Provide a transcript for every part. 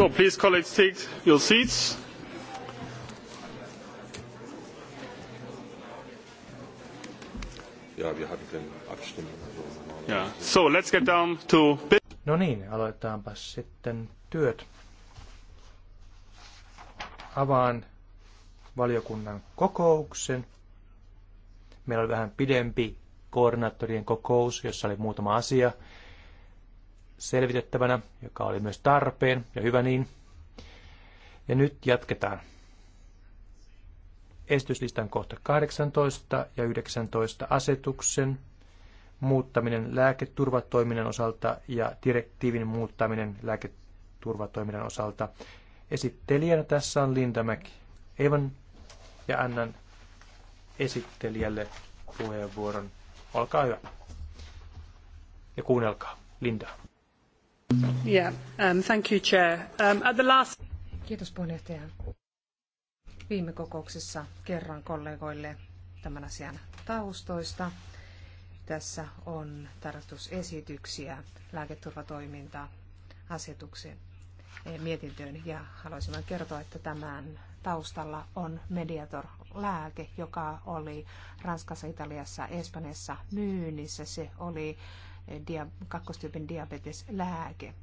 So please, colleagues, take your seats. Ja, So, let's get down to... No niin, aloitetaanpa sitten työt. Avaan valiokunnan kokouksen. Meillä oli vähän pidempi koordinaattorien kokous, jossa oli muutama asia, selvitettävänä, joka oli myös tarpeen ja hyvä niin. Ja nyt jatketaan. Estyslistan kohta 18 ja 19 asetuksen muuttaminen lääketurvatoiminnan osalta ja direktiivin muuttaminen lääketurvatoiminnan osalta. Esittelijänä tässä on Linda Mäk. Evan ja annan esittelijälle puheenvuoron. Olkaa hyvä. Ja kuunnelkaa. Linda. Um, um, Kiitos puheenjohtaja. Viime kokouksessa kerran kollegoille tämän asian taustoista. Tässä on tarkastusesityksiä lääketurvatoiminta asetuksen eh, mietintöön ja haluaisin vain kertoa, että tämän taustalla on Mediator-lääke, joka oli Ranskassa, Italiassa, Espanjassa myynnissä. Se oli dia, kakkostyypin diabeteslääke.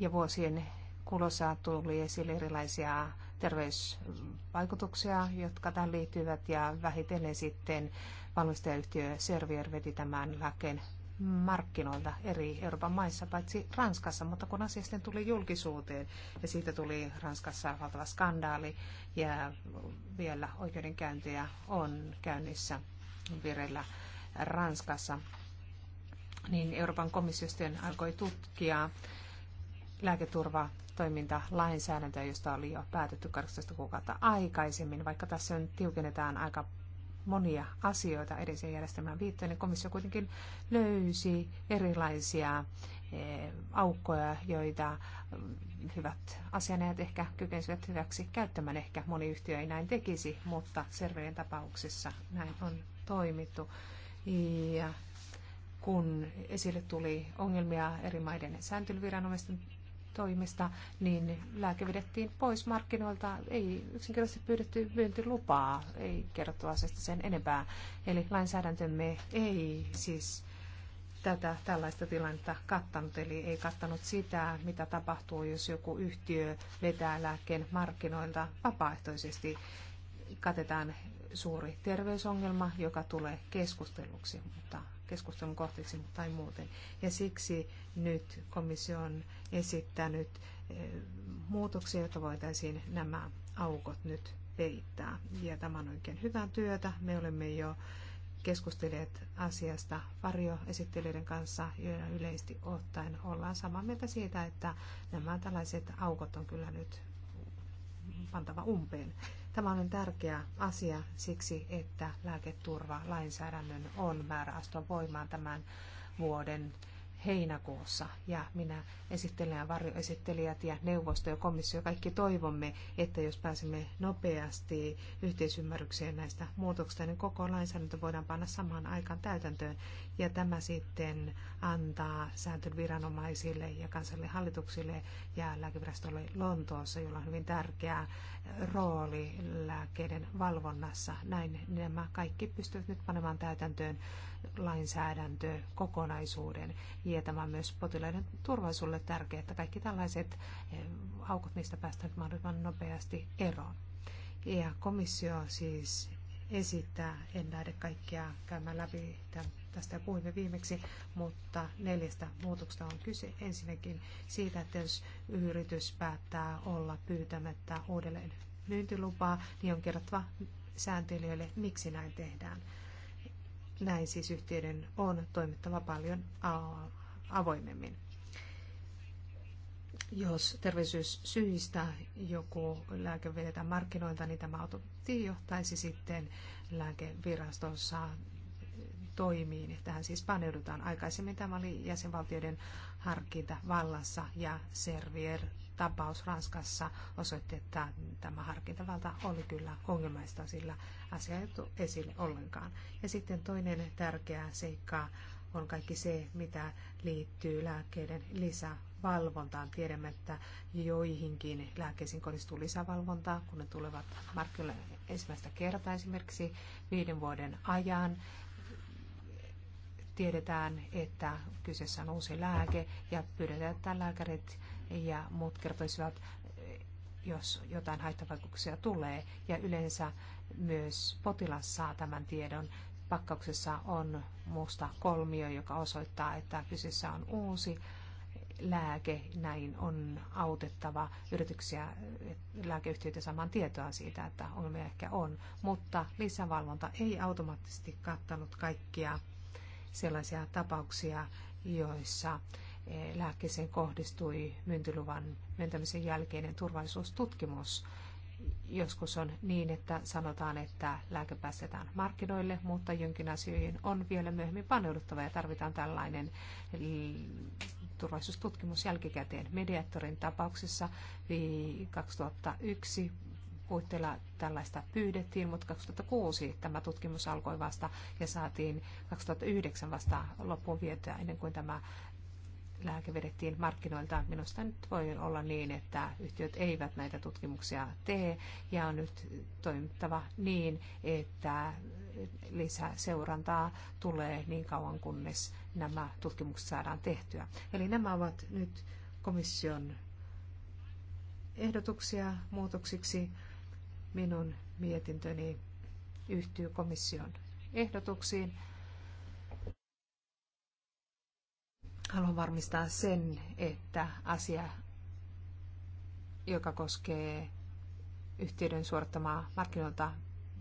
Ja vuosien kulossa tuli esille erilaisia terveysvaikutuksia, jotka tähän liittyvät, ja vähitellen sitten valmistajayhtiö Servier veti tämän lääkkeen markkinoilta eri Euroopan maissa, paitsi Ranskassa, mutta kun asia sitten tuli julkisuuteen ja siitä tuli Ranskassa valtava skandaali ja vielä oikeudenkäyntejä on käynnissä vireillä Ranskassa, niin Euroopan komissiosta alkoi tutkia lääketurva lääketurvatoimintalainsäädäntöä, josta oli jo päätetty 18 kuukautta aikaisemmin, vaikka tässä on tiukennetaan aika monia asioita edellisen järjestelmään viittoon, niin komissio kuitenkin löysi erilaisia eh, aukkoja, joita mm, hyvät asianajat ehkä kykensivät hyväksi käyttämään. Ehkä moni yhtiö ei näin tekisi, mutta Serverin tapauksessa näin on toimittu. Ja kun esille tuli ongelmia eri maiden sääntelyviranomaisten toimesta, niin lääke vedettiin pois markkinoilta. Ei yksinkertaisesti pyydetty myyntilupaa, ei kerrottu asiasta sen enempää. Eli lainsäädäntömme ei siis tätä tällaista tilannetta kattanut, eli ei kattanut sitä, mitä tapahtuu, jos joku yhtiö vetää lääkkeen markkinoilta vapaaehtoisesti. Katetaan suuri terveysongelma, joka tulee keskusteluksi, mutta keskustelun kohteeksi tai muuten. Ja siksi nyt komissio on esittänyt eh, muutoksia, jotta voitaisiin nämä aukot nyt peittää. Ja tämä on oikein hyvää työtä. Me olemme jo keskustelleet asiasta varjoesittelijöiden kanssa ja yleisesti ottaen ollaan samaa mieltä siitä, että nämä tällaiset aukot on kyllä nyt pantava umpeen. Tämä on tärkeä asia siksi, että lääketurva lainsäädännön on määrä astua voimaan tämän vuoden heinäkuussa ja minä esittelijän varjoesittelijät ja neuvosto ja komissio kaikki toivomme, että jos pääsemme nopeasti yhteisymmärrykseen näistä muutoksista, niin koko lainsäädäntö voidaan panna samaan aikaan täytäntöön ja tämä sitten antaa sääntön viranomaisille ja kansallisille hallituksille ja lääkevirastolle Lontoossa, jolla on hyvin tärkeä rooli lääkkeiden valvonnassa. Näin nämä kaikki pystyvät nyt panemaan täytäntöön lainsäädäntökokonaisuuden. Ja tämä on myös potilaiden turvallisuudelle tärkeää, että kaikki tällaiset eh, aukot niistä päästään mahdollisimman nopeasti eroon. Ja komissio siis esittää, en lähde kaikkia käymään läpi, tästä puhuimme viimeksi, mutta neljästä muutoksesta on kyse. Ensinnäkin siitä, että jos yritys päättää olla pyytämättä uudelleen myyntilupaa, niin on kerrottava sääntelijöille, miksi näin tehdään. Näin siis yhtiöiden on toimittava paljon avoimemmin. Jos terveyssyistä joku lääke vedetään markkinoilta, niin tämä autotti johtaisi sitten lääkevirastossa toimiin. Tähän siis paneudutaan. Aikaisemmin tämä oli jäsenvaltioiden harkinta vallassa ja Servier tapaus Ranskassa osoitti, että tämä harkintavalta oli kyllä ongelmaista, sillä asia ei tullut esille ollenkaan. Ja sitten toinen tärkeä seikka on kaikki se, mitä liittyy lääkkeiden lisävalvontaan. Tiedämme, että joihinkin lääkkeisiin kohdistuu lisävalvontaa, kun ne tulevat markkinoille ensimmäistä kertaa esimerkiksi viiden vuoden ajan tiedetään, että kyseessä on uusi lääke ja pyydetään, että lääkärit ja muut kertoisivat, jos jotain haittavaikutuksia tulee. Ja yleensä myös potilas saa tämän tiedon. Pakkauksessa on musta kolmio, joka osoittaa, että kyseessä on uusi lääke, näin on autettava yrityksiä, lääkeyhtiöitä saamaan tietoa siitä, että ongelmia ehkä on, mutta lisävalvonta ei automaattisesti kattanut kaikkia sellaisia tapauksia, joissa lääkkeeseen kohdistui myyntiluvan myöntämisen jälkeinen turvallisuustutkimus. Joskus on niin, että sanotaan, että lääke päästetään markkinoille, mutta jonkin asioihin on vielä myöhemmin paneuduttava ja tarvitaan tällainen turvallisuustutkimus jälkikäteen. Mediatorin tapauksessa 2001 puitteilla tällaista pyydettiin, mutta 2006 tämä tutkimus alkoi vasta ja saatiin 2009 vasta loppuun vietyä ennen kuin tämä lääke vedettiin markkinoilta. Minusta nyt voi olla niin, että yhtiöt eivät näitä tutkimuksia tee ja on nyt toimittava niin, että lisäseurantaa tulee niin kauan, kunnes nämä tutkimukset saadaan tehtyä. Eli nämä ovat nyt komission ehdotuksia muutoksiksi. Minun mietintöni yhtyy komission ehdotuksiin Haluan varmistaa sen, että asia, joka koskee yhtiöiden suorittamaa markkinoilta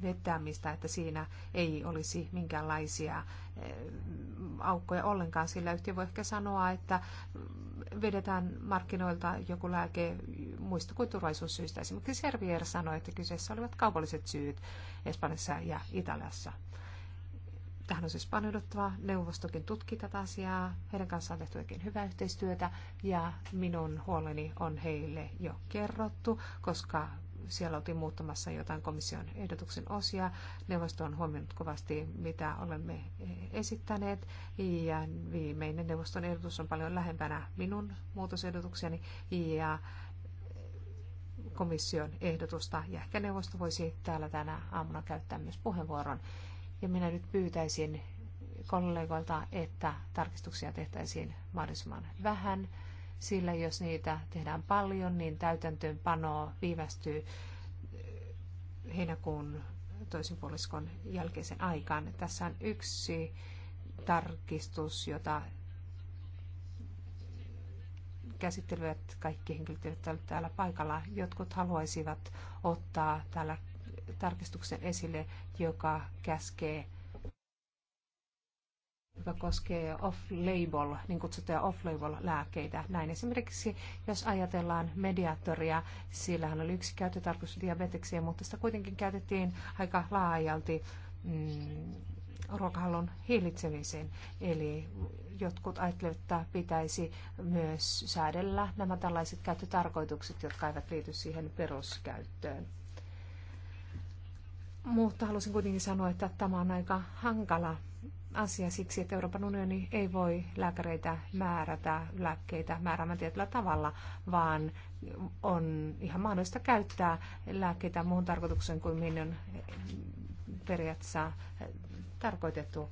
vetämistä, että siinä ei olisi minkäänlaisia eh, aukkoja ollenkaan, sillä yhtiö voi ehkä sanoa, että vedetään markkinoilta joku lääke muista kuin turvallisuussyistä. Esimerkiksi Servier sanoi, että kyseessä olivat kaupalliset syyt Espanjassa ja Italiassa. Tähän on siis paneuduttava. Neuvostokin tutki tätä asiaa. Heidän kanssaan on tehty oikein hyvää yhteistyötä ja minun huoleni on heille jo kerrottu, koska siellä oltiin muuttamassa jotain komission ehdotuksen osia. Neuvosto on huomioinut kovasti, mitä olemme esittäneet, ja viimeinen neuvoston ehdotus on paljon lähempänä minun muutosehdotukseni, ja komission ehdotusta. Ja ehkä neuvosto voisi täällä tänä aamuna käyttää myös puheenvuoron. Ja minä nyt pyytäisin kollegoilta, että tarkistuksia tehtäisiin mahdollisimman vähän, sillä jos niitä tehdään paljon, niin täytäntöönpano viivästyy eh, heinäkuun toisen puoliskon jälkeisen aikaan. Tässä on yksi tarkistus, jota käsittelevät kaikki henkilöt, jotka täällä paikalla. Jotkut haluaisivat ottaa täällä tarkistuksen esille, joka käskee joka koskee off-label, niin kutsuttuja off-label lääkkeitä. Näin esimerkiksi, jos ajatellaan mediatoria, sillähän oli yksi käyttötarkoitus diabetekseen, mutta sitä kuitenkin käytettiin aika laajalti mm, ruokahallon hiilitsemiseen. Eli jotkut ajattelevat, että pitäisi myös säädellä nämä tällaiset käyttötarkoitukset, jotka eivät liity siihen peruskäyttöön. Mutta halusin kuitenkin sanoa, että tämä on aika hankala asia siksi, että Euroopan unioni ei voi lääkäreitä määrätä lääkkeitä määräämään tietyllä tavalla, vaan on ihan mahdollista käyttää lääkkeitä muun tarkoituksen kuin minne on periaatteessa tarkoitettu.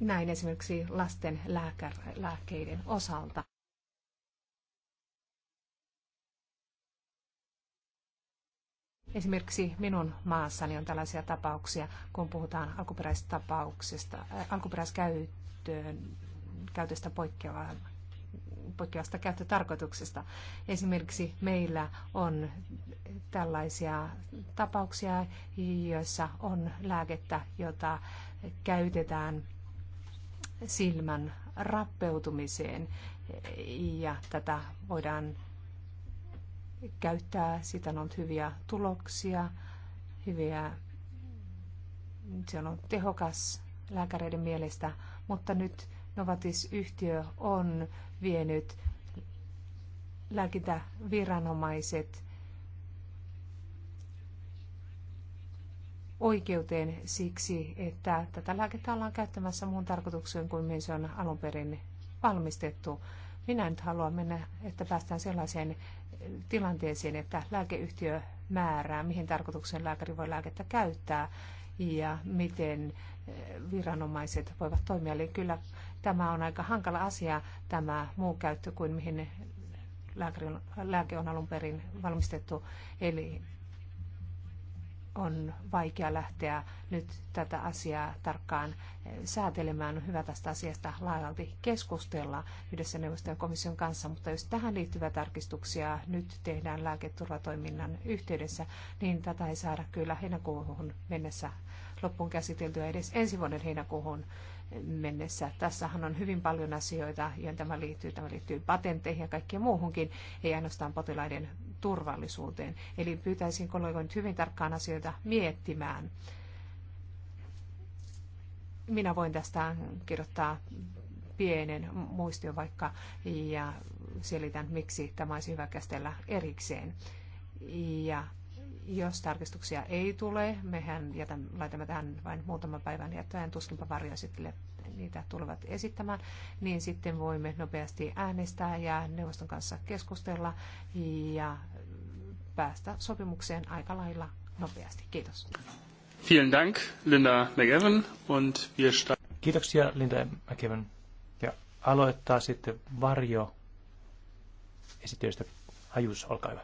Näin esimerkiksi lasten lääkäri, lääkkeiden osalta. Esimerkiksi minun maassani on tällaisia tapauksia, kun puhutaan alkuperäistapauksesta, äh, alkuperäiskäyttöön käytöstä poikkeavaa poikkeavasta käyttötarkoituksesta. Esimerkiksi meillä on tällaisia tapauksia, joissa on lääkettä, jota käytetään silmän rappeutumiseen ja tätä voidaan käyttää. Siitä on ollut hyviä tuloksia, hyviä, se on ollut tehokas lääkäreiden mielestä, mutta nyt Novatis-yhtiö on vienyt lääkintäviranomaiset oikeuteen siksi, että tätä lääkettä ollaan käyttämässä muun tarkoitukseen kuin mihin se on alun perin valmistettu. Minä nyt haluan mennä, että päästään sellaiseen tilanteeseen, että lääkeyhtiö määrää, mihin tarkoituksen lääkäri voi lääkettä käyttää ja miten eh, viranomaiset voivat toimia. Eli kyllä tämä on aika hankala asia, tämä muu käyttö kuin mihin lääke on alun perin valmistettu. Eli on vaikea lähteä nyt tätä asiaa tarkkaan eh, säätelemään. On hyvä tästä asiasta laajalti keskustella yhdessä neuvoston komission kanssa, mutta jos tähän liittyviä tarkistuksia nyt tehdään lääketurvatoiminnan yhteydessä, niin tätä ei saada kyllä heinäkuuhun mennessä loppuun käsiteltyä edes ensi vuoden heinäkuuhun mennessä. Tässähän on hyvin paljon asioita, joihin tämä liittyy. Tämä liittyy patenteihin ja kaikkeen muuhunkin, ei ainoastaan potilaiden turvallisuuteen. Eli pyytäisin kollegoita hyvin tarkkaan asioita miettimään. Minä voin tästä kirjoittaa pienen muistion vaikka ja selitän, miksi tämä olisi hyvä käsitellä erikseen. Ja jos tarkistuksia ei tule, mehän jätän, laitamme tähän vain muutaman päivän jättäen tuskinpa varjoesittelijät niitä tulevat esittämään, niin sitten voimme nopeasti äänestää ja neuvoston kanssa keskustella ja päästä sopimukseen aika lailla nopeasti. Kiitos. Vielen Dank, Linda McEwen. Und wir Kiitoksia, Linda McEwen. Ja aloittaa sitten Varjo esittelystä. Hajus, olkaa hyvä.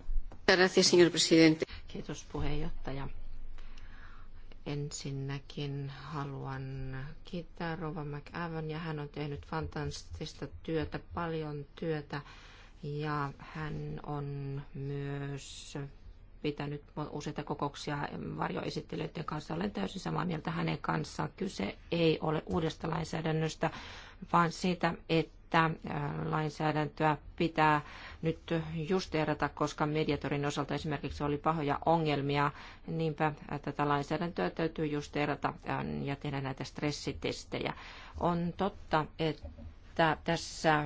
Gracias, señor presidente. Kiitos puheenjohtaja. Ensinnäkin haluan kiittää Rova McAvon ja hän on tehnyt fantastista työtä, paljon työtä ja hän on myös pitänyt useita kokouksia varjoesittelijöiden kanssa. Olen täysin samaa mieltä hänen kanssaan. Kyse ei ole uudesta lainsäädännöstä, vaan siitä, että että äh, lainsäädäntöä pitää nyt justeerata, koska mediatorin osalta esimerkiksi oli pahoja ongelmia. Niinpä äh, tätä lainsäädäntöä täytyy justeerata äh, ja tehdä näitä stressitestejä. On totta, että tässä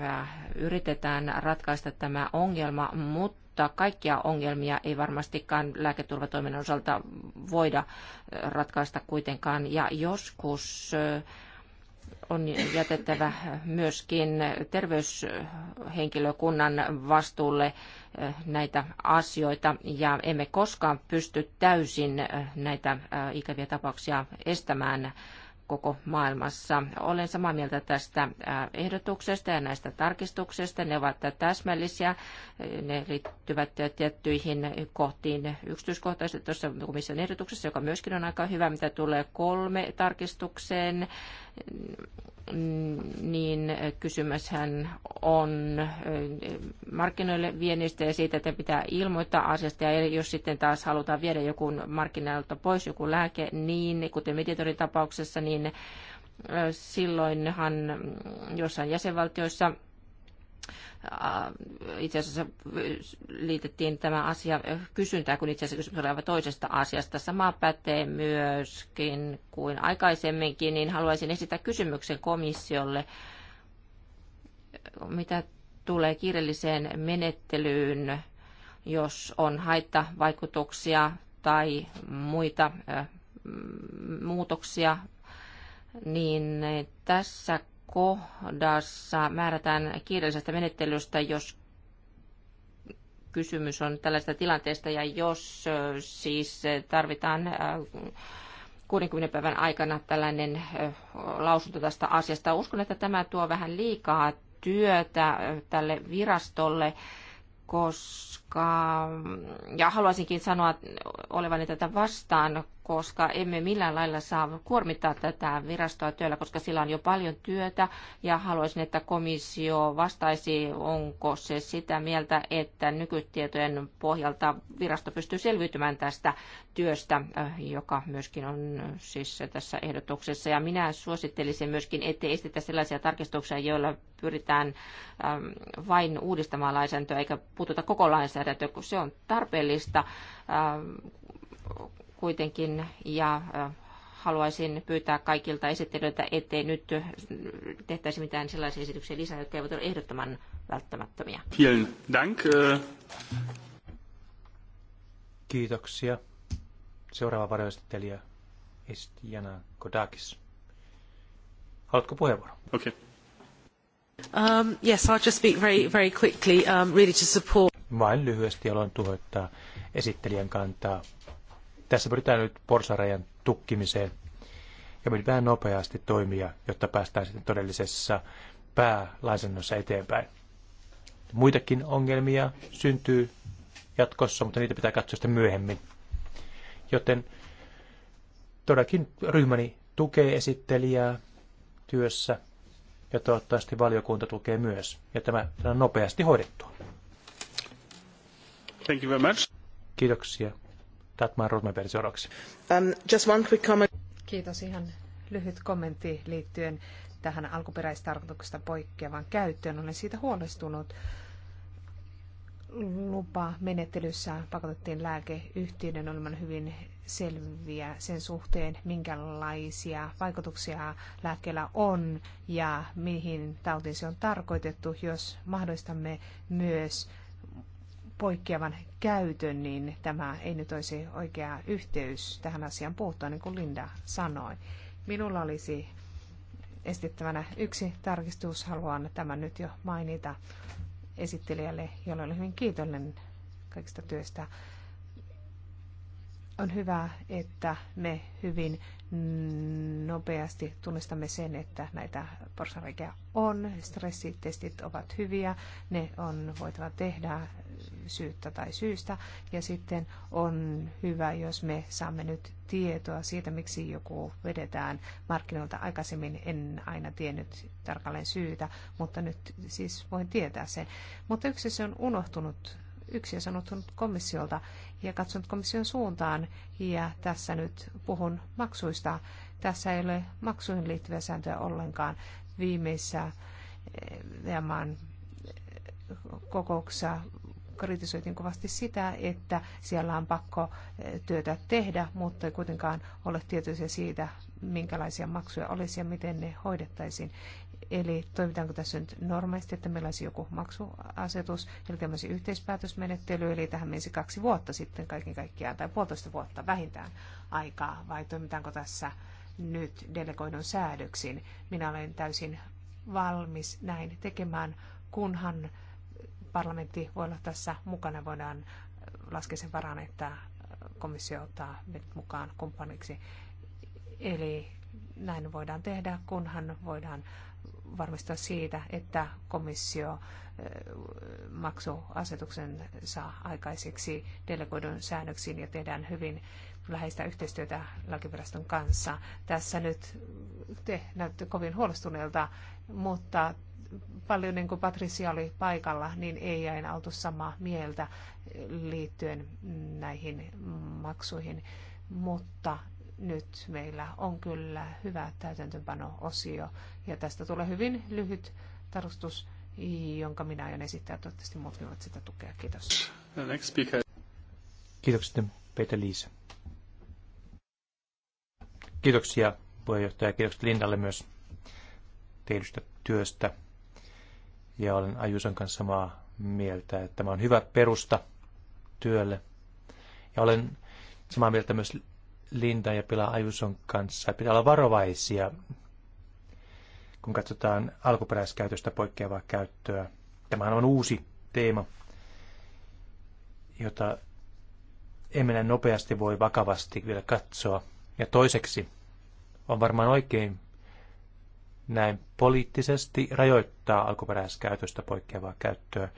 yritetään ratkaista tämä ongelma, mutta mutta kaikkia ongelmia ei varmastikaan lääketurvatoiminnan osalta voida ratkaista kuitenkaan. Ja joskus on jätettävä myöskin terveyshenkilökunnan vastuulle eh, näitä asioita ja emme koskaan pysty täysin eh, näitä eh, ikäviä tapauksia estämään koko maailmassa. Olen samaa mieltä tästä ehdotuksesta ja näistä tarkistuksista. Ne ovat täsmällisiä. Ne liittyvät tiettyihin kohtiin yksityiskohtaisesti tuossa komission ehdotuksessa, joka myöskin on aika hyvä, mitä tulee kolme tarkistukseen Mm, niin kysymyshän on eh, markkinoille viennistä ja siitä, että pitää ilmoittaa asiasta. Ja jos sitten taas halutaan viedä joku markkinoilta pois joku lääke, niin kuten mediatorin tapauksessa, niin eh, silloinhan mm, jossain jäsenvaltioissa – itse asiassa liitettiin tämä asia kysyntää kun itse asiassa kysymys oli aivan toisesta asiasta. Sama pätee myöskin kuin aikaisemminkin, niin haluaisin esittää kysymyksen komissiolle, mitä tulee kiireelliseen menettelyyn, jos on haittavaikutuksia tai muita muutoksia, niin tässä kohdassa määrätään kiireellisestä menettelystä, jos kysymys on tällaista tilanteesta ja jos siis tarvitaan 60 päivän aikana tällainen lausunto tästä asiasta. Uskon, että tämä tuo vähän liikaa työtä tälle virastolle, koska, ja haluaisinkin sanoa olevani tätä vastaan, koska emme millään lailla saa kuormittaa tätä virastoa työllä, koska sillä on jo paljon työtä ja haluaisin, että komissio vastaisi, onko se sitä mieltä, että nykytietojen pohjalta virasto pystyy selviytymään tästä työstä, eh, joka myöskin on siis tässä ehdotuksessa. Ja minä suosittelisin myöskin, ettei estetä sellaisia tarkistuksia, joilla pyritään eh, vain uudistamaan lainsäädäntöä eikä puututa koko lainsäädäntöön, kun se on tarpeellista eh, kuitenkin ja haluaisin pyytää kaikilta esittelyiltä, ettei nyt tehtäisi mitään sellaisia esityksiä lisää, jotka eivät ole ehdottoman välttämättömiä. Vielen dank. Kiitoksia. Seuraava varjoesittelijä Estiana Kodakis. Haluatko puheenvuoron? Okei. Okay. Um, yes, I'll just speak very, very quickly, um, really to support. Vain lyhyesti aloin tuhoittaa esittelijän kantaa tässä pyritään nyt porsarajan tukkimiseen ja pyritään nopeasti toimia, jotta päästään sitten todellisessa päälainsäädännössä eteenpäin. Muitakin ongelmia syntyy jatkossa, mutta niitä pitää katsoa sitten myöhemmin. Joten todellakin ryhmäni tukee esittelijää työssä ja toivottavasti valiokunta tukee myös. Ja tämä on nopeasti hoidettua. Thank you very much. Kiitoksia Tatman Rotmaber seuraavaksi. Um, just one quick comment. Kiitos ihan lyhyt kommentti liittyen tähän alkuperäistarkoituksesta poikkeavan käyttöön. Olen siitä huolestunut. Lupamenettelyssä pakotettiin lääkeyhtiöiden olemaan hyvin selviä sen suhteen, minkälaisia vaikutuksia lääkkeellä on ja mihin tautiin se on tarkoitettu, jos mahdollistamme myös poikkeavan käytön, niin tämä ei nyt olisi oikea yhteys tähän asiaan puuttua, niin kuin Linda sanoi. Minulla olisi estettävänä yksi tarkistus. Haluan tämän nyt jo mainita esittelijälle, jolle olen hyvin kiitollinen kaikista työstä. On hyvä, että me hyvin nopeasti tunnistamme sen, että näitä porsareikiä on. Stressitestit ovat hyviä, ne on voitava tehdä syyttä tai syystä. Ja sitten on hyvä, jos me saamme nyt tietoa siitä, miksi joku vedetään markkinoilta. Aikaisemmin en aina tiennyt tarkalleen syytä, mutta nyt siis voin tietää sen. Mutta yksi se on unohtunut yksi on unohtunut komissiolta ja katsonut komission suuntaan. Ja tässä nyt puhun maksuista. Tässä ei ole maksuihin liittyviä sääntöjä ollenkaan. Viimeisessä eh, VMAn eh, kokouksessa kritisoitiin kovasti sitä, että siellä on pakko eh, työtä tehdä, mutta ei kuitenkaan ole tietoisia siitä, minkälaisia maksuja olisi ja miten ne hoidettaisiin. Eli toimitaanko tässä nyt normaalisti, että meillä olisi joku maksuasetus, eli tämmöisen yhteispäätösmenettely, eli tähän menisi kaksi vuotta sitten kaiken kaikkiaan, tai puolitoista vuotta vähintään aikaa, vai toimitaanko tässä nyt delegoidun säädöksiin. Minä olen täysin valmis näin tekemään, kunhan parlamentti voi olla tässä mukana. Voidaan laskea sen varaan, että komissio ottaa meidät mukaan kumppaniksi. Eli näin voidaan tehdä, kunhan voidaan varmistaa siitä, että komissio maksuasetuksen saa aikaiseksi delegoidun säännöksiin ja tehdään hyvin läheistä yhteistyötä lakiviraston kanssa. Tässä nyt te näytte kovin huolestuneelta, mutta paljon niin kuin Patricia oli paikalla, niin ei aina oltu samaa mieltä liittyen näihin maksuihin, mutta nyt meillä on kyllä hyvä täytäntöpano-osio ja tästä tulee hyvin lyhyt tarustus, jonka minä aion esittää. Toivottavasti muut voivat sitä tukea. Kiitos. Kiitokset, Peter Liisa. Kiitoksia puheenjohtaja ja kiitokset Lindalle myös tehdystä työstä ja olen Ajusan kanssa samaa mieltä, että tämä on hyvä perusta työlle. Ja olen samaa mieltä myös Linda ja Pila Ajuson kanssa. Pitää olla varovaisia, kun katsotaan alkuperäiskäytöstä poikkeavaa käyttöä. Tämä on uusi teema, jota emme näin nopeasti voi vakavasti vielä katsoa. Ja toiseksi on varmaan oikein näin poliittisesti rajoittaa alkuperäiskäytöstä poikkeavaa käyttöä.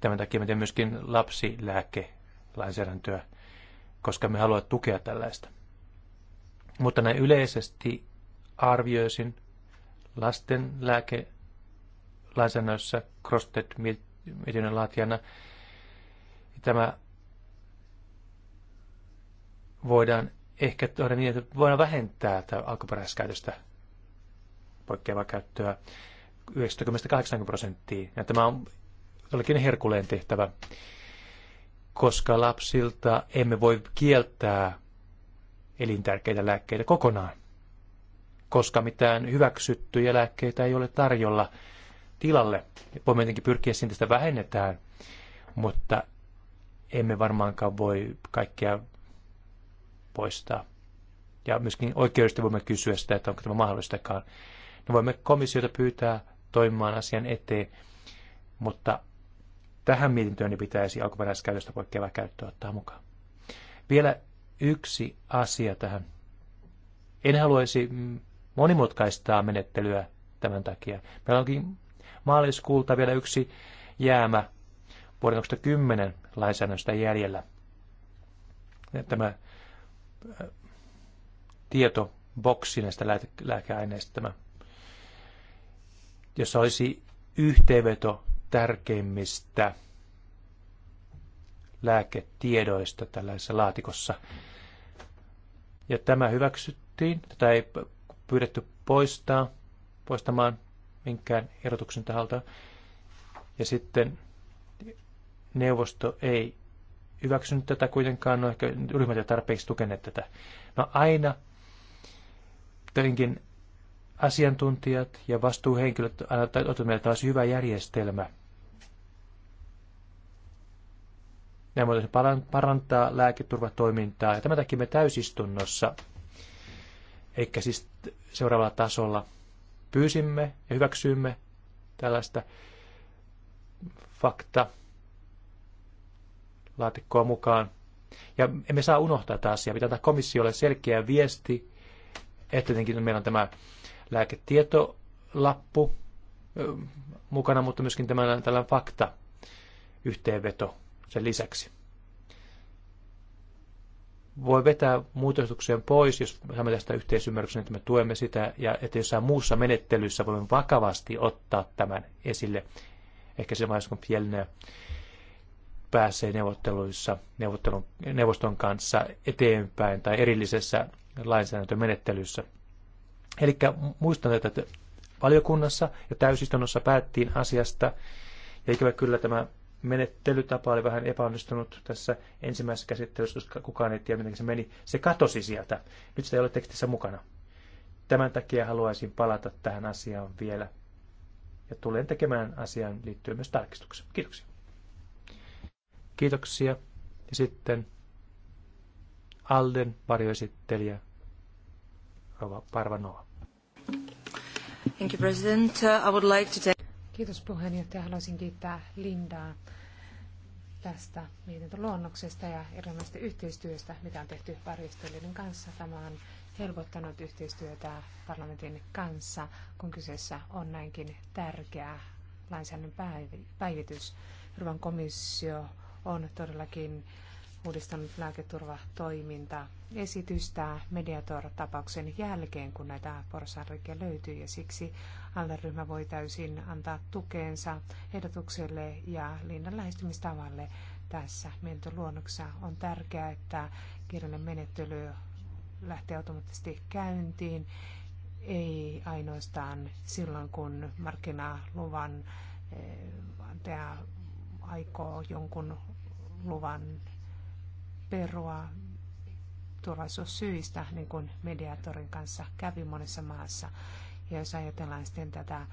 Tämän takia me teemme myöskin lapsilääkelainsäädäntöä, koska me haluamme tukea tällaista. Mutta näin yleisesti arvioisin lasten lääkelainsäädännössä Crosted mietinnön laatijana. Tämä voidaan ehkä tehdä niin, että voidaan vähentää tätä alkuperäiskäytöstä poikkeavaa käyttöä 90-80 prosenttia. Ja tämä on jollekin herkuleen tehtävä, koska lapsilta emme voi kieltää elintärkeitä lääkkeitä kokonaan, koska mitään hyväksyttyjä lääkkeitä ei ole tarjolla tilalle. Voimme jotenkin pyrkiä siitä, että sitä vähennetään, mutta emme varmaankaan voi kaikkea poistaa. Ja myöskin oikeudesta voimme kysyä sitä, että onko tämä mahdollistakaan. No voimme komissiota pyytää toimimaan asian eteen, mutta tähän mietintöön pitäisi käytöstä poikkeava käyttö ottaa mukaan. Vielä yksi asia tähän. En haluaisi monimutkaistaa menettelyä tämän takia. Meillä onkin maaliskuulta vielä yksi jäämä vuoden 2010 lainsäädännöstä jäljellä. Tämä äh, tietoboksi näistä lääkeaineista, tämä jossa olisi yhteenveto tärkeimmistä lääketiedoista tällaisessa laatikossa. Ja tämä hyväksyttiin, tätä ei pyydetty poistaa, poistamaan minkään erotuksen taholta. Ja sitten neuvosto ei hyväksynyt tätä kuitenkaan, no ehkä ryhmät ja tarpeeksi tukeneet tätä. No aina tietenkin asiantuntijat ja vastuuhenkilöt ottavat meille taas hyvä järjestelmä. Näin voitaisiin parantaa lääketurvatoimintaa ja tämän takia me täysistunnossa, eikä siis seuraavalla tasolla, pyysimme ja hyväksyimme tällaista fakta laatikkoa mukaan. Ja emme saa unohtaa tätä asiaa. Pitää antaa komissiolle selkeä viesti, että meillä on tämä lääketietolappu mukana, mutta myöskin tämän, tällainen fakta yhteenveto sen lisäksi. Voi vetää muutostuksen pois, jos saamme tästä yhteisymmärryksen, että me tuemme sitä, ja että jossain muussa menettelyssä voimme vakavasti ottaa tämän esille. Ehkä se vaiheessa, kun Fjellner pääsee neuvotteluissa neuvottelun, neuvoston kanssa eteenpäin tai erillisessä lainsäädäntömenettelyssä – Eli muistan, että valiokunnassa ja täysistunnossa päättiin asiasta, ja ikävä kyllä tämä menettelytapa oli vähän epäonnistunut tässä ensimmäisessä käsittelyssä, koska kukaan ei tiedä, miten se meni. Se katosi sieltä. Nyt se ei ole tekstissä mukana. Tämän takia haluaisin palata tähän asiaan vielä. Ja tulen tekemään asiaan liittyen myös tarkistuksen. Kiitoksia. Kiitoksia. Ja sitten Alden varjoesittelijä Parvanova. Thank you, President. Uh, I would like to take... Kiitos puheenjohtaja. Haluaisin kiittää Lindaa tästä mietintöluonnoksesta ja erilaisesta yhteistyöstä, mitä on tehty varjostelijoiden kanssa. Tämä on helpottanut yhteistyötä parlamentin kanssa, kun kyseessä on näinkin tärkeä lainsäädännön päivitys. Euroopan komissio on todellakin uudistanut lääketurvatoiminta esitystä Mediator-tapauksen jälkeen, kun näitä porsaanreikiä löytyy, ja siksi alleryhmä voi täysin antaa tukeensa ehdotukselle ja linnan lähestymistavalle tässä mentoluonnoksessa. On tärkeää, että kirjallinen menettely lähtee automaattisesti käyntiin, ei ainoastaan silloin, kun markkinaluvan eh, antaja aikoo jonkun luvan perua turvallisuussyistä, niin kuin mediatorin kanssa kävi monessa maassa. Ja jos ajatellaan sitten tätä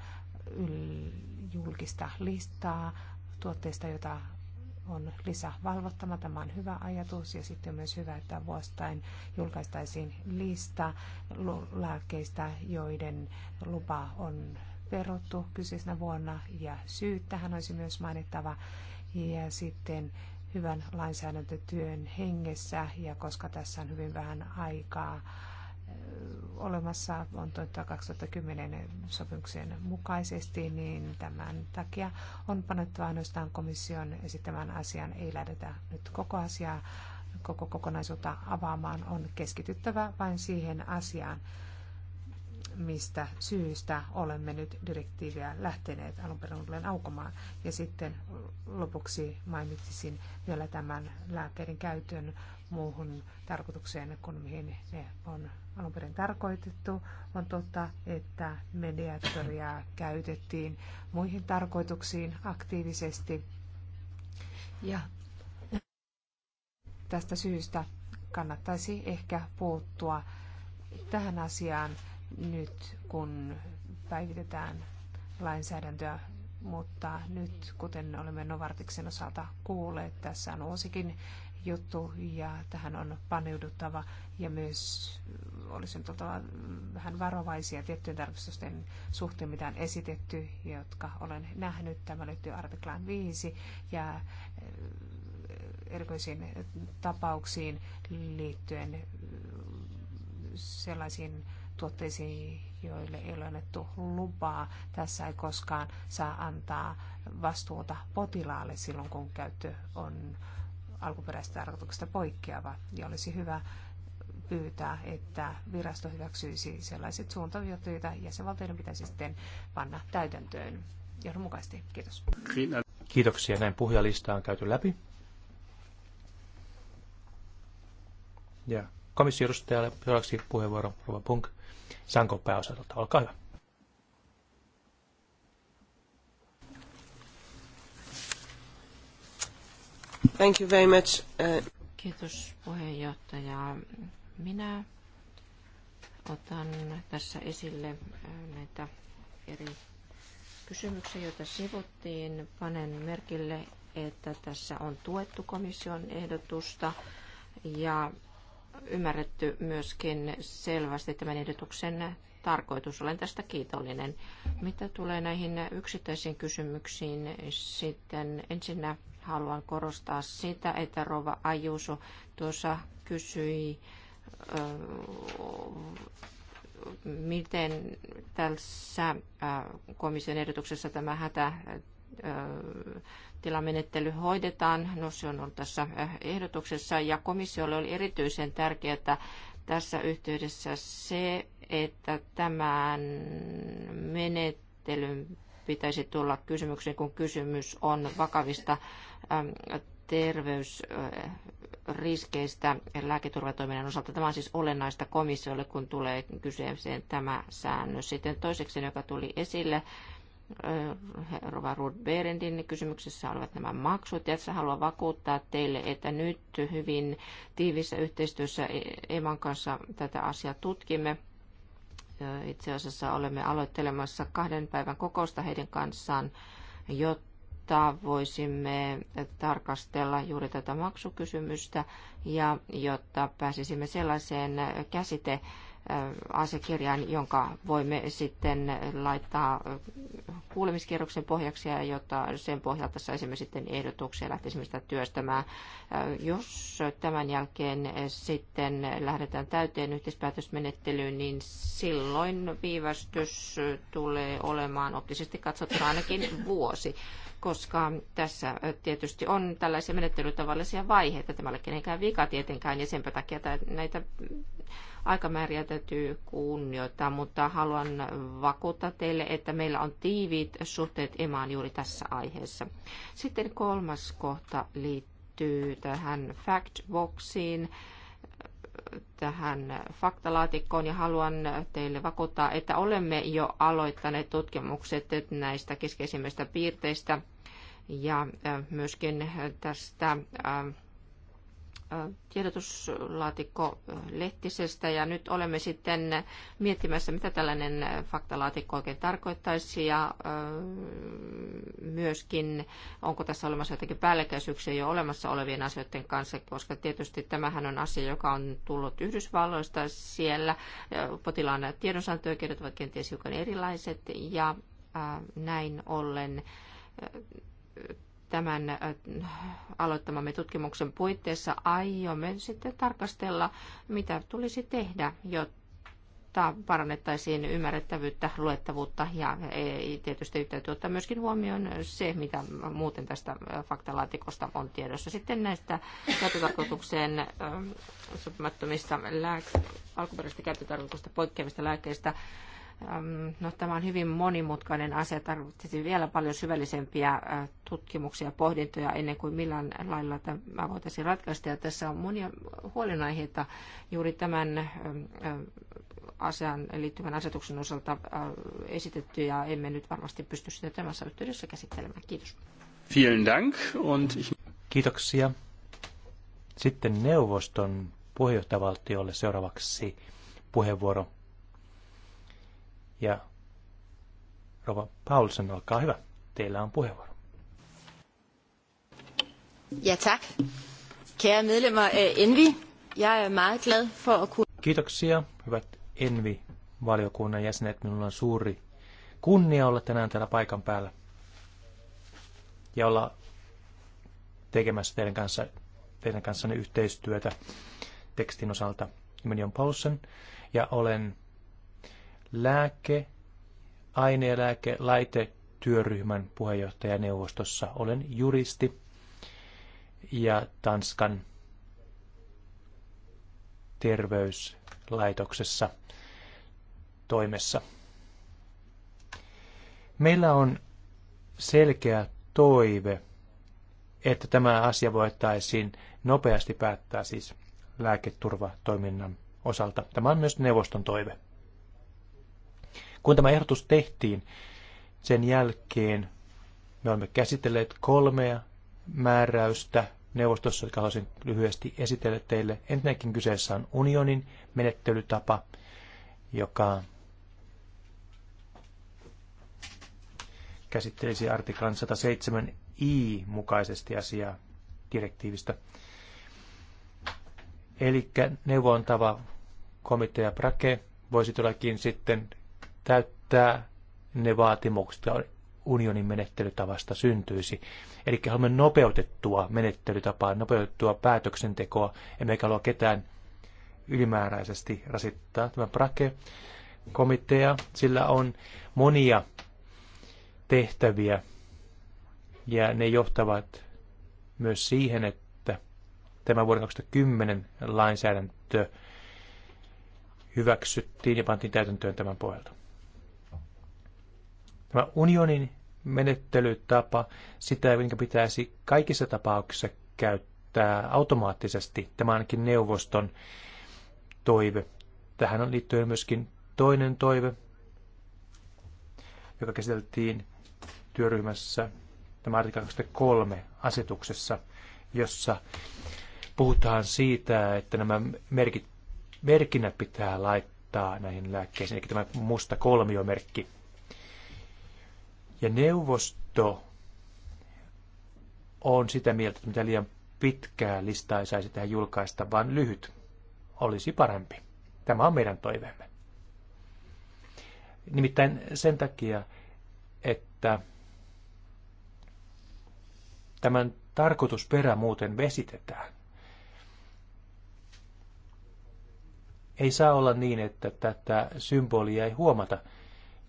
julkista listaa tuotteista, jota on lisävalvottama. Tämä on hyvä ajatus ja sitten myös hyvä, että vuostain julkaistaisiin lista lääkkeistä, joiden lupa on peruttu kyseisenä vuonna ja syyt tähän olisi myös mainittava. Ja sitten hyvän lainsäädäntötyön hengessä ja koska tässä on hyvin vähän aikaa olemassa on 2010 tuota sopimuksen mukaisesti, niin tämän takia on panettu ainoastaan komission esittämään asian. Ei lähdetä nyt koko asiaa, koko kokonaisuutta avaamaan. On keskityttävä vain siihen asiaan, mistä syystä olemme nyt direktiiviä lähteneet alun perin aukomaan. Ja sitten lopuksi mainitsisin vielä tämän lääkkeiden käytön muuhun tarkoitukseen kun mihin ne on alun perin tarkoitettu. On totta, että mediatoria käytettiin muihin tarkoituksiin aktiivisesti. Ja tästä syystä kannattaisi ehkä puuttua tähän asiaan nyt, kun päivitetään lainsäädäntöä, mutta nyt, kuten olemme Novartiksen osalta kuulleet, tässä on uusikin juttu ja tähän on paneuduttava ja myös olisi nyt oltava vähän varovaisia tiettyjen tarkistusten suhteen, mitä on esitetty, jotka olen nähnyt. Tämä löytyy artiklaan 5 ja eh, erikoisiin tapauksiin liittyen eh, sellaisiin tuotteisiin, joille ei ole annettu lupaa. Tässä ei koskaan saa antaa vastuuta potilaalle silloin, kun käyttö on alkuperäistä tarkoituksesta poikkeava. Ja olisi hyvä pyytää, että virasto hyväksyisi sellaiset suuntaviot, joita jäsenvaltioiden pitäisi sitten panna täytäntöön johdonmukaisesti. Kiitos. Kiitoksia. Näin puhujalista on käyty läpi. Ja komissio edustajalle seuraavaksi puheenvuoro Rova Punk. Sanko pääosastolta. Olkaa hyvä. Thank you very much. Uh, Kiitos puheenjohtaja. Minä otan tässä esille uh, näitä eri kysymyksiä, joita sivuttiin. Panen merkille, että tässä on tuettu komission ehdotusta ja ymmärretty myöskin selvästi tämän ehdotuksen tarkoitus. Olen tästä kiitollinen. Mitä tulee näihin yksittäisiin kysymyksiin, sitten ensinnä haluan korostaa sitä, että Rova Ajuso tuossa kysyi, miten tässä komission ehdotuksessa tämä hätä tilamenettely hoidetaan. No se on ollut tässä äh, ehdotuksessa ja komissiolle oli erityisen tärkeää tässä yhteydessä se, että tämän menettelyn pitäisi tulla kysymykseen, kun kysymys on vakavista terveysriskeistä äh, lääketurvatoiminnan osalta. Tämä on siis olennaista komissiolle, kun tulee kyseeseen tämä säännös. Sitten toiseksi, joka tuli esille, Rova Ruud Berendin kysymyksessä olivat nämä maksut. Ja haluan vakuuttaa teille, että nyt hyvin tiivissä yhteistyössä e- Eman kanssa tätä asiaa tutkimme. Itse asiassa olemme aloittelemassa kahden päivän kokousta heidän kanssaan, jotta voisimme tarkastella juuri tätä maksukysymystä ja jotta pääsisimme sellaiseen käsite Äh, asiakirjan, jonka voimme sitten laittaa äh, kuulemiskierroksen pohjaksi ja jotta sen pohjalta saisimme sitten ehdotuksia ja lähtisimme sitä työstämään. Äh, jos tämän jälkeen sitten lähdetään täyteen yhteispäätösmenettelyyn, niin silloin viivästys tulee olemaan optisesti katsottuna ainakin vuosi koska tässä tietysti on tällaisia menettelytavallisia vaiheita. Tämä ei ole kenenkään vika tietenkään, ja sen takia näitä aikamääriä täytyy kunnioittaa, mutta haluan vakuuttaa teille, että meillä on tiiviit suhteet emaan juuri tässä aiheessa. Sitten kolmas kohta liittyy tähän Factboxiin. boxiin tähän faktalaatikkoon ja haluan teille vakuuttaa, että olemme jo aloittaneet tutkimukset näistä keskeisimmistä piirteistä ja äh, myöskin tästä äh, tiedotuslaatikko lehtisestä ja nyt olemme sitten miettimässä, mitä tällainen faktalaatikko oikein tarkoittaisi ja myöskin onko tässä olemassa jotakin päällekkäisyyksiä jo olemassa olevien asioiden kanssa, koska tietysti tämähän on asia, joka on tullut Yhdysvalloista siellä. Potilaan tiedonsaantioikeudet ovat kenties hiukan erilaiset ja näin ollen tämän äh, aloittamamme tutkimuksen puitteissa aiomme sitten tarkastella, mitä tulisi tehdä, jotta parannettaisiin ymmärrettävyyttä, luettavuutta ja e, tietysti täytyy ottaa myöskin huomioon se, mitä muuten tästä äh, faktalaatikosta on tiedossa. Sitten näistä käyttötarkoitukseen äh, sopimattomista lääke- alkuperäisestä käyttötarkoitusta poikkeavista lääkkeistä Ähm, no, tämä on hyvin monimutkainen asia. Tarvitsisi vielä paljon syvällisempiä äh, tutkimuksia ja pohdintoja ennen kuin millään lailla tämä voitaisiin ratkaista. Ja tässä on monia huolenaiheita juuri tämän ähm, äh, asian liittyvän asetuksen osalta äh, esitetty ja emme nyt varmasti pysty sitä tämässä yhteydessä käsittelemään. Kiitos. Vielen Dank. Und ich... Kiitoksia. Sitten neuvoston puheenjohtajavaltiolle seuraavaksi puheenvuoro ja Rova Paulsen, olkaa hyvä. Teillä on puheenvuoro. Ja tak. Kære medlemmer af Envi, jeg er meget glad for at kunne... Kiitoksia, hyvät Envi-valiokunnan jäsenet. Minulla on suuri kunnia olla tänään täällä paikan päällä ja olla tekemässä teidän, kanssa, teidän kanssanne yhteistyötä tekstin osalta. Nimeni on Paulsen ja olen lääke, aine- ja lääkelaitetyöryhmän puheenjohtajaneuvostossa. Olen juristi ja Tanskan terveyslaitoksessa toimessa. Meillä on selkeä toive, että tämä asia voitaisiin nopeasti päättää siis lääketurvatoiminnan osalta. Tämä on myös neuvoston toive. Kun tämä ehdotus tehtiin, sen jälkeen me olemme käsitelleet kolmea määräystä neuvostossa, jotka haluaisin lyhyesti esitellä teille. Ensinnäkin kyseessä on unionin menettelytapa, joka käsittelisi artiklan 107i mukaisesti asiaa direktiivistä. Eli neuvontava komitea Prake voisi todellakin sitten täyttää ne vaatimukset, unionin menettelytavasta syntyisi. Eli haluamme nopeutettua menettelytapaa, nopeutettua päätöksentekoa, emmekä halua ketään ylimääräisesti rasittaa. Tämä prake komitea sillä on monia tehtäviä ja ne johtavat myös siihen, että tämä vuoden 2010 lainsäädäntö hyväksyttiin ja pantiin täytäntöön tämän pohjalta. Tämä unionin menettelytapa, sitä minkä pitäisi kaikissa tapauksissa käyttää automaattisesti. Tämä ainakin neuvoston toive. Tähän on liittyen myöskin toinen toive, joka käsiteltiin työryhmässä, tämä artikla 23 asetuksessa, jossa puhutaan siitä, että nämä merkit, merkinnät pitää laittaa näihin lääkkeisiin, eli tämä musta kolmiomerkki. Ja neuvosto on sitä mieltä, että mitä liian pitkää listaa ei saisi tähän julkaista, vaan lyhyt olisi parempi. Tämä on meidän toiveemme. Nimittäin sen takia, että tämän tarkoitusperä muuten vesitetään. Ei saa olla niin, että tätä symbolia ei huomata,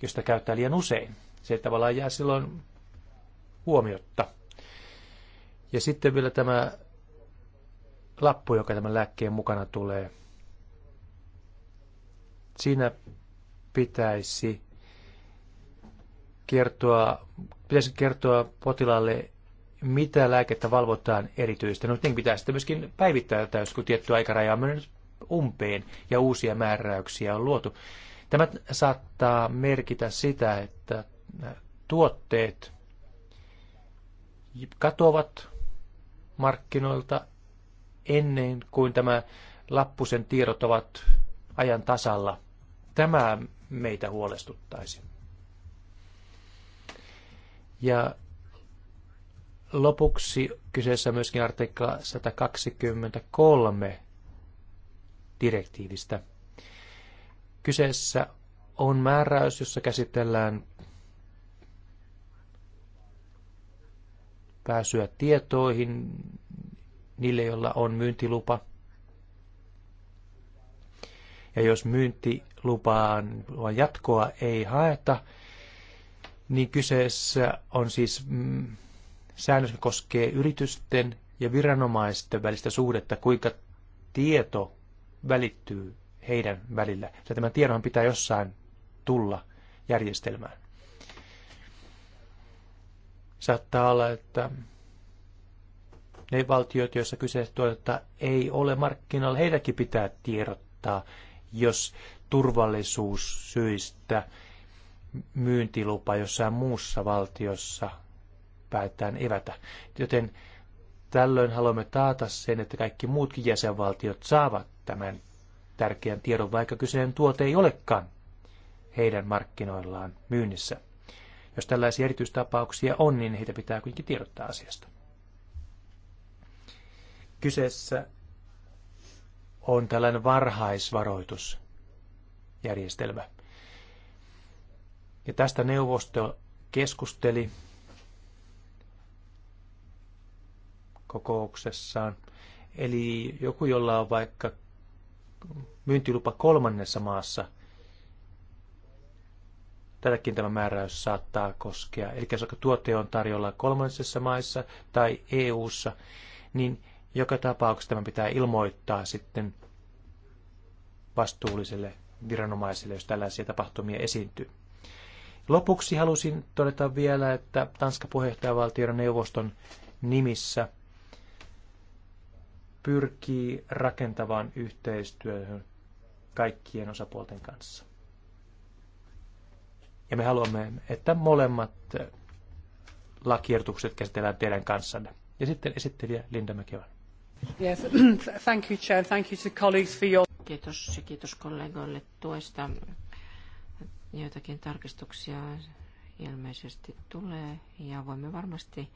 josta käyttää liian usein – se tavallaan jää silloin huomiotta. Ja sitten vielä tämä lappu, joka tämän lääkkeen mukana tulee. Siinä pitäisi kertoa, pitäisi kertoa potilaalle, mitä lääkettä valvotaan erityisesti. No niin pitää sitten myöskin päivittää tätä, kun tietty aikaraja on mennyt umpeen ja uusia määräyksiä on luotu. Tämä saattaa merkitä sitä, että tuotteet katoavat markkinoilta ennen kuin tämä lappusen tiedot ovat ajan tasalla. Tämä meitä huolestuttaisi. Ja lopuksi kyseessä myöskin artikla 123 direktiivistä. Kyseessä on määräys, jossa käsitellään pääsyä tietoihin niille, joilla on myyntilupa. Ja jos myyntilupaan jatkoa ei haeta, niin kyseessä on siis mm, säännös, joka koskee yritysten ja viranomaisten välistä suhdetta, kuinka tieto välittyy heidän välillä. Ja tämän tiedon pitää jossain tulla järjestelmään. Saattaa olla, että ne valtiot, joissa kyseessä tuotetta ei ole markkinoilla, heitäkin pitää tiedottaa, jos turvallisuussyistä myyntilupa jossain muussa valtiossa päätään evätä. Joten tällöin haluamme taata sen, että kaikki muutkin jäsenvaltiot saavat tämän tärkeän tiedon, vaikka kyseinen tuote ei olekaan heidän markkinoillaan myynnissä. Jos tällaisia erityistapauksia on, niin heitä pitää kuitenkin tiedottaa asiasta. Kyseessä on tällainen varhaisvaroitusjärjestelmä. Ja tästä neuvosto keskusteli kokouksessaan. Eli joku, jolla on vaikka myyntilupa kolmannessa maassa, tätäkin tämä määräys saattaa koskea. Eli jos tuote on tarjolla kolmansissa maissa tai EU:ssa, niin joka tapauksessa tämä pitää ilmoittaa sitten vastuulliselle viranomaiselle, jos tällaisia tapahtumia esiintyy. Lopuksi halusin todeta vielä, että Tanska puheenjohtajavaltioiden neuvoston nimissä pyrkii rakentavaan yhteistyöhön kaikkien osapuolten kanssa. Ja me haluamme, että molemmat lakiertukset käsitellään teidän kanssanne. Ja sitten esittelijä Linda Mäkevä. Yes. Thank you, Chair. Thank you to colleagues for your... Kiitos ja kiitos kollegoille tuesta. Joitakin tarkistuksia ilmeisesti tulee ja voimme varmasti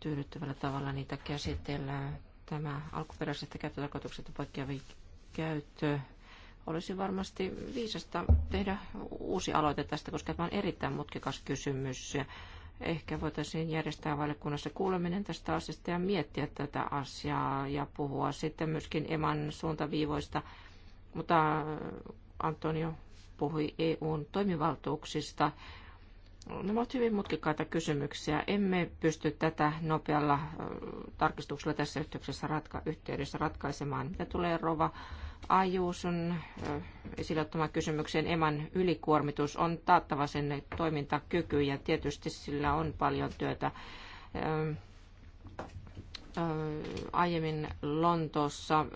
tyydyttävällä tavalla niitä käsitellä. Tämä alkuperäisestä käyttötarkoituksesta poikkeava käyttö olisi varmasti viisasta tehdä uusi aloite tästä, koska tämä on erittäin mutkikas kysymys. ja Ehkä voitaisiin järjestää valiokunnassa kuuleminen tästä asiasta ja miettiä tätä asiaa ja puhua sitten myöskin eman suuntaviivoista. Mutta äh, Antonio puhui EUn toimivaltuuksista. Nämä ovat hyvin mutkikaita kysymyksiä. Emme pysty tätä nopealla äh, tarkistuksella tässä ratka- yhteydessä ratkaisemaan. Mitä tulee Rova Ajuusun esille ottamaan kysymykseen eman ylikuormitus on taattava sen toimintakyky ja tietysti sillä on paljon työtä aiemmin Lontoossa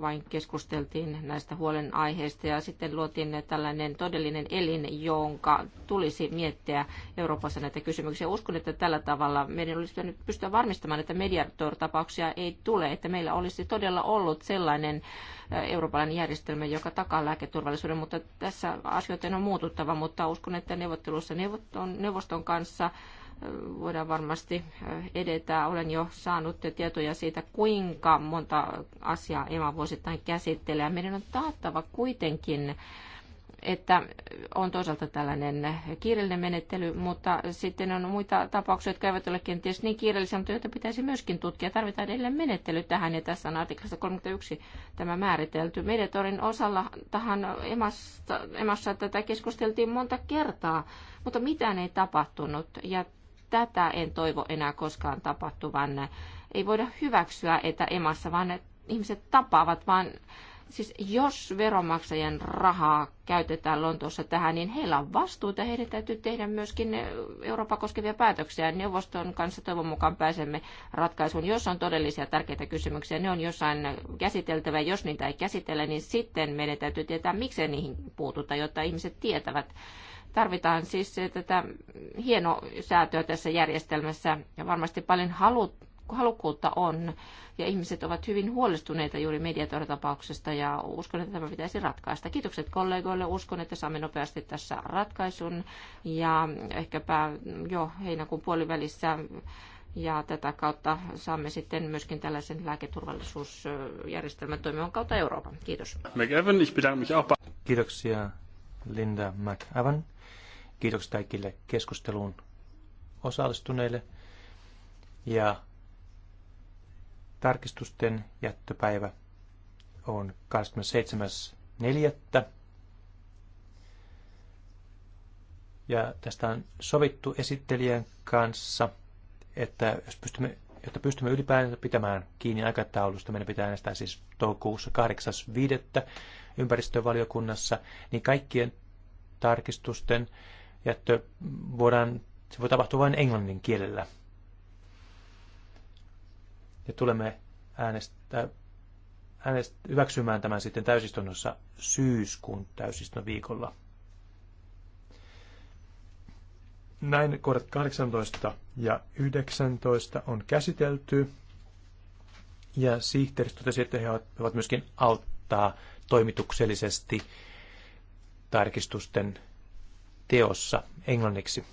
vain keskusteltiin näistä huolenaiheista ja sitten luotiin tällainen todellinen elin, jonka tulisi miettiä Euroopassa näitä kysymyksiä. Uskon, että tällä tavalla meidän olisi pitänyt pystyä varmistamaan, että mediator-tapauksia ei tule, että meillä olisi todella ollut sellainen eurooppalainen järjestelmä, joka takaa lääketurvallisuuden, mutta tässä asioiden on muututtava, mutta uskon, että neuvottelussa neuvoston kanssa voidaan varmasti äh, edetä. Olen jo saanut tietoja siitä, kuinka monta asiaa EMA vuosittain käsittelee. Meidän on taattava kuitenkin että on toisaalta tällainen kiireellinen menettely, mutta sitten on muita tapauksia, jotka eivät ole kenties niin kiireellisiä, mutta joita pitäisi myöskin tutkia. Tarvitaan edelleen menettely tähän, ja tässä on artiklassa 31 tämä määritelty. Meditorin osalla tähän emassa, emassa tätä keskusteltiin monta kertaa, mutta mitään ei tapahtunut, ja tätä en toivo enää koskaan tapahtuvan. Ei voida hyväksyä, että emassa vaan ihmiset tapaavat, vaan siis jos veronmaksajien rahaa käytetään Lontoossa tähän, niin heillä on vastuuta. Heidän täytyy tehdä myöskin Euroopan koskevia päätöksiä. Neuvoston kanssa toivon mukaan pääsemme ratkaisuun. Jos on todellisia tärkeitä kysymyksiä, ne on jossain käsiteltävä. Jos niitä ei käsitellä, niin sitten meidän täytyy tietää, miksi niihin puututa, jotta ihmiset tietävät Tarvitaan siis tätä säätöä tässä järjestelmässä ja varmasti paljon halut, halukkuutta on ja ihmiset ovat hyvin huolestuneita juuri mediatoritapauksesta ja uskon, että tämä pitäisi ratkaista. Kiitokset kollegoille, uskon, että saamme nopeasti tässä ratkaisun ja ehkäpä jo heinäkuun puolivälissä ja tätä kautta saamme sitten myöskin tällaisen lääketurvallisuusjärjestelmän toimivan kautta Euroopan. Kiitos. ich bedanke Kiitoksia Linda McEvan. Kiitokset kaikille keskusteluun osallistuneille ja tarkistusten jättöpäivä on 27.4. Ja tästä on sovittu esittelijän kanssa, että jos pystymme, jotta pystymme ylipäänsä pitämään kiinni aikataulusta, meidän pitää äänestää siis toukokuussa 8.5. ympäristövaliokunnassa, niin kaikkien tarkistusten että voidaan, se voi tapahtua vain englannin kielellä. Ja tulemme äänestää, äänest, hyväksymään tämän sitten täysistunnossa syyskuun täysistunnon viikolla. Näin kohdat 18 ja 19 on käsitelty. Ja sihteeristö totesi, että he ovat myöskin auttaa toimituksellisesti tarkistusten teossa englanniksi.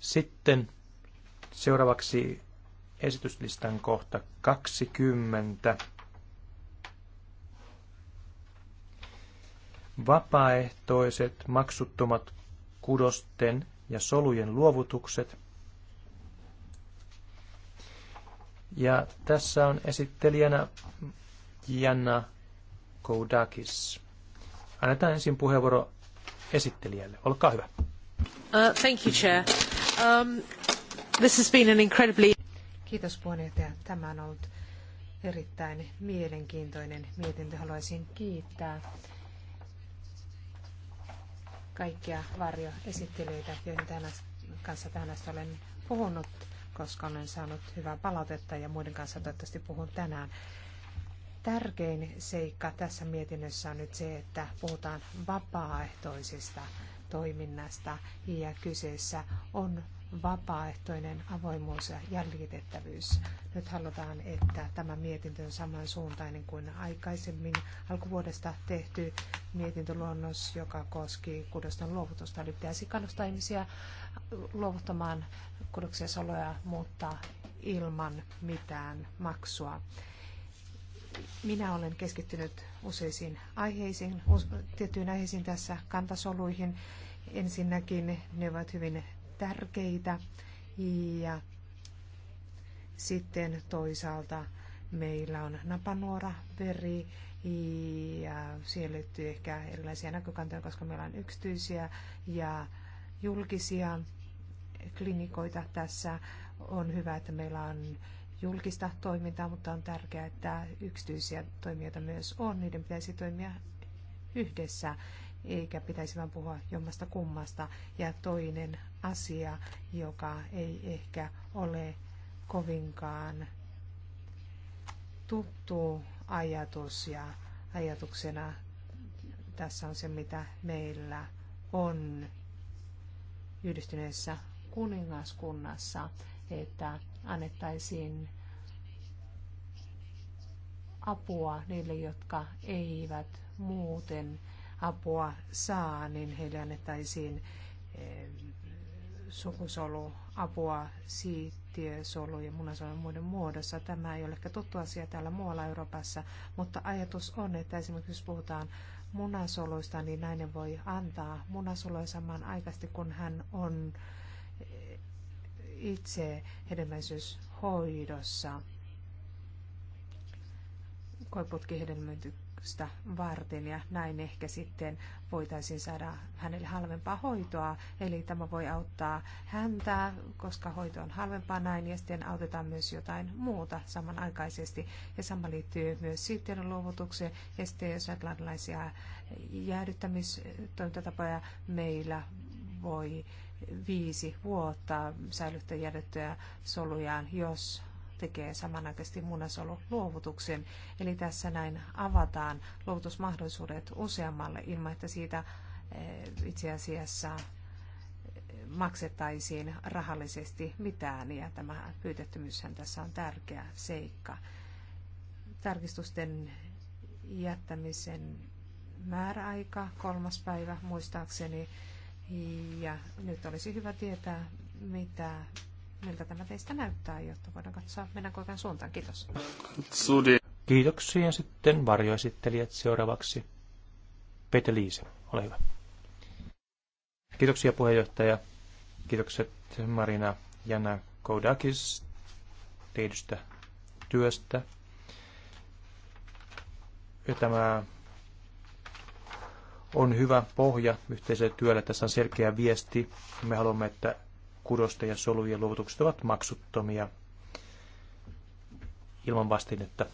Sitten seuraavaksi esityslistan kohta 20. Vapaaehtoiset maksuttomat kudosten ja solujen luovutukset. Ja tässä on esittelijänä Janna Koudakis. Annetaan ensin puheenvuoro esittelijälle. Olkaa hyvä. Uh, thank you, Chair. Um, this has been an incredibly... Kiitos puheenjohtaja. Tämä on ollut erittäin mielenkiintoinen mietintö. Haluaisin kiittää kaikkia varjoesittelijöitä, joihin tähän kanssa tähän asti olen puhunut, koska olen saanut hyvää palautetta ja muiden kanssa toivottavasti puhun tänään tärkein seikka tässä mietinnössä on nyt se, että puhutaan vapaaehtoisesta toiminnasta ja kyseessä on vapaaehtoinen avoimuus ja jäljitettävyys. Nyt halutaan, että tämä mietintö on samansuuntainen kuin aikaisemmin alkuvuodesta tehty mietintöluonnos, joka koski kudosten luovutusta. Eli pitäisi kannustaa ihmisiä luovuttamaan kudoksia soloja, mutta ilman mitään maksua minä olen keskittynyt useisiin aiheisiin, tiettyihin aiheisiin tässä kantasoluihin. Ensinnäkin ne ovat hyvin tärkeitä ja sitten toisaalta meillä on napanuora veri ja siihen liittyy ehkä erilaisia näkökantoja, koska meillä on yksityisiä ja julkisia klinikoita tässä. On hyvä, että meillä on julkista toimintaa, mutta on tärkeää, että yksityisiä toimijoita myös on. Niiden pitäisi toimia yhdessä, eikä pitäisi vain puhua jommasta kummasta. Ja toinen asia, joka ei ehkä ole kovinkaan tuttu ajatus ja ajatuksena tässä on se, mitä meillä on yhdistyneessä kuningaskunnassa, että annettaisiin apua niille, jotka eivät muuten apua saa, niin heille annettaisiin eh, apua siittiösolu ja munasolun muiden muodossa. Tämä ei ole ehkä tuttu asia täällä muualla Euroopassa, mutta ajatus on, että esimerkiksi jos puhutaan munasoluista, niin nainen voi antaa munasoluja samaan aikaisesti, kun hän on äh, itse hedelmäisyyshoidossa koiputkihedelmöitystä varten ja näin ehkä sitten voitaisiin saada hänelle halvempaa hoitoa. Eli tämä voi auttaa häntä, koska hoito on halvempaa näin ja sitten autetaan myös jotain muuta samanaikaisesti. Ja sama liittyy myös sitten luovutukseen ja sitten jos atlantilaisia jäädyttämistoimintatapoja meillä voi viisi vuotta säilyttää jätettyjä solujaan, jos tekee samanaikaisesti munasoluluovutuksen. Eli tässä näin avataan luovutusmahdollisuudet useammalle ilman, että siitä eh, itse asiassa eh, maksettaisiin rahallisesti mitään, ja tämä pyytettömyyshän tässä on tärkeä seikka. Tarkistusten jättämisen määräaika, kolmas päivä muistaakseni, ja nyt olisi hyvä tietää, mitä, miltä tämä teistä näyttää, jotta voidaan katsoa, mennäänkö oikean suuntaan. Kiitos. Kiitoksia sitten varjoesittelijät seuraavaksi. Pete Liise, ole hyvä. Kiitoksia puheenjohtaja. Kiitokset Marina Jana Koudakis tehdystä työstä. Ja tämä on hyvä pohja yhteiselle työlle. Tässä on selkeä viesti. Me haluamme, että kudosten ja solujen luovutukset ovat maksuttomia ilman vastinetta.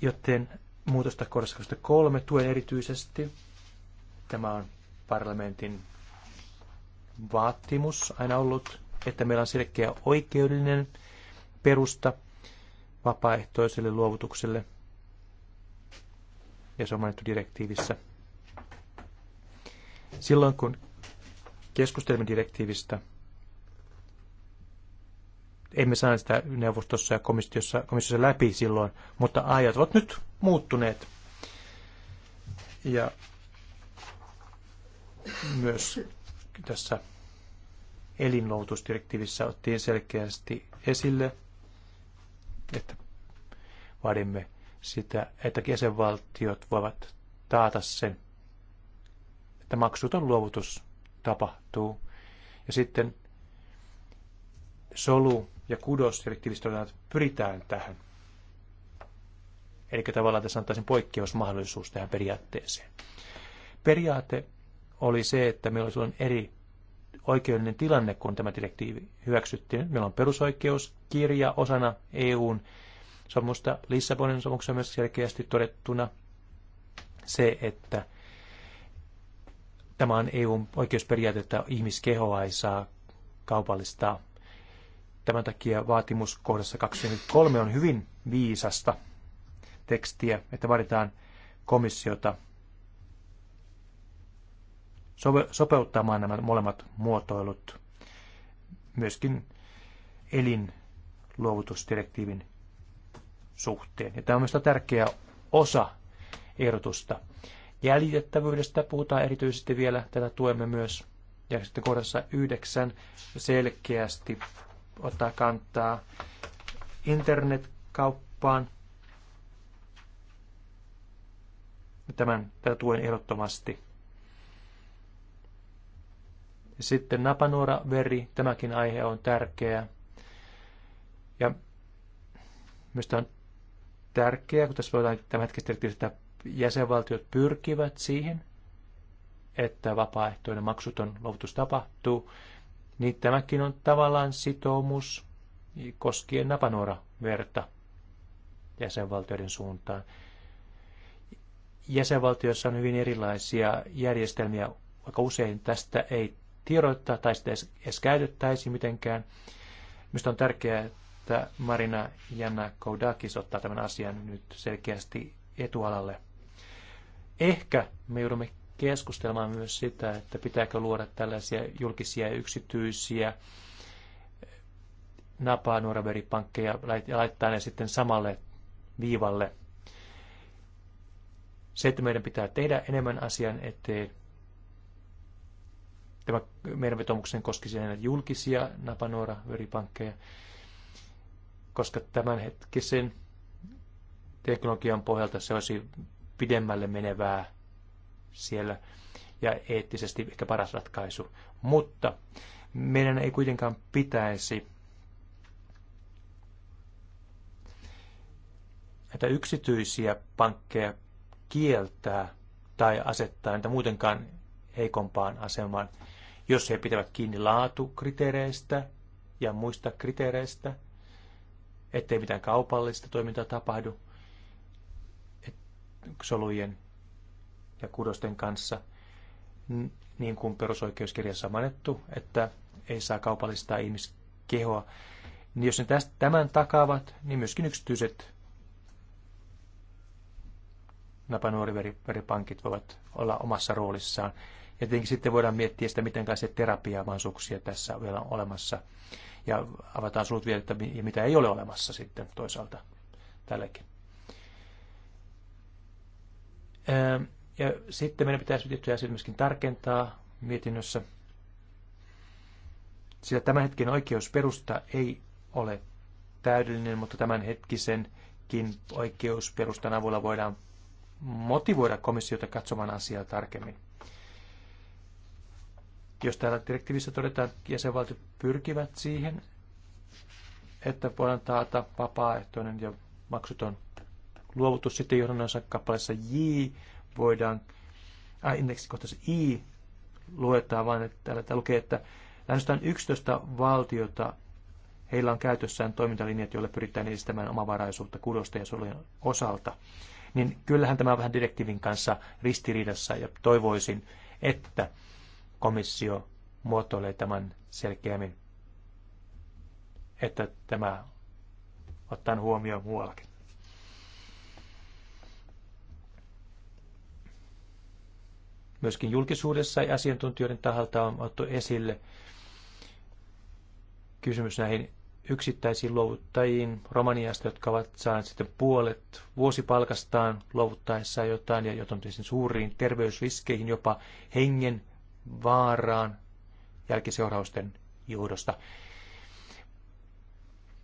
Joten muutosta kohdassa kolme tuen erityisesti. Tämä on parlamentin vaatimus aina ollut, että meillä on selkeä oikeudellinen perusta vapaaehtoiselle luovutukselle. Ja se on mainittu direktiivissä Silloin kun keskustelimme direktiivistä, emme saa sitä neuvostossa ja komissiossa, komissiossa läpi silloin, mutta ajat ovat nyt muuttuneet. Ja myös tässä elinloutusdirektiivissä ottiin selkeästi esille, että vaadimme sitä, että jäsenvaltiot voivat taata sen, että maksuton luovutus tapahtuu. Ja sitten solu- ja kudos kudosdirektiivistä pyritään tähän. Eli tavallaan tässä antaisin poikkeusmahdollisuus tähän periaatteeseen. Periaate oli se, että meillä on eri oikeudellinen tilanne, kun tämä direktiivi hyväksyttiin. Meillä on perusoikeuskirja osana EUn sopimusta Lissabonin sopimuksessa myös selkeästi todettuna se, että Tämä on EUn oikeusperiaate, että ihmiskehoa ei saa kaupallistaa. Tämän takia vaatimus kohdassa 23 on hyvin viisasta tekstiä, että vaaditaan komissiota sopeuttamaan nämä molemmat muotoilut myöskin elinluovutusdirektiivin suhteen. Ja tämä on myös tärkeä osa ehdotusta. Jäljitettävyydestä puhutaan erityisesti vielä, tätä tuemme myös. Ja sitten kohdassa yhdeksän selkeästi ottaa kantaa internetkauppaan. Tämän, tätä tuen ehdottomasti. Sitten napanuora veri, tämäkin aihe on tärkeä. Ja myös on tärkeää, kun tässä voidaan tämän hetkessä tietysti jäsenvaltiot pyrkivät siihen, että vapaaehtoinen maksuton luovutus tapahtuu, niin tämäkin on tavallaan sitoumus koskien napanuora verta jäsenvaltioiden suuntaan. Jäsenvaltioissa on hyvin erilaisia järjestelmiä, vaikka usein tästä ei tiedottaa tai sitä edes käytettäisi mitenkään. Minusta on tärkeää, että Marina Janna Koudakis ottaa tämän asian nyt selkeästi etualalle – Ehkä me joudumme keskustelemaan myös sitä, että pitääkö luoda tällaisia julkisia ja yksityisiä eh, napaa nuoraveripankkeja ja laittaa ne sitten samalle viivalle. Se, että meidän pitää tehdä enemmän asian eteen, tämä meidän vetomuksen koskisi näitä julkisia napanuoraveripankkeja, koska tämänhetkisen teknologian pohjalta se olisi pidemmälle menevää siellä ja eettisesti ehkä paras ratkaisu. Mutta meidän ei kuitenkaan pitäisi näitä yksityisiä pankkeja kieltää tai asettaa niitä muutenkaan heikompaan asemaan, jos he pitävät kiinni laatukriteereistä ja muista kriteereistä, ettei mitään kaupallista toimintaa tapahdu solujen ja kudosten kanssa, niin kuin perusoikeuskirjassa on mainittu, että ei saa kaupallistaa ihmiskehoa. Niin jos ne tästä, tämän takaavat, niin myöskin yksityiset napanuoriveripankit voivat olla omassa roolissaan. Ja tietenkin sitten voidaan miettiä sitä, miten se terapiamahdollisuuksia tässä vielä on olemassa. Ja avataan sulut vielä, että mitä ei ole olemassa sitten toisaalta tälläkin. Ja sitten meidän pitäisi tiettyjä asioita myöskin tarkentaa mietinnössä, sillä tämän hetken oikeusperusta ei ole täydellinen, mutta tämän hetkisenkin oikeusperustan avulla voidaan motivoida komissiota katsomaan asiaa tarkemmin. Jos täällä direktiivissä todetaan, että jäsenvaltiot pyrkivät siihen, että voidaan taata vapaaehtoinen ja maksuton luovutus. Sitten johdannossa kappaleessa J voidaan, äh, indeksikohtaisessa I luetaan vaan, että täällä, tää lukee, että lähdetään 11 valtiota, heillä on käytössään toimintalinjat, joilla pyritään edistämään omavaraisuutta kudosta ja solujen osalta. Niin kyllähän tämä on vähän direktiivin kanssa ristiriidassa ja toivoisin, että komissio muotoilee tämän selkeämmin, että tämä ottaen huomioon muuallakin. myöskin julkisuudessa ja asiantuntijoiden taholta on otettu esille kysymys näihin yksittäisiin luovuttajiin Romaniasta, jotka ovat saaneet sitten puolet vuosipalkastaan luovuttaessa jotain ja jotain suuriin terveysriskeihin, jopa hengen vaaraan jälkiseurausten johdosta.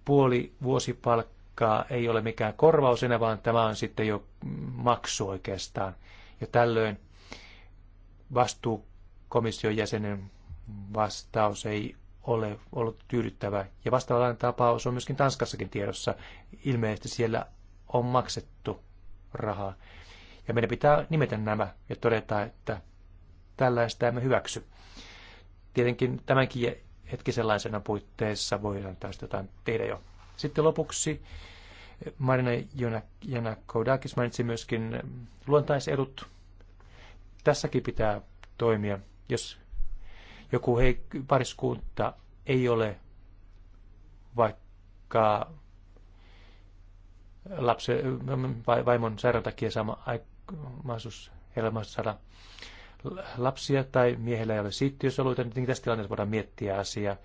Puoli vuosipalkkaa ei ole mikään korvaus enää, vaan tämä on sitten jo maksu oikeastaan. Ja tällöin vastuukomission jäsenen vastaus ei ole ollut tyydyttävä. Ja vastaavanlainen tapaus on myöskin Tanskassakin tiedossa. Ilmeisesti siellä on maksettu rahaa. Ja meidän pitää nimetä nämä ja todeta, että tällaista emme hyväksy. Tietenkin tämänkin hetkisen lainsäädännön puitteissa voidaan tästä jotain tehdä jo. Sitten lopuksi Marina Janakoudakis mainitsi myöskin luontaisedut. Tässäkin pitää toimia, jos joku hei, pariskunta ei ole vaikka lapsi, vaimon sairaan takia sama mahdollisuus, heillä saada lapsia tai miehellä ei ole siittiösoluita, niin tässä tilanteessa voidaan miettiä asiaa.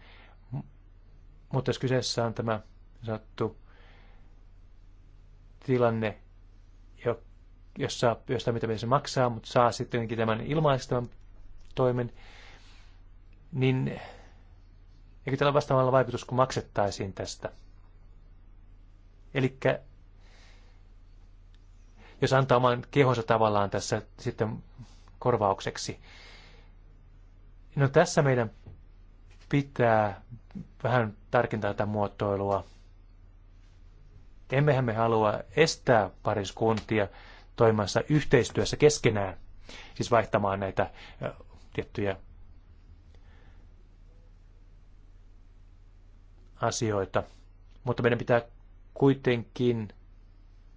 Mutta jos kyseessä on tämä sattu tilanne, jos saa jostain, mitä se maksaa, mutta saa sittenkin tämän ilmaistavan toimen, niin eikö tällä vastaavalla vaikutus, kun maksettaisiin tästä? Eli jos antaa oman kehonsa tavallaan tässä sitten korvaukseksi. No tässä meidän pitää vähän tarkentaa tätä muotoilua. Emmehän me halua estää pariskuntia toimimassa yhteistyössä keskenään, siis vaihtamaan näitä tiettyjä asioita. Mutta meidän pitää kuitenkin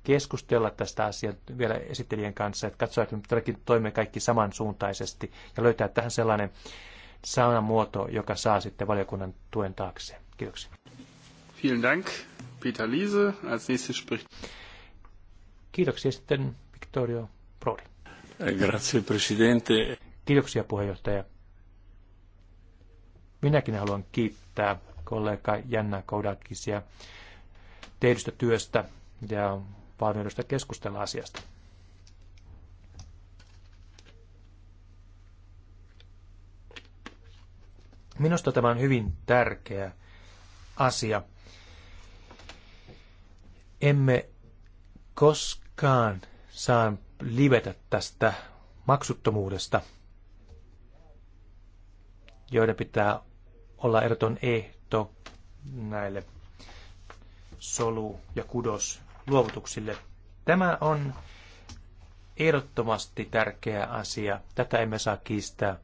keskustella tästä asiasta vielä esittelijän kanssa, että katsoa, että me todellakin toimimme kaikki samansuuntaisesti ja löytää tähän sellainen muoto, joka saa sitten valiokunnan tuen taakse. Kiitoksia. Vielen Dank, Peter Liese. Als nächstes spricht. Kiitoksia sitten Victorio Prodi. Grazie, presidente. Kiitoksia, puheenjohtaja. Minäkin haluan kiittää kollega Jännä Koudakisia tehdystä työstä ja valmiudesta keskustella asiasta. Minusta tämä on hyvin tärkeä asia. Emme koskaan saan livetä tästä maksuttomuudesta, joiden pitää olla eroton ehto näille solu- ja kudosluovutuksille. Tämä on ehdottomasti tärkeä asia. Tätä emme saa kiistää,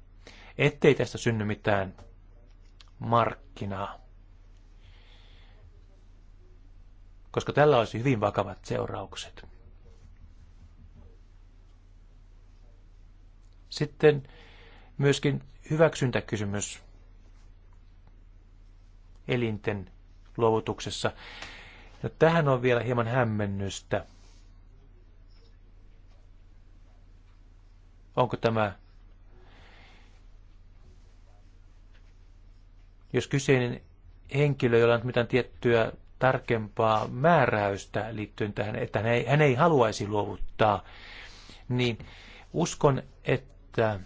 ettei tästä synny mitään markkinaa. Koska tällä olisi hyvin vakavat seuraukset. Sitten myöskin hyväksyntäkysymys elinten luovutuksessa. No, tähän on vielä hieman hämmennystä. Onko tämä, jos kyseinen henkilö, jolla on mitään tiettyä tarkempaa määräystä liittyen tähän, että hän ei, hän ei haluaisi luovuttaa, niin uskon, että että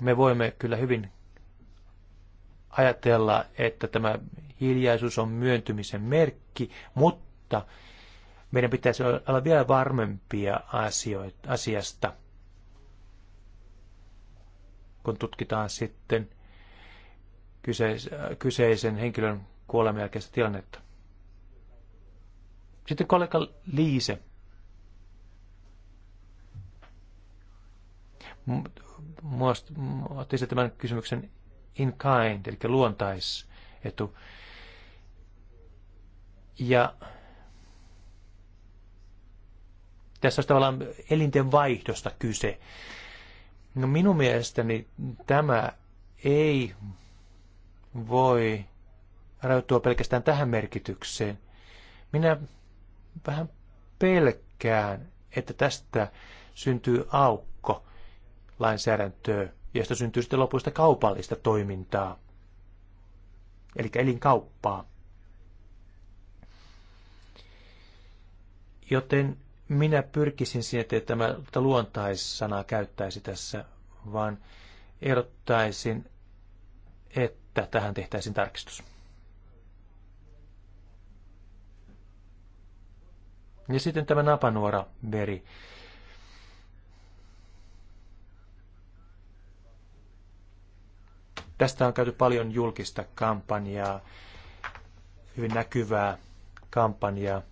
me voimme kyllä hyvin ajatella, että tämä hiljaisuus on myöntymisen merkki, mutta meidän pitäisi olla vielä varmempia asioita, asiasta, kun tutkitaan sitten kyseisen henkilön kuoleman jälkeistä tilannetta. Sitten kollega Liise otti sitten tämän kysymyksen in kind, eli luontaisetu. Ja tässä olisi tavallaan elinten vaihdosta kyse. No minun mielestäni tämä ei voi rajoittua pelkästään tähän merkitykseen. Minä vähän pelkään, että tästä syntyy aukko lainsäädäntöä, josta syntyy sitten lopuista kaupallista toimintaa, eli elinkauppaa. Joten minä pyrkisin siihen, että tämä luontaissanaa käyttäisi tässä, vaan erottaisin, että tähän tehtäisiin tarkistus. Ja sitten tämä napanuora veri. Tästä on käyty paljon julkista kampanjaa, hyvin näkyvää kampanjaa.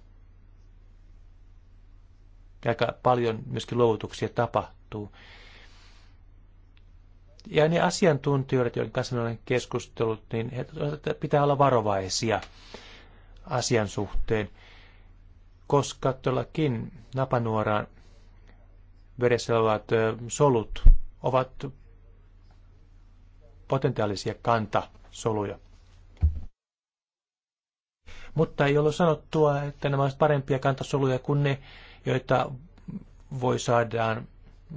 Aika paljon myöskin luovutuksia tapahtuu. Ja ne asiantuntijoiden, joiden kanssa olen keskustellut, niin he pitää olla varovaisia asian suhteen, koska todellakin napanuoran veressä olevat solut ovat potentiaalisia kantasoluja. Mutta ei ollut sanottua, että nämä ovat parempia kantasoluja kuin ne, joita voi saadaan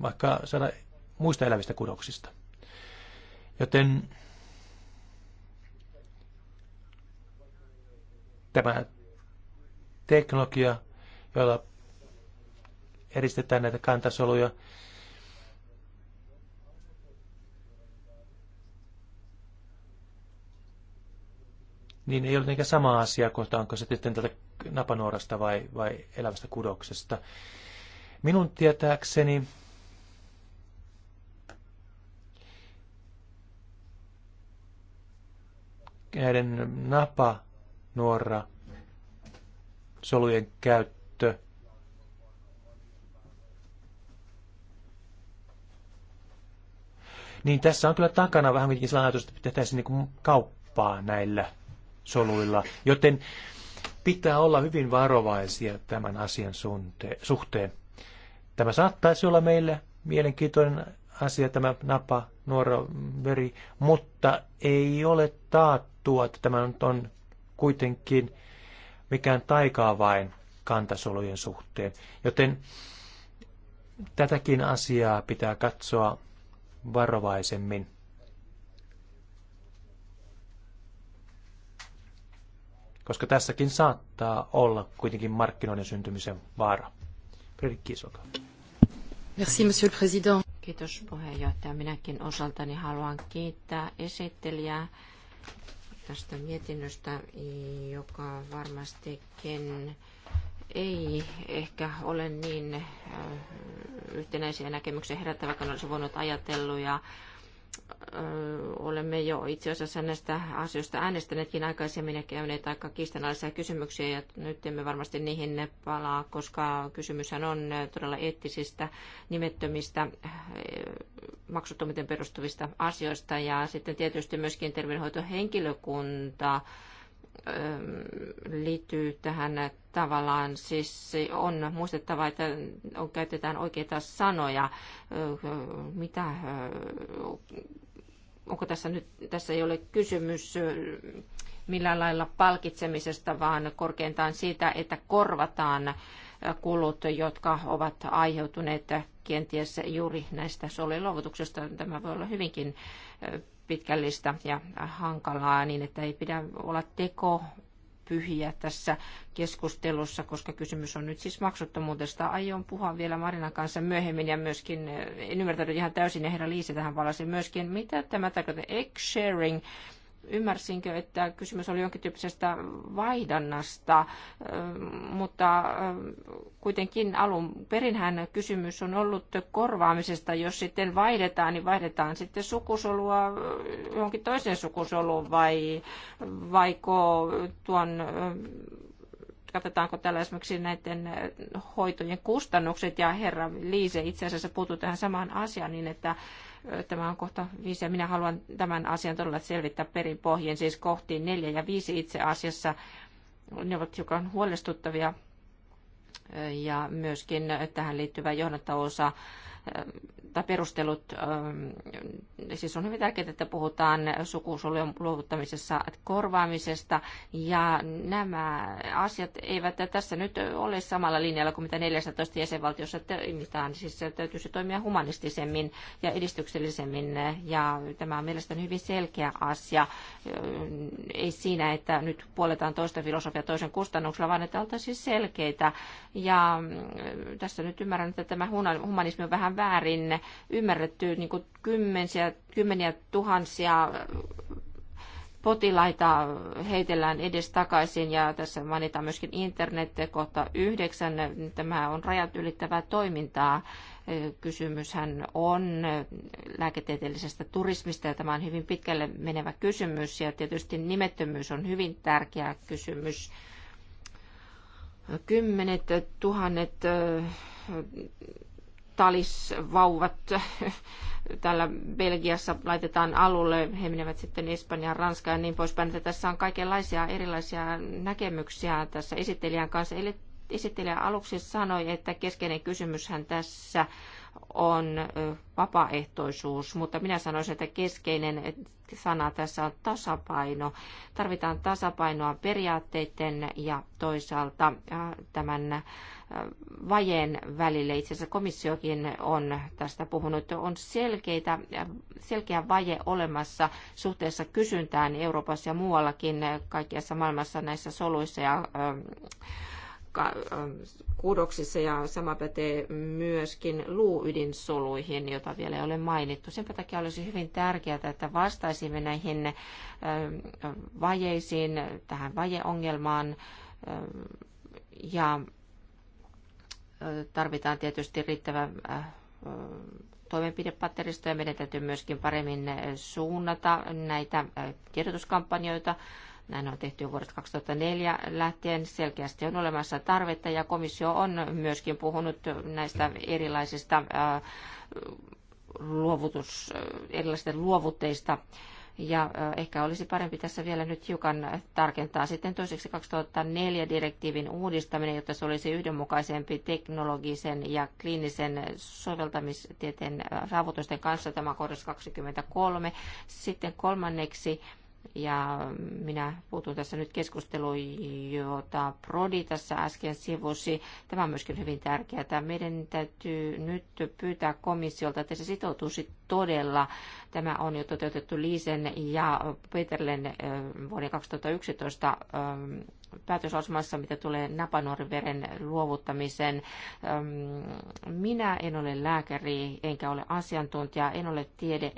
vaikka saada muista elävistä kudoksista. Joten tämä teknologia, jolla eristetään näitä kantasoluja, niin ei ole niinkään sama asia onko se sitten tätä napanuorasta vai, vai elävästä kudoksesta. Minun tietääkseni näiden napanuora solujen käyttö Niin tässä on kyllä takana vähän mitkä sellainen ajatus, että pitäisi niin kauppaa näillä soluilla, joten pitää olla hyvin varovaisia tämän asian suhteen. Tämä saattaisi olla meille mielenkiintoinen asia, tämä napa, nuora veri, mutta ei ole taattua, että tämä on kuitenkin mikään taikaa vain kantasolujen suhteen. Joten tätäkin asiaa pitää katsoa varovaisemmin. koska tässäkin saattaa olla kuitenkin markkinoiden syntymisen vaara. Fredrik Isoka. Merci, monsieur le président. Kiitos puheenjohtaja. Minäkin osaltani haluan kiittää esittelijää tästä mietinnöstä, joka varmastikin ei ehkä ole niin äh, yhtenäisiä näkemyksiä herättävä, kun olisi voinut ajatella olemme jo itse asiassa näistä asioista äänestäneetkin aikaisemmin ja käyneet aika kiistanalaisia kysymyksiä ja nyt emme varmasti niihin palaa, koska kysymyshän on todella eettisistä, nimettömistä, maksuttomiten perustuvista asioista ja sitten tietysti myöskin terveydenhoitohenkilökunta Ähm, liittyy tähän tavallaan, siis on muistettava, että on, käytetään oikeita sanoja. Äh, mitä, äh, onko tässä nyt, tässä ei ole kysymys äh, millään lailla palkitsemisesta, vaan korkeintaan siitä, että korvataan kulut, jotka ovat aiheutuneet kenties juuri näistä soliluovutuksista. Tämä voi olla hyvinkin pitkällistä ja hankalaa niin, että ei pidä olla teko pyhiä tässä keskustelussa, koska kysymys on nyt siis maksuttomuudesta. Aion puhua vielä Marinan kanssa myöhemmin ja myöskin, en ymmärtänyt ihan täysin, ja herra Liisi tähän palasi myöskin, mitä tämä tarkoittaa, egg sharing, ymmärsinkö, että kysymys oli jonkin tyyppisestä vaihdannasta, ähm, mutta ähm, kuitenkin alun perinhän kysymys on ollut korvaamisesta. Jos sitten vaihdetaan, niin vaihdetaan sitten sukusolua johonkin toiseen sukusoluun vai vaiko tuon ähm, katsotaanko tällä esimerkiksi näiden äh, hoitojen kustannukset, ja herra Liise itse asiassa puuttuu tähän samaan asiaan, niin että Tämä on kohta viisi ja minä haluan tämän asian todella selvittää perin pohjien, siis kohtiin neljä ja viisi itse asiassa. Ne ovat hiukan huolestuttavia ja myöskin tähän liittyvä johdantaosa tai perustelut, ähm, siis on hyvin tärkeää, että puhutaan sukusolujen luovuttamisessa korvaamisesta, ja nämä asiat eivät tässä nyt ole samalla linjalla kuin mitä 14 jäsenvaltiossa toimitaan, siis täytyisi toimia humanistisemmin ja edistyksellisemmin, ja tämä on mielestäni hyvin selkeä asia, ei siinä, että nyt puoletaan toista filosofia toisen kustannuksella, vaan että oltaisiin selkeitä, ja mm, tässä nyt ymmärrän, että tämä humanismi on vähän ihan väärin ymmärretty niin kuin kymmensiä, kymmeniä tuhansia äh, potilaita heitellään edestakaisin ja tässä mainitaan myöskin internet kohta yhdeksän. Tämä on rajat ylittävää toimintaa. Äh, kysymyshän on äh, lääketieteellisestä turismista ja tämä on hyvin pitkälle menevä kysymys ja tietysti nimettömyys on hyvin tärkeä kysymys. Kymmenet tuhannet talisvauvat täällä Belgiassa laitetaan alulle, he menevät sitten Espanjaan, Ranskaan ja niin poispäin. Että tässä on kaikenlaisia erilaisia näkemyksiä tässä esittelijän kanssa. Eli esittelijä aluksi sanoi, että keskeinen kysymyshän tässä on vapaaehtoisuus, mutta minä sanoisin, että keskeinen sana tässä on tasapaino. Tarvitaan tasapainoa periaatteiden ja toisaalta tämän vajeen välille. Itse asiassa komissiokin on tästä puhunut. On selkeitä, selkeä vaje olemassa suhteessa kysyntään Euroopassa ja muuallakin kaikkiassa maailmassa näissä soluissa ja ähm, ähm, kudoksissa ja sama pätee myöskin luuydinsoluihin, jota vielä ei ole mainittu. Sen takia olisi hyvin tärkeää, että vastaisimme näihin ähm, vajeisiin, tähän vajeongelmaan ja tarvitaan tietysti riittävä äh, toimenpidepatteristo ja meidän täytyy myöskin paremmin äh, suunnata näitä äh, tiedotuskampanjoita. Näin on tehty jo vuodesta 2004 lähtien. Selkeästi on olemassa tarvetta ja komissio on myöskin puhunut näistä erilaisista luovutus, erilaisista luovutteista ja ehkä olisi parempi tässä vielä nyt hiukan tarkentaa sitten toiseksi 2004 direktiivin uudistaminen, jotta se olisi yhdenmukaisempi teknologisen ja kliinisen soveltamistieteen saavutusten kanssa. Tämä kohdassa 23. Sitten kolmanneksi ja minä puutun tässä nyt keskusteluun, jota Prodi tässä äsken sivusi. Tämä on myöskin hyvin tärkeää. Meidän täytyy nyt pyytää komissiolta, että se sitoutuisi todella. Tämä on jo toteutettu Liisen ja Peterlen vuoden 2011 päätösasemassa mitä tulee napanuoriveren luovuttamiseen Minä en ole lääkäri, enkä ole asiantuntija, en ole tiede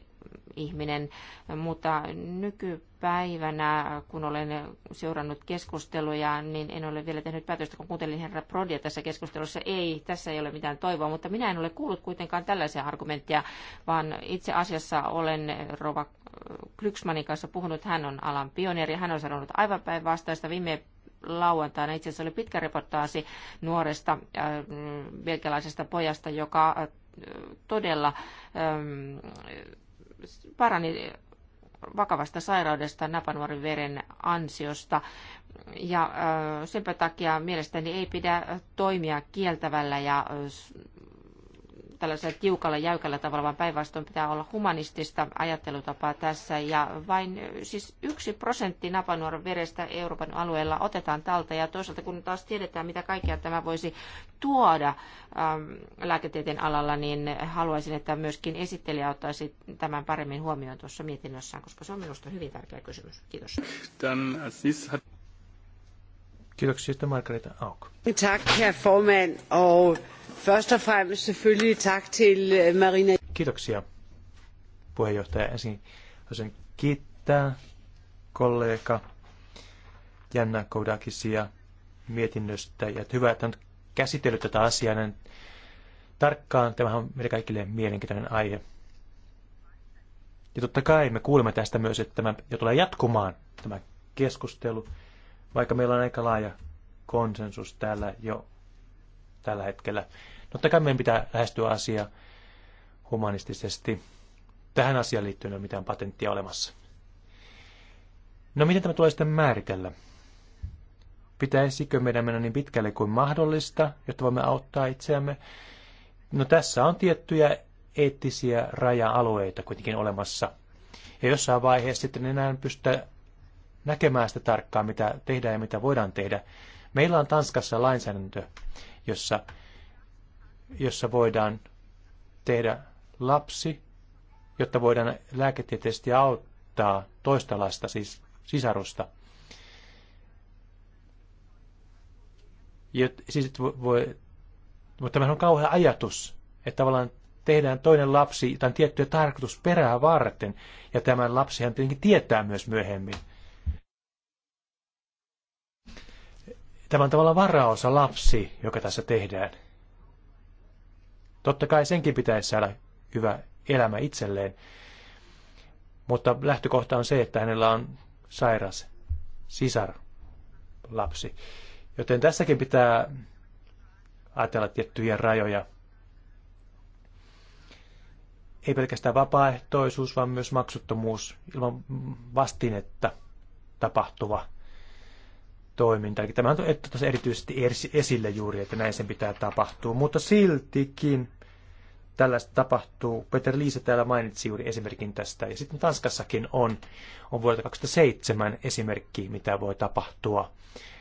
ihminen, mutta nykypäivänä, kun olen seurannut keskusteluja, niin en ole vielä tehnyt päätöstä, kun kuuntelin herra Prodia tässä keskustelussa. Ei, tässä ei ole mitään toivoa, mutta minä en ole kuullut kuitenkaan tällaisia argumentteja, vaan itse asiassa olen Rova Klyksmanin kanssa puhunut. Hän on alan pioneeri, hän on sanonut aivan päinvastaista viime lauantaina. Itse asiassa oli pitkä reportaasi nuoresta äh, belgialaisesta pojasta, joka äh, todella äh, parani vakavasta sairaudesta napanuorin veren ansiosta. Ja senpä takia mielestäni ei pidä toimia kieltävällä ja tällaisella tiukalla, jäykällä tavalla, vaan päinvastoin pitää olla humanistista ajattelutapaa tässä. Ja vain siis yksi prosentti napanuoran verestä Euroopan alueella otetaan talta. Ja toisaalta kun taas tiedetään, mitä kaikkea tämä voisi tuoda ähm, lääketieteen alalla, niin haluaisin, että myöskin esittelijä ottaisi tämän paremmin huomioon tuossa mietinnössään, koska se on minusta hyvin tärkeä kysymys. Kiitos. Äh, Kiitoksia sitten Margareta Auk. Tak, herr formand, og først og fremmest selvfølgelig tak til øh, Marina. Kiitoksia puheenjohtaja. Ensin haluaisin kiittää kollega Janna Koudakisia mietinnöstä. Ja hyvä, että on käsitellyt tätä asiaa näin tarkkaan. Tämähän on meille kaikille mielenkiintoinen aihe. Ja totta kai me kuulemme tästä myös, että tämä jo tulee jatkumaan tämä keskustelu vaikka meillä on aika laaja konsensus täällä jo tällä hetkellä. Totta kai meidän pitää lähestyä asia humanistisesti. Tähän asiaan liittyen ei ole mitään patenttia olemassa. No miten tämä tulee sitten määritellä? Pitäisikö meidän mennä niin pitkälle kuin mahdollista, jotta voimme auttaa itseämme? No tässä on tiettyjä eettisiä raja-alueita kuitenkin olemassa. Ja jossain vaiheessa sitten enää pystytä näkemään sitä tarkkaan, mitä tehdään ja mitä voidaan tehdä. Meillä on Tanskassa lainsäädäntö, jossa, jossa voidaan tehdä lapsi, jotta voidaan lääketieteellisesti auttaa toista lasta, siis sisarusta. Jot siis, että voi, mutta tämä on kauhea ajatus, että tavallaan tehdään toinen lapsi jotain tiettyä tarkoitusperää varten, ja tämän lapsihan tietenkin tietää myös myöhemmin – Tämä on tavallaan varaosa lapsi, joka tässä tehdään. Totta kai senkin pitäisi saada hyvä elämä itselleen, mutta lähtökohta on se, että hänellä on sairas sisar lapsi. Joten tässäkin pitää ajatella tiettyjä rajoja. Ei pelkästään vapaaehtoisuus, vaan myös maksuttomuus ilman vastinetta tapahtuva toimintaa. Tämä on tuossa erityisesti esille juuri, että näin sen pitää tapahtua, mutta siltikin tällaista tapahtuu. Peter Liise täällä mainitsi juuri esimerkin tästä. Ja sitten Tanskassakin on, on vuodelta 2007 esimerkki, mitä voi tapahtua.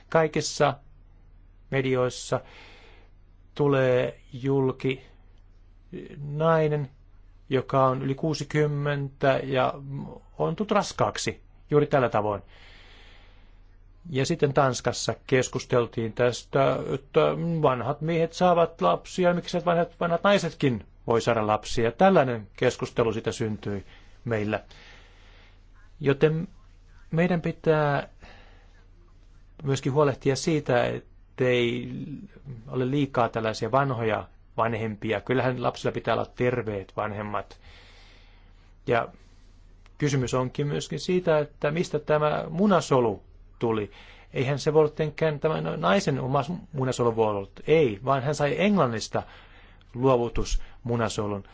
Kaikissa medioissa tulee julki nainen, joka on yli 60 ja on tullut raskaaksi juuri tällä tavoin. Ja sitten Tanskassa keskusteltiin tästä, että vanhat miehet saavat lapsia, miksi vanhat, vanhat naisetkin voi saada lapsia. Tällainen keskustelu sitä syntyi meillä. Joten meidän pitää myöskin huolehtia siitä, ettei ole liikaa tällaisia vanhoja vanhempia. Kyllähän lapsilla pitää olla terveet vanhemmat. Ja kysymys onkin myöskin siitä, että mistä tämä munasolu tuli. Eihän se voltenkään tämän naisen oma munasolu ollut. Ei, vaan hän sai Englannista luovutus munasolun.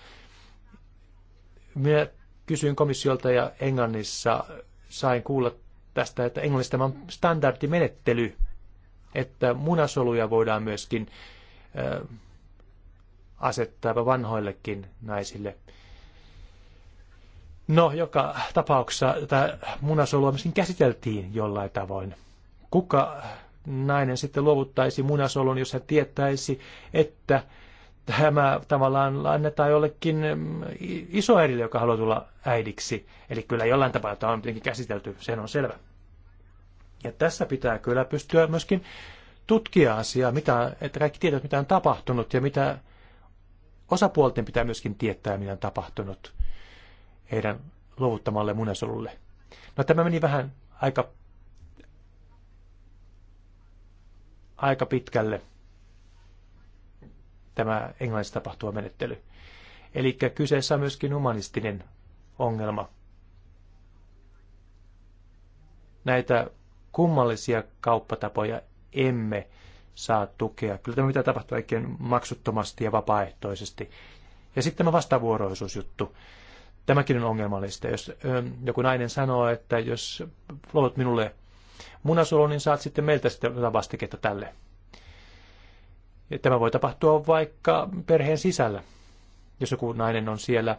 Minä kysyin komissiolta ja Englannissa sain kuulla tästä, että Englannissa tämä on standardimenettely, että munasoluja voidaan myöskin asettaa vanhoillekin naisille. No, joka tapauksessa tätä munasolua myöskin käsiteltiin jollain tavoin. Kuka nainen sitten luovuttaisi munasolun, jos hän tietäisi, että tämä tavallaan annetaan jollekin mm, isoäidille, joka haluaa tulla äidiksi. Eli kyllä jollain tapaa tämä on tietenkin käsitelty, sen on selvä. Ja tässä pitää kyllä pystyä myöskin tutkia asiaa, mitä, että kaikki tietävät, mitä on tapahtunut ja mitä osapuolten pitää myöskin tietää, mitä on tapahtunut heidän luovuttamalle munasolulle. No tämä meni vähän aika, aika pitkälle, tämä englannissa tapahtuva menettely. Eli kyseessä on myöskin humanistinen ongelma. Näitä kummallisia kauppatapoja emme saa tukea. Kyllä tämä pitää tapahtua oikein maksuttomasti ja vapaaehtoisesti. Ja sitten tämä vastavuoroisuusjuttu. Tämäkin on ongelmallista. Jos ähm, joku nainen sanoo, että jos luovat minulle munasolun, niin saat sitten meiltä sitten vastiketta tälle. Ja tämä voi tapahtua vaikka perheen sisällä. Jos joku nainen on siellä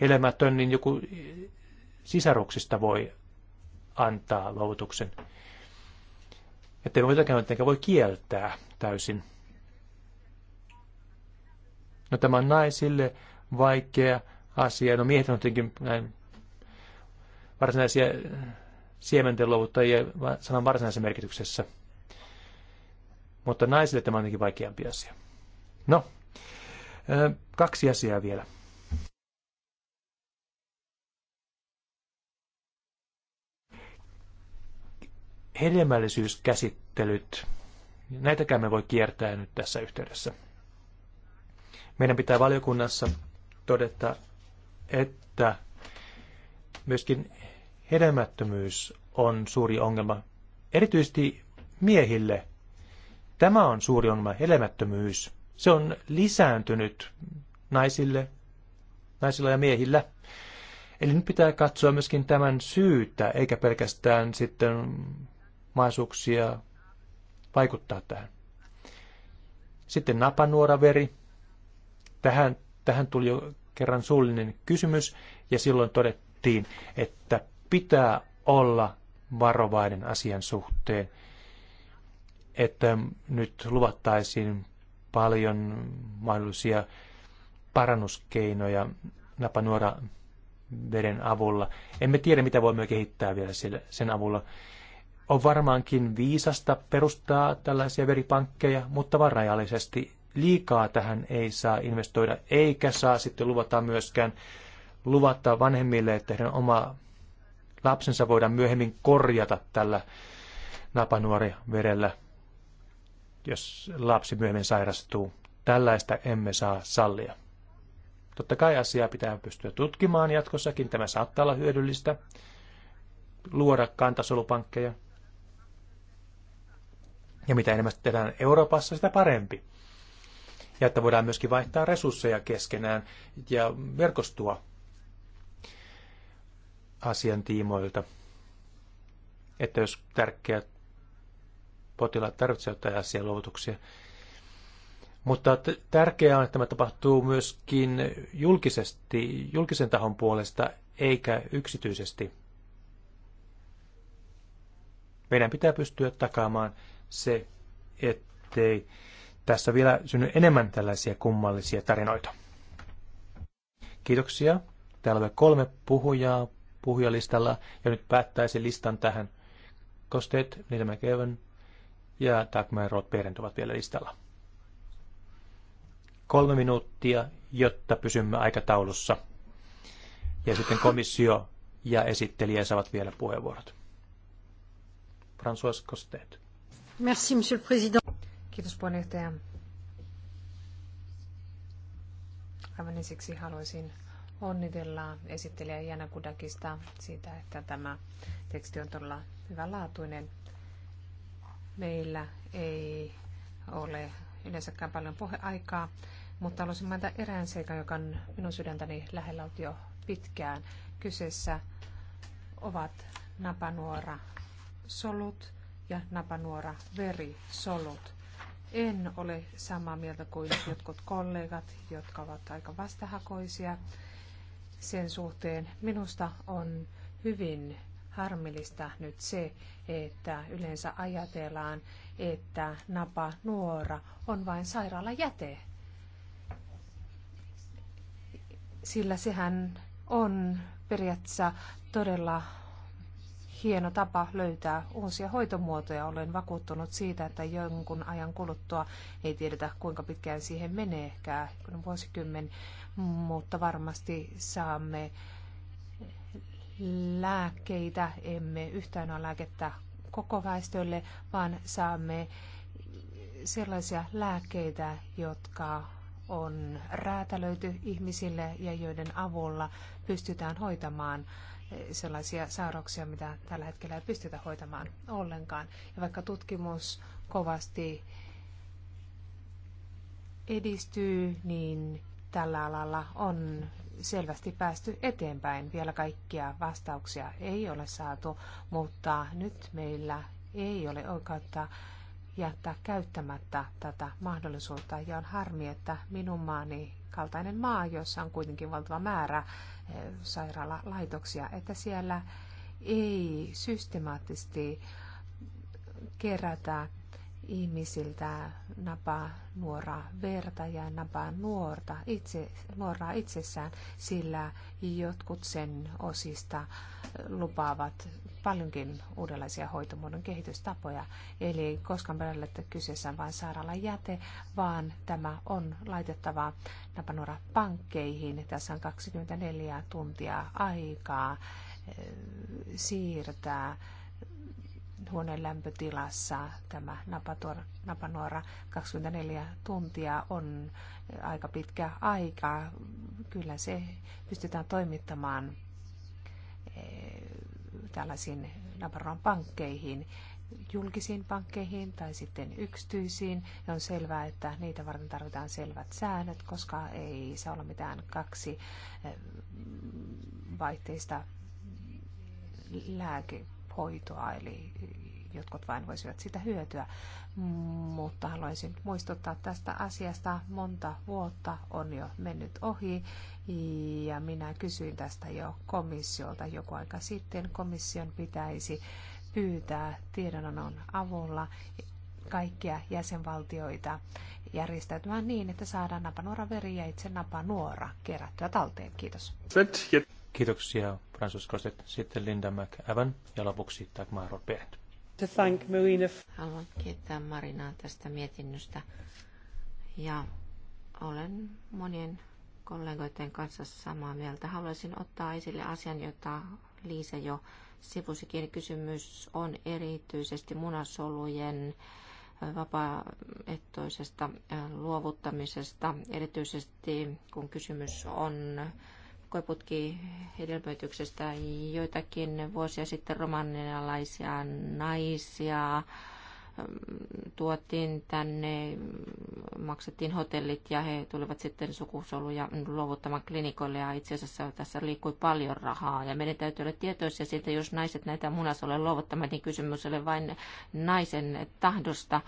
helemätön, ähm, niin joku sisaruksista voi antaa luovutuksen. Että ei mitenkään jotenkin voi kieltää täysin. No tämä on naisille vaikea asia. No miehet on tietenkin näin varsinaisia siementen luovuttajia sanan varsinaisessa merkityksessä. Mutta naisille tämä on jotenkin vaikeampi asia. No, kaksi asiaa vielä. Hedelmällisyyskäsittelyt. Näitäkään me voi kiertää nyt tässä yhteydessä. Meidän pitää valiokunnassa todeta, että myöskin hedelmättömyys on suuri ongelma, erityisesti miehille. Tämä on suuri ongelma, hedelmättömyys. Se on lisääntynyt naisille, naisilla ja miehillä. Eli nyt pitää katsoa myöskin tämän syytä, eikä pelkästään sitten mahdollisuuksia vaikuttaa tähän. Sitten napanuoraveri. Tähän, tähän tuli jo kerran suullinen kysymys ja silloin todettiin, että pitää olla varovainen asian suhteen, että nyt luvattaisiin paljon mahdollisia parannuskeinoja napanuora veden avulla. Emme tiedä, mitä voimme kehittää vielä sen avulla. On varmaankin viisasta perustaa tällaisia veripankkeja, mutta varajallisesti liikaa tähän ei saa investoida, eikä saa sitten luvata myöskään luvata vanhemmille, että heidän oma lapsensa voidaan myöhemmin korjata tällä napanuori verellä, jos lapsi myöhemmin sairastuu. Tällaista emme saa sallia. Totta kai asiaa pitää pystyä tutkimaan jatkossakin, tämä saattaa olla hyödyllistä, luoda kantasolupankkeja. Ja mitä enemmän tehdään Euroopassa, sitä parempi ja että voidaan myöskin vaihtaa resursseja keskenään ja verkostua asian tiimoilta. Että jos tärkeät potilaat tarvitsevat jotain asian luovutuksia. Mutta tärkeää on, että tämä tapahtuu myöskin julkisesti, julkisen tahon puolesta, eikä yksityisesti. Meidän pitää pystyä takaamaan se, ettei tässä vielä synny enemmän tällaisia kummallisia tarinoita. Kiitoksia. Täällä on kolme puhujaa puhujalistalla ja nyt päättäisin listan tähän. Kosteet, Nilma Kevin ja Dagmar roth ovat vielä listalla. Kolme minuuttia, jotta pysymme aikataulussa. Ja sitten komissio ja esittelijä saavat vielä puheenvuorot. François Kosteet. Merci, monsieur le président. Kiitos puheenjohtaja. Aivan ensiksi haluaisin onnitella esittelijä Jana Kudakista siitä, että tämä teksti on todella hyvänlaatuinen. Meillä ei ole yleensäkään paljon puheaikaa, mutta haluaisin mainita erään seikan, joka on minun sydäntäni lähellä ollut jo pitkään. Kyseessä ovat napanuora solut ja napanuora verisolut en ole samaa mieltä kuin jotkut kollegat, jotka ovat aika vastahakoisia sen suhteen. Minusta on hyvin harmillista nyt se, että yleensä ajatellaan, että napa nuora on vain sairaalajäte. Sillä sehän on periaatteessa todella hieno tapa löytää uusia hoitomuotoja. Olen vakuuttunut siitä, että jonkun ajan kuluttua ei tiedetä kuinka pitkään siihen menee, ehkä vuosikymmen, mutta varmasti saamme lääkkeitä, emme yhtään ole lääkettä koko väestölle, vaan saamme sellaisia lääkkeitä, jotka on räätälöity ihmisille ja joiden avulla pystytään hoitamaan sellaisia sairauksia, mitä tällä hetkellä ei pystytä hoitamaan ollenkaan. Ja vaikka tutkimus kovasti edistyy, niin tällä alalla on selvästi päästy eteenpäin. Vielä kaikkia vastauksia ei ole saatu, mutta nyt meillä ei ole oikeutta jättää käyttämättä tätä mahdollisuutta. Ja on harmi, että minun maani kaltainen maa, jossa on kuitenkin valtava määrä eh, sairaalalaitoksia, että siellä ei systemaattisesti kerätä ihmisiltä napaa nuoraa verta ja napaa nuorta itse, nuoraa itsessään, sillä jotkut sen osista lupaavat paljonkin uudenlaisia hoitomuodon kehitystapoja. Eli koskaan perällä, että kyseessä on vain sairaalan jäte, vaan tämä on laitettava napanuora pankkeihin. Tässä on 24 tuntia aikaa eh, siirtää huoneen lämpötilassa tämä napator, napanuora 24 tuntia on aika pitkä aika. Kyllä se pystytään toimittamaan eh, tällaisiin napanuoran pankkeihin julkisiin pankkeihin tai sitten yksityisiin. Ja on selvää, että niitä varten tarvitaan selvät säännöt, koska ei saa olla mitään kaksi eh, vaihteista lääke hoitoa, eli jotkut vain voisivat sitä hyötyä. Mutta haluaisin muistuttaa tästä asiasta. Monta vuotta on jo mennyt ohi ja minä kysyin tästä jo komissiolta joku aika sitten. Komission pitäisi pyytää tiedonannon avulla kaikkia jäsenvaltioita järjestäytymään niin, että saadaan napanuora veri ja itse napanuora kerättyä talteen. Kiitos. Kiitoksia Francis sitten Linda McAvan ja lopuksi Dagmar Robert. To thank Marina. Haluan kiittää Marinaa tästä mietinnöstä ja olen monien kollegoiden kanssa samaa mieltä. Haluaisin ottaa esille asian, jota Liisa jo sivusikin. Kysymys on erityisesti munasolujen vapaaehtoisesta luovuttamisesta, erityisesti kun kysymys on koeputki hedelmöityksestä joitakin vuosia sitten romanialaisia naisia ähm, tuotiin tänne, maksettiin hotellit ja he tulivat sitten sukusoluja luovuttamaan klinikoille ja itse asiassa tässä liikkui paljon rahaa ja meidän täytyy olla tietoisia siitä, jos naiset näitä munasoluja luovuttamaan, niin kysymys oli vain naisen tahdosta,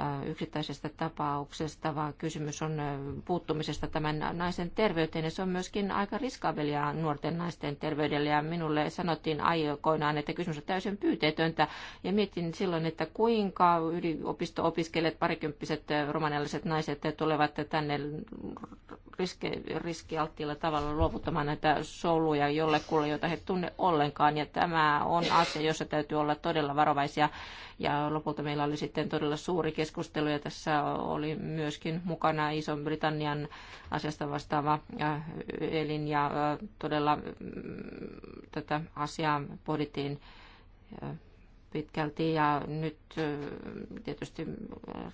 Äh, yksittäisestä tapauksesta, vaan kysymys on äh, puuttumisesta tämän naisen terveyteen. Ja se on myöskin aika riskaavelia nuorten naisten terveydelle. Ja minulle sanottiin aikoinaan, että kysymys on täysin pyyteetöntä. Ja mietin silloin, että kuinka yliopisto-opiskelijat, parikymppiset äh, romanialaiset naiset tulevat tänne riske, riskialttiilla tavalla luovuttamaan näitä souluja jollekulle, joita he tunne ollenkaan. Ja tämä on asia, jossa täytyy olla todella varovaisia. Ja lopulta meillä oli sitten todella suuri keskustelu ja tässä oli myöskin mukana iso britannian asiasta vastaava äh, elin ja äh, todella mm, tätä asiaa pohdittiin äh, pitkälti ja nyt tietysti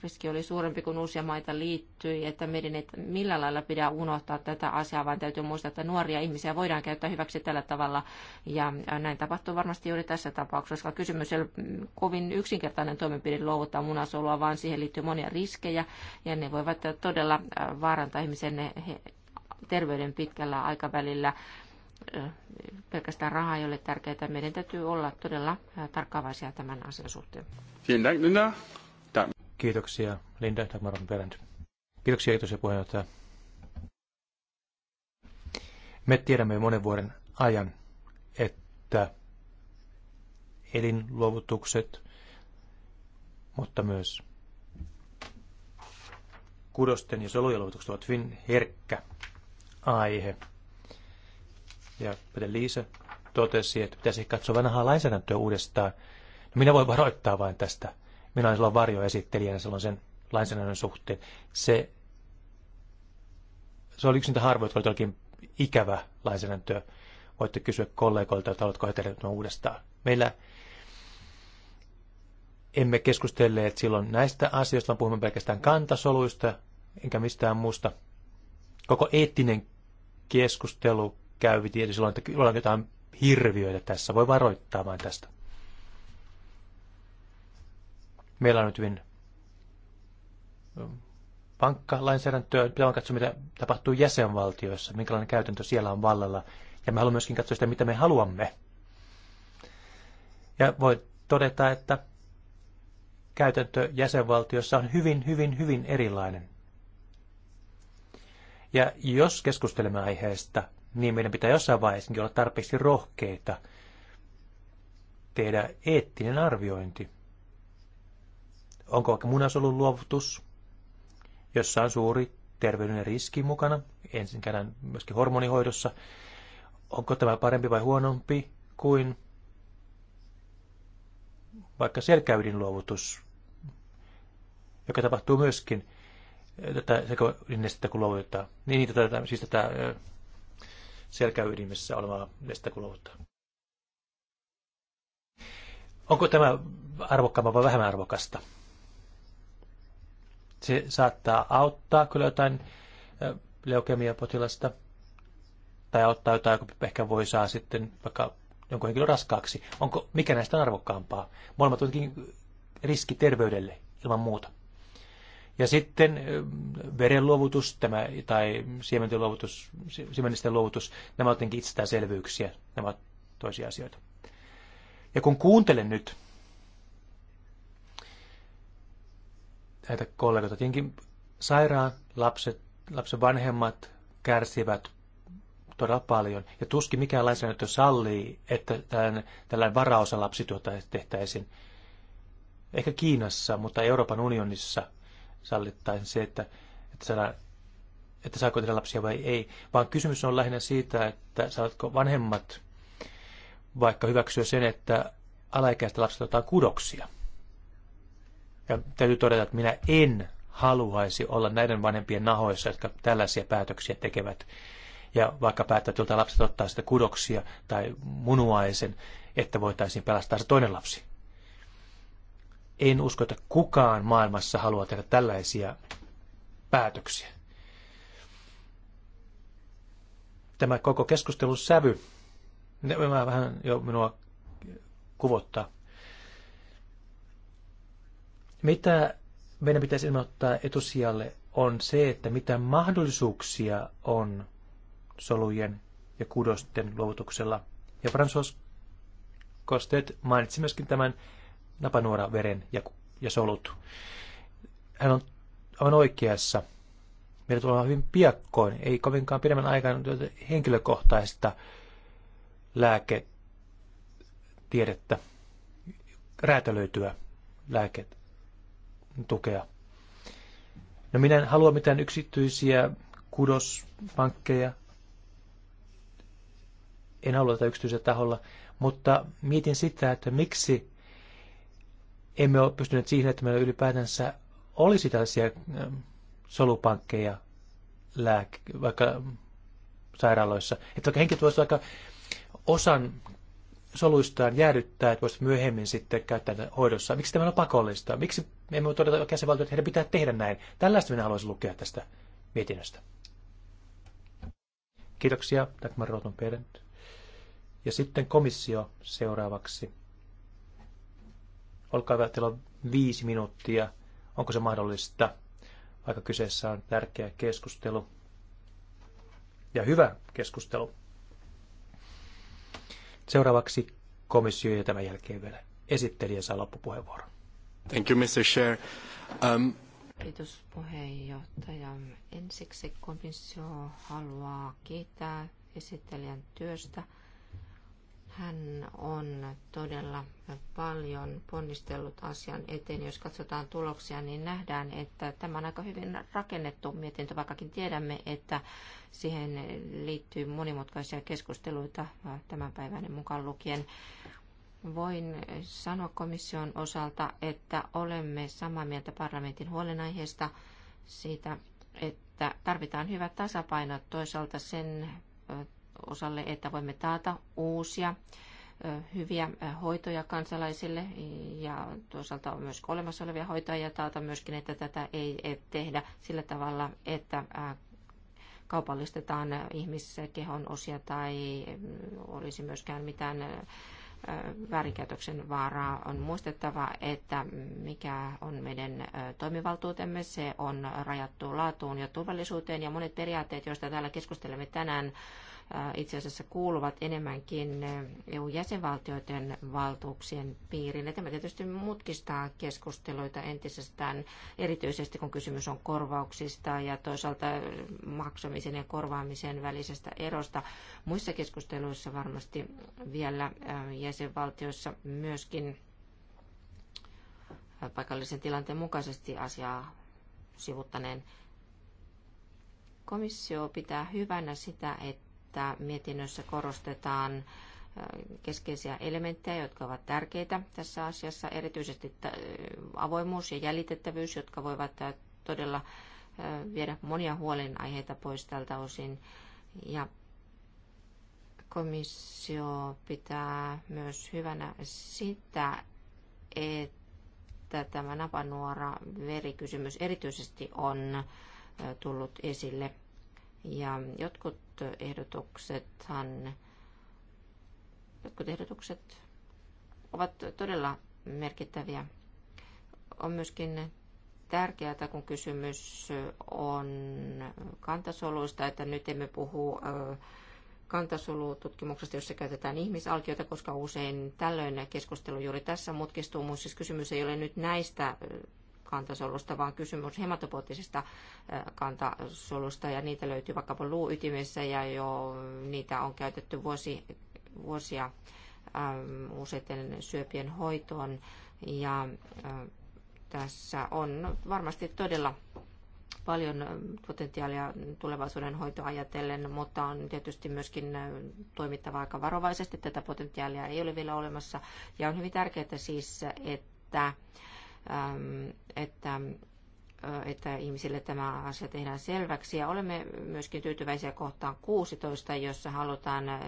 riski oli suurempi, kun uusia maita liittyi, että meidän ei millään lailla pidä unohtaa tätä asiaa, vaan täytyy muistaa, että nuoria ihmisiä voidaan käyttää hyväksi tällä tavalla ja näin tapahtuu varmasti juuri tässä tapauksessa, koska kysymys ei ole mm, kovin yksinkertainen toimenpide luovuttaa munasolua, vaan siihen liittyy monia riskejä ja ne voivat todella vaarantaa ihmisen terveyden pitkällä aikavälillä pelkästään rahaa ei ole tärkeää. Meidän täytyy olla todella tarkkaavaisia tämän asian suhteen. Kiitoksia, Linda Dagmaron Berend. Kiitoksia, kiitos ja puheenjohtaja. Me tiedämme monen vuoden ajan, että elinluovutukset, mutta myös kudosten ja solujen luovutukset ovat hyvin herkkä aihe – ja Pede Liisa totesi, että pitäisi katsoa vanhaa lainsäädäntöä uudestaan. No minä voin varoittaa vain tästä. Minä olen silloin varjoesittelijänä silloin sen lainsäädännön suhteen. Se, se oli yksi niitä harvoja, jotka oli ikävä lainsäädäntöä. Voitte kysyä kollegoilta, että haluatko he tehdä uudestaan. Meillä emme keskustelleet silloin näistä asioista, vaan puhumme pelkästään kantasoluista, enkä mistään muusta. Koko eettinen keskustelu käy tiedä silloin, että on jotain hirviöitä tässä. Voi varoittaa vain tästä. Meillä on nyt hyvin vankka lainsäädäntöä. Pitää vaan katsoa, mitä tapahtuu jäsenvaltioissa, minkälainen käytäntö siellä on vallalla. Ja me haluamme myöskin katsoa sitä, mitä me haluamme. Ja voi todeta, että käytäntö jäsenvaltiossa on hyvin, hyvin, hyvin erilainen. Ja jos keskustelemme aiheesta, niin meidän pitää jossain vaiheessa olla tarpeeksi rohkeita tehdä eettinen arviointi. Onko vaikka munasolun luovutus, jossa on suuri terveydellinen riski mukana, ensin käydään myöskin hormonihoidossa, onko tämä parempi vai huonompi kuin vaikka selkäydin luovutus, joka tapahtuu myöskin tätä sekoinnestettä, kun luovutetaan. Niin, niin tätä, siis tätä selkäydimessä olevaa lestakuloutta. Onko tämä arvokkaampaa vai vähemmän arvokasta? Se saattaa auttaa kyllä jotain leukemiapotilasta tai auttaa jotain, joka ehkä voi saa sitten vaikka jonkun henkilön raskaaksi. Onko, mikä näistä on arvokkaampaa? Molemmat ovat riski terveydelle ilman muuta. Ja sitten verenluovutus tämä, tai siementen luovutus, siemenisten luovutus, nämä ovat jotenkin itsestäänselvyyksiä, nämä ovat toisia asioita. Ja kun kuuntelen nyt näitä kollegoita, tietenkin sairaan lapset, lapsen vanhemmat kärsivät todella paljon. Ja tuskin mikään lainsäädäntö sallii, että tällainen, tällainen varaosa lapsityötä tehtäisiin. Ehkä Kiinassa, mutta Euroopan unionissa – sallittaisiin se, että, että, saada, että saako tehdä lapsia vai ei, vaan kysymys on lähinnä siitä, että saatko vanhemmat vaikka hyväksyä sen, että alaikäistä lapsista otetaan kudoksia. Ja täytyy todeta, että minä en haluaisi olla näiden vanhempien nahoissa, jotka tällaisia päätöksiä tekevät. Ja vaikka päättää, että lapset ottaa sitä kudoksia tai munuaisen, että voitaisiin pelastaa se toinen lapsi en usko, että kukaan maailmassa haluaa tehdä tällaisia päätöksiä. Tämä koko keskustelun sävy, mä vähän jo minua kuvottaa. Mitä meidän pitäisi ilmoittaa etusijalle on se, että mitä mahdollisuuksia on solujen ja kudosten luovutuksella. Ja Fransos Kostet mainitsi myöskin tämän napanuora veren ja, ja solut. Hän on aivan oikeassa. Meillä tulee hyvin piakkoin, ei kovinkaan pidemmän aikaan henkilökohtaista lääketiedettä, räätälöityä lääketukea. No minä en halua mitään yksityisiä kudospankkeja. En halua tätä yksityisellä taholla, mutta mietin sitä, että miksi emme ole pystyneet siihen, että meillä ylipäätänsä olisi tällaisia ähm, solupankkeja lääk- vaikka ähm, sairaaloissa. Että vaikka henkilöt voisivat vaikka osan soluistaan jäädyttää, että voisi myöhemmin sitten käyttää tätä hoidossa. Miksi tämä on pakollista? Miksi me emme todeta käsivaltioita, että heidän pitää tehdä näin? Tällaista minä haluaisin lukea tästä mietinnöstä. Kiitoksia, Dagmar Roton Ja sitten komissio seuraavaksi. Olkaa hyvä, teillä on viisi minuuttia. Onko se mahdollista, vaikka kyseessä on tärkeä keskustelu? Ja hyvä keskustelu. Seuraavaksi komissio ja tämän jälkeen vielä esittelijä saa loppupuheenvuoron. Thank you, Mr. Chair. Um... Kiitos puheenjohtaja. Ensiksi komissio haluaa kiittää esittelijän työstä hän on todella paljon ponnistellut asian eteen. Jos katsotaan tuloksia, niin nähdään, että tämä on aika hyvin rakennettu mietintö, vaikkakin tiedämme, että siihen liittyy monimutkaisia keskusteluita tämän päivän mukaan lukien. Voin sanoa komission osalta, että olemme samaa mieltä parlamentin huolenaiheesta siitä, että tarvitaan hyvä tasapaino toisaalta sen osalle, että voimme taata uusia hyviä hoitoja kansalaisille ja toisaalta on myös olemassa olevia hoitoja ja taata myöskin, että tätä ei tehdä sillä tavalla, että kaupallistetaan ihmiskehon osia tai mm, olisi myöskään mitään väärinkäytöksen vaaraa. On muistettava, että mikä on meidän toimivaltuutemme, se on rajattu laatuun ja turvallisuuteen ja monet periaatteet, joista täällä keskustelemme tänään, Äh, itse asiassa kuuluvat enemmänkin äh, EU-jäsenvaltioiden valtuuksien piiriin. Ja tämä tietysti mutkistaa keskusteluita entisestään, erityisesti kun kysymys on korvauksista ja toisaalta äh, maksamisen ja korvaamisen välisestä erosta. Muissa keskusteluissa varmasti vielä jäsenvaltioissa myöskin paikallisen tilanteen mukaisesti asiaa sivuttaneen komissio pitää hyvänä sitä, että että mietinnössä korostetaan äh, keskeisiä elementtejä, jotka ovat tärkeitä tässä asiassa, erityisesti avoimuus ja jäljitettävyys, jotka voivat äh, todella äh, viedä monia huolenaiheita pois tältä osin. Ja komissio pitää myös hyvänä sitä, että tämä napanuora verikysymys erityisesti on tullut esille ja jotkut ehdotuksethan, jotkut ehdotukset ovat todella merkittäviä. On myöskin tärkeää, kun kysymys on kantasoluista, että nyt emme puhu kantasolututkimuksesta, jossa käytetään ihmisalkiota, koska usein tällöin keskustelu juuri tässä mutkistuu. mutta siis kysymys ei ole nyt näistä kantasolusta, vaan kysymys hematopoottisesta kantasolusta ja niitä löytyy vaikkapa luuytimessä ja jo niitä on käytetty vuosi, vuosia äm, useiden syöpien hoitoon ja äm, tässä on varmasti todella paljon potentiaalia tulevaisuuden hoitoa ajatellen, mutta on tietysti myöskin toimittava aika varovaisesti. Tätä potentiaalia ei ole vielä olemassa. Ja on hyvin tärkeää siis, että Ähm, että äh, että ihmisille tämä asia tehdään selväksi. Ja olemme myöskin tyytyväisiä kohtaan 16, jossa halutaan äh,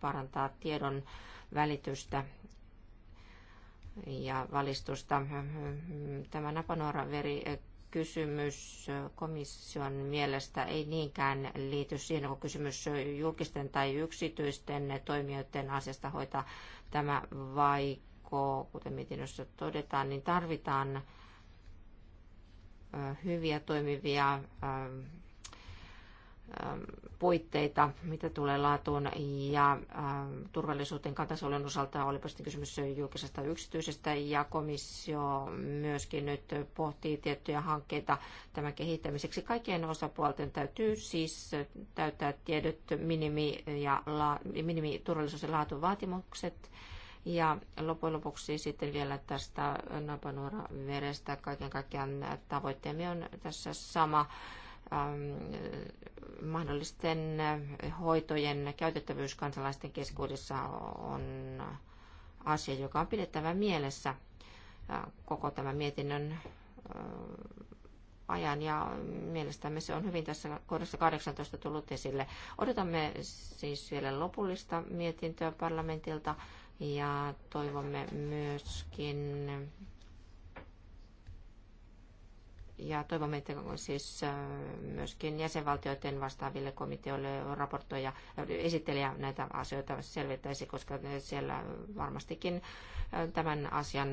parantaa tiedon välitystä ja valistusta. Tämä veri äh, kysymys komission mielestä ei niinkään liity siihen, kun kysymys julkisten tai yksityisten toimijoiden asiasta hoitaa tämä, vai kuten mietinnössä todetaan, niin tarvitaan hyviä toimivia puitteita, mitä tulee laatuun ja turvallisuuteen kantasolen osalta, olipa sitten kysymys julkisesta ja yksityisestä, ja komissio myöskin nyt pohtii tiettyjä hankkeita tämän kehittämiseksi. Kaikkien osapuolten täytyy siis täyttää tietyt minimi- ja la- minimiturvallisuus- ja laatuvaatimukset, ja lopun lopuksi sitten vielä tästä napanuoraverestä. Kaiken kaikkiaan tavoitteemme on tässä sama ähm, mahdollisten hoitojen käytettävyys kansalaisten keskuudessa on asia, joka on pidettävä mielessä koko tämän mietinnön äh, ajan ja mielestämme se on hyvin tässä kohdassa 18 tullut esille. Odotamme siis vielä lopullista mietintöä parlamentilta ja toivomme myöskin ja toivomme, että siis äh, myöskin jäsenvaltioiden vastaaville komiteoille raportoija äh, esittelijä näitä asioita selvittäisi, koska siellä varmastikin äh, tämän asian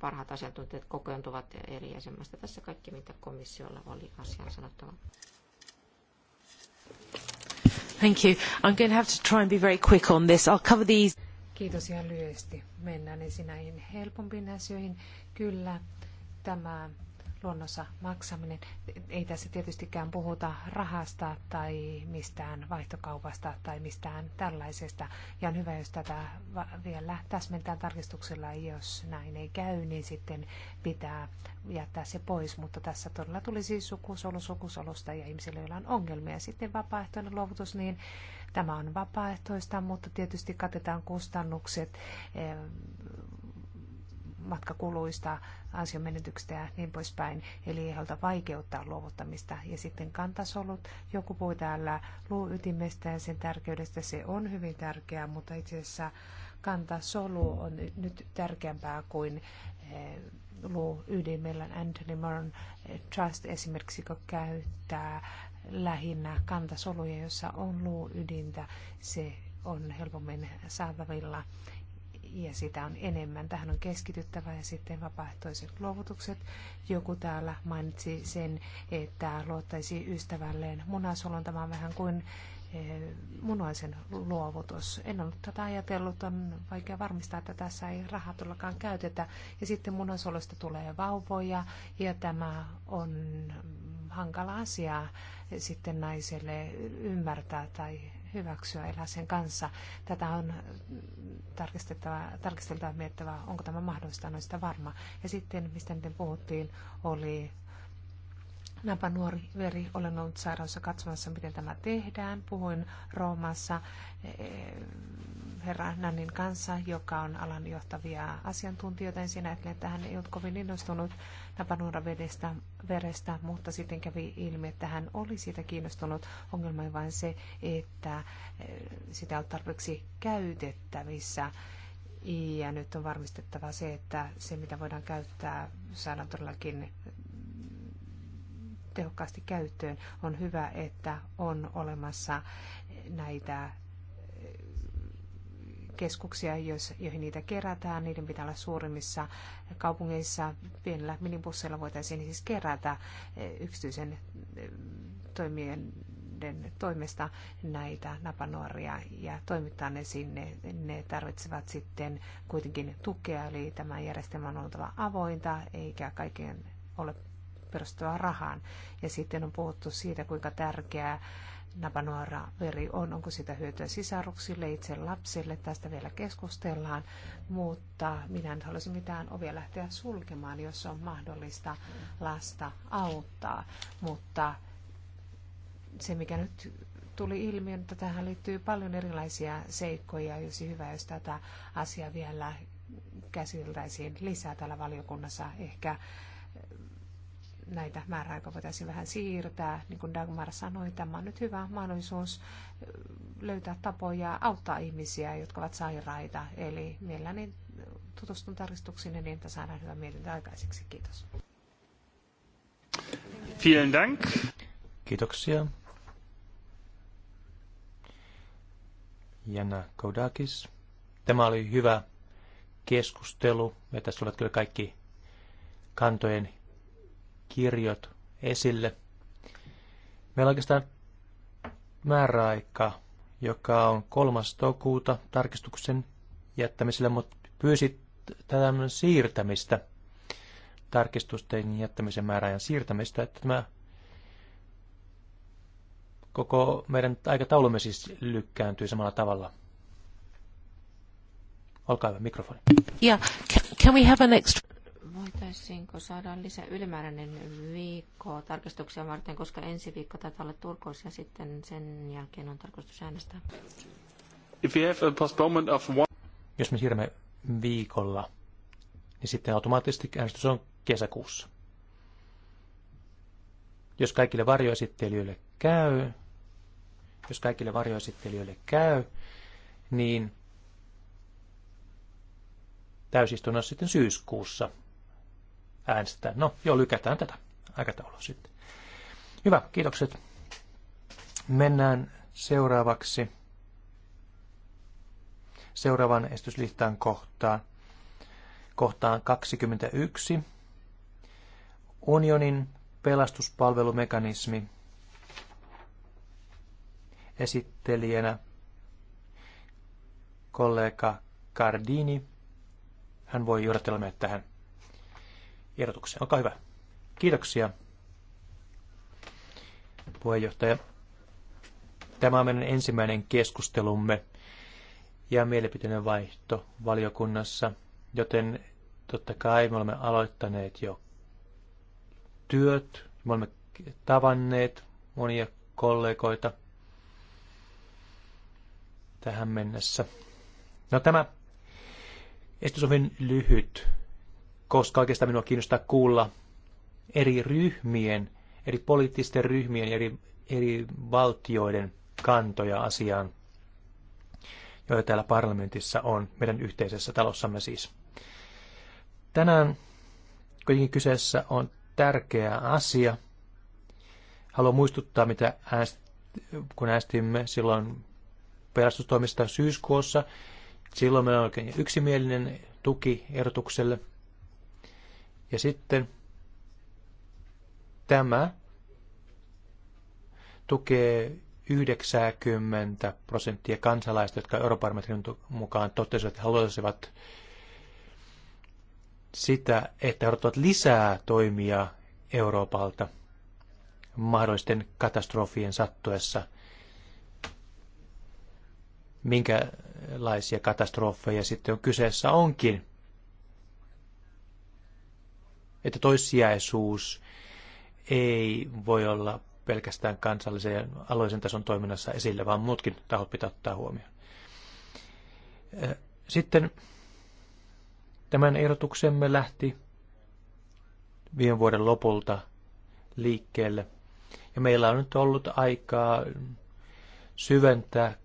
parhaat asiantuntijat kokoontuvat eri jäsenmaista. Tässä kaikki, mitä komissiolla oli asian sanottava. Thank you. I'm going to have to try and be very quick on this. I'll cover these. Kiitos ihan lyhyesti. Mennään ensin näihin helpompiin asioihin. Kyllä tämä luonnossa maksaminen. Ei tässä tietystikään puhuta rahasta tai mistään vaihtokaupasta tai mistään tällaisesta. Ja on hyvä, jos tätä vielä täsmentää tarkistuksella. Jos näin ei käy, niin sitten pitää jättää se pois. Mutta tässä todella tuli siis sukusolu sukusolusta ja ihmisillä, joilla on ongelmia. Sitten vapaaehtoinen luovutus, niin Tämä on vapaaehtoista, mutta tietysti katetaan kustannukset eh, matkakuluista, ansiomenetyksistä ja niin poispäin. Eli ei haluta vaikeuttaa luovuttamista. Ja sitten kantasolut. Joku puhui täällä luuytimestä ja sen tärkeydestä. Se on hyvin tärkeää, mutta itse asiassa kantasolu on nyt tärkeämpää kuin eh, luuydi. Meillä on Anthony Moran eh, Trust esimerkiksi, joka käyttää lähinnä kantasoluja, joissa on luuydintä. Se on helpommin saatavilla ja sitä on enemmän. Tähän on keskityttävä ja sitten vapaaehtoiset luovutukset. Joku täällä mainitsi sen, että luottaisi ystävälleen munasolon. Tämä on vähän kuin eh, munaisen luovutus. En ollut tätä ajatellut, on vaikea varmistaa, että tässä ei rahaa tullakaan käytetä. Ja sitten munasolosta tulee vauvoja ja tämä on hankala asia sitten naiselle ymmärtää tai hyväksyä elää sen kanssa. Tätä on tarkistettava, tarkisteltava miettävä, onko tämä mahdollista, on sitä varma. Ja sitten, mistä nyt puhuttiin, oli Napa nuori veri, olen ollut sairaalassa katsomassa, miten tämä tehdään. Puhuin Roomassa herra Nannin kanssa, joka on alan johtavia asiantuntijoita. Ensin ajattelin, että hän ei ollut kovin innostunut napanuora vedestä, verestä, mutta sitten kävi ilmi, että hän oli siitä kiinnostunut. Ongelma ei vain se, että eh, sitä ei ole tarpeeksi käytettävissä. Ja nyt on varmistettava se, että se mitä voidaan käyttää saadaan todellakin tehokkaasti käyttöön. On hyvä, että on olemassa näitä keskuksia, joihin niitä kerätään. Niiden pitää olla suurimmissa kaupungeissa. pienellä minibusseilla voitaisiin siis kerätä eh, yksityisen eh, toimien toimesta näitä napanuoria ja toimittaa ne sinne. Ne tarvitsevat sitten kuitenkin tukea, eli tämä järjestelmä on oltava avointa, eikä kaiken ole perustua rahaan. Ja sitten on puhuttu siitä, kuinka tärkeää napanuora veri on, onko sitä hyötyä sisaruksille, itse lapsille, tästä vielä keskustellaan, mutta minä en halusi mitään ovia lähteä sulkemaan, jos on mahdollista lasta auttaa, mutta se mikä nyt tuli ilmi, että tähän liittyy paljon erilaisia seikkoja, olisi hyvä, jos tätä asiaa vielä käsiteltäisiin lisää täällä valiokunnassa. Ehkä näitä määräaikoja voitaisiin vähän siirtää. Niin kuin Dagmar sanoi, tämä on nyt hyvä mahdollisuus löytää tapoja auttaa ihmisiä, jotka ovat sairaita. Eli mielelläni tutustun tarkistuksiin niin, että saadaan hyvä mietintö aikaiseksi. Kiitos. Vielen Dank. Kiitoksia. Jana Koudakis. Tämä oli hyvä keskustelu. Ja tässä olivat kyllä kaikki kantojen kirjot esille. Meillä on oikeastaan määräaika, joka on 3. toukokuuta tarkistuksen jättämiselle, mutta pyysit tätä siirtämistä, tarkistusten jättämisen määräajan siirtämistä, että tämä koko meidän aikataulumme siis lykkääntyy samalla tavalla. Olkaa hyvä, mikrofoni. Yeah. Can we have an extra voitaisiinko saada lisää ylimääräinen viikko tarkistuksia varten, koska ensi viikko taitaa olla Turkos ja sitten sen jälkeen on tarkoitus äänestää. If you have a postponement of one... Jos me siirrämme viikolla, niin sitten automaattisesti äänestys on kesäkuussa. Jos kaikille varjoesittelijöille käy, jos kaikille varjoesittelijöille käy, niin täysistunnossa sitten syyskuussa äänestää. No, joo, lykätään tätä aikataulua sitten. Hyvä, kiitokset. Mennään seuraavaksi seuraavan esityslistan kohtaan. Kohtaan 21. Unionin pelastuspalvelumekanismi esittelijänä kollega Cardini. Hän voi johdatella meidät tähän ehdotuksen. Olkaa hyvä. Kiitoksia, puheenjohtaja. Tämä on meidän ensimmäinen keskustelumme ja mielipiteinen vaihto valiokunnassa, joten totta kai me olemme aloittaneet jo työt, me olemme tavanneet monia kollegoita tähän mennessä. No tämä esitys on hyvin lyhyt koska oikeastaan minua kiinnostaa kuulla eri ryhmien, eri poliittisten ryhmien, eri, eri valtioiden kantoja asiaan, joita täällä parlamentissa on, meidän yhteisessä talossamme siis. Tänään kuitenkin kyseessä on tärkeä asia. Haluan muistuttaa, mitä äänest, kun äänestimme silloin pelastustoimista syyskuussa, silloin meillä on oikein yksimielinen tuki ehdotukselle – ja sitten tämä tukee 90 prosenttia kansalaista, jotka Eurobarometrin mukaan totesivat, että haluaisivat sitä, että odottavat lisää toimia Euroopalta mahdollisten katastrofien sattuessa. Minkälaisia katastrofeja sitten on kyseessä onkin että toissijaisuus ei voi olla pelkästään kansallisen ja alueellisen tason toiminnassa esillä, vaan muutkin tahot pitää ottaa huomioon. Sitten tämän ehdotuksemme lähti viime vuoden lopulta liikkeelle. Ja meillä on nyt ollut aikaa syventää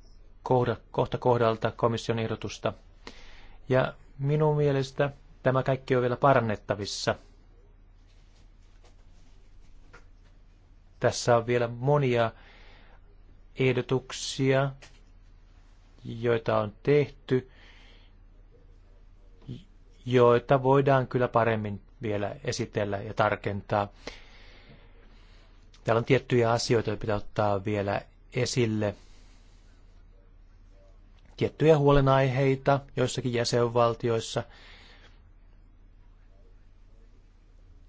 kohda, kohta kohdalta komission ehdotusta. Ja minun mielestä tämä kaikki on vielä parannettavissa – Tässä on vielä monia ehdotuksia, joita on tehty, joita voidaan kyllä paremmin vielä esitellä ja tarkentaa. Täällä on tiettyjä asioita, joita pitää ottaa vielä esille. Tiettyjä huolenaiheita joissakin jäsenvaltioissa –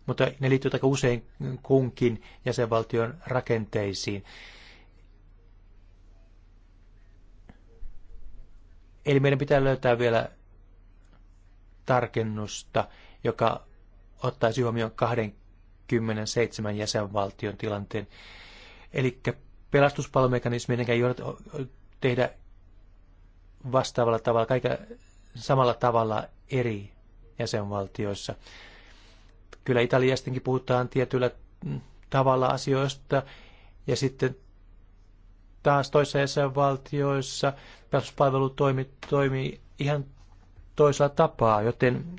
mutta ne liittyvät aika usein kunkin jäsenvaltion rakenteisiin. Eli meidän pitää löytää vielä tarkennusta, joka ottaisi huomioon 27 jäsenvaltion tilanteen. Eli pelastuspalomekanismi ei ole tehdä vastaavalla tavalla, kaikilla samalla tavalla eri jäsenvaltioissa. Kyllä Italiastakin puhutaan tietyllä mm, tavalla asioista, ja sitten taas toisissa jäsenvaltioissa pelastuspalvelu toimii, toimii ihan toisella tapaa, joten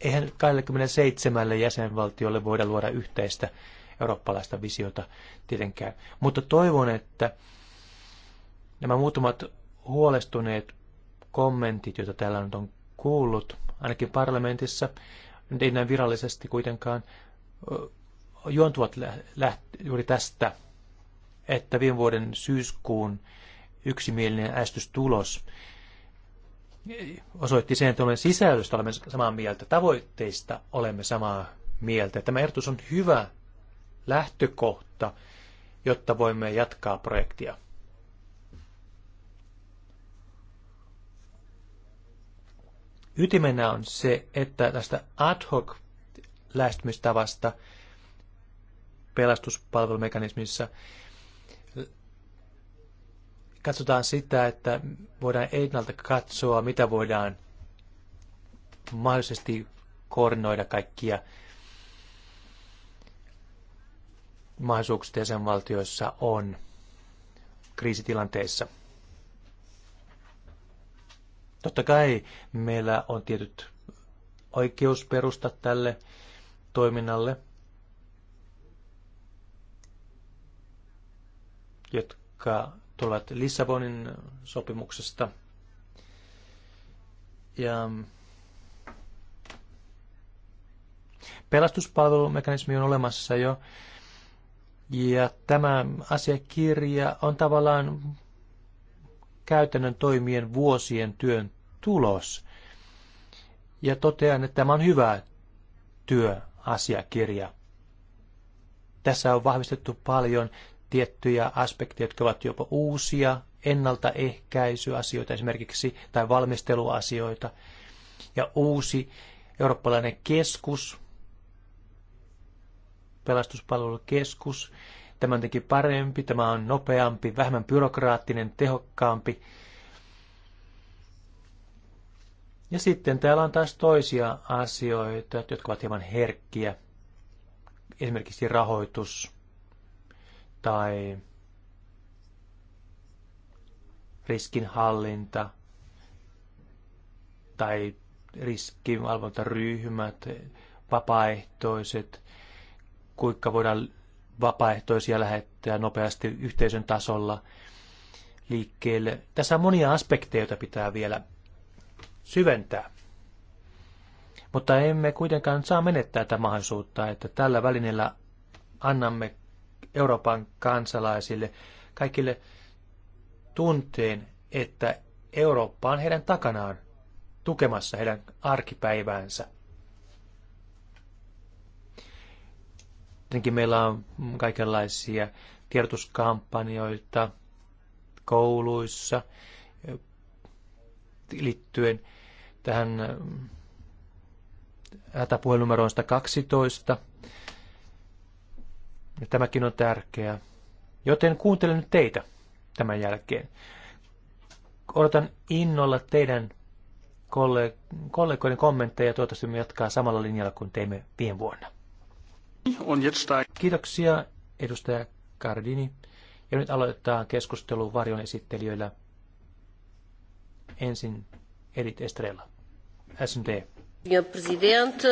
eihän 27 jäsenvaltiolle voida luoda yhteistä eurooppalaista visiota tietenkään. Mutta toivon, että nämä muutamat huolestuneet kommentit, joita täällä nyt on kuullut, ainakin parlamentissa, nyt ei näin virallisesti kuitenkaan, juontuvat läht, juuri tästä, että viime vuoden syyskuun yksimielinen äästystulos osoitti sen, että olemme sisällöstä olemme samaa mieltä, tavoitteista olemme samaa mieltä. Tämä ehdotus on hyvä lähtökohta, jotta voimme jatkaa projektia. ytimenä on se, että tästä ad hoc lähestymistavasta pelastuspalvelumekanismissa katsotaan sitä, että voidaan ennalta katsoa, mitä voidaan mahdollisesti koordinoida kaikkia mahdollisuuksia jäsenvaltioissa on kriisitilanteissa – Totta kai meillä on tietyt oikeusperusta tälle toiminnalle, jotka tulevat Lissabonin sopimuksesta. Ja pelastuspalvelumekanismi on olemassa jo. Ja tämä asiakirja on tavallaan käytännön toimien vuosien työn tulos. Ja totean, että tämä on hyvä työasiakirja. Tässä on vahvistettu paljon tiettyjä aspekteja, jotka ovat jopa uusia, ennaltaehkäisyasioita esimerkiksi, tai valmisteluasioita. Ja uusi eurooppalainen keskus, pelastuspalvelukeskus, Tämä on teki parempi, tämä on nopeampi, vähemmän byrokraattinen, tehokkaampi. Ja sitten täällä on taas toisia asioita, jotka ovat hieman herkkiä. Esimerkiksi rahoitus tai riskinhallinta tai riskivalvontaryhmät, vapaaehtoiset, kuinka voidaan vapaaehtoisia lähettää nopeasti yhteisön tasolla liikkeelle. Tässä on monia aspekteja, joita pitää vielä syventää. Mutta emme kuitenkaan saa menettää tätä mahdollisuutta, että tällä välineellä annamme Euroopan kansalaisille kaikille tunteen, että Eurooppa on heidän takanaan tukemassa heidän arkipäiväänsä – Tietenkin meillä on kaikenlaisia tiedotuskampanjoita kouluissa liittyen tähän hätäpuhelinumeroon 112. Ja tämäkin on tärkeää. Joten kuuntelen nyt teitä tämän jälkeen. Odotan innolla teidän kollegoiden kommentteja ja toivottavasti me jatkaa samalla linjalla kuin teimme viime vuonna. Kiitoksia edustaja Cardini. Ja nyt aloitetaan keskustelu varjon esittelijöillä. Ensin Edith Estrella, SMD. Senhor Presidente,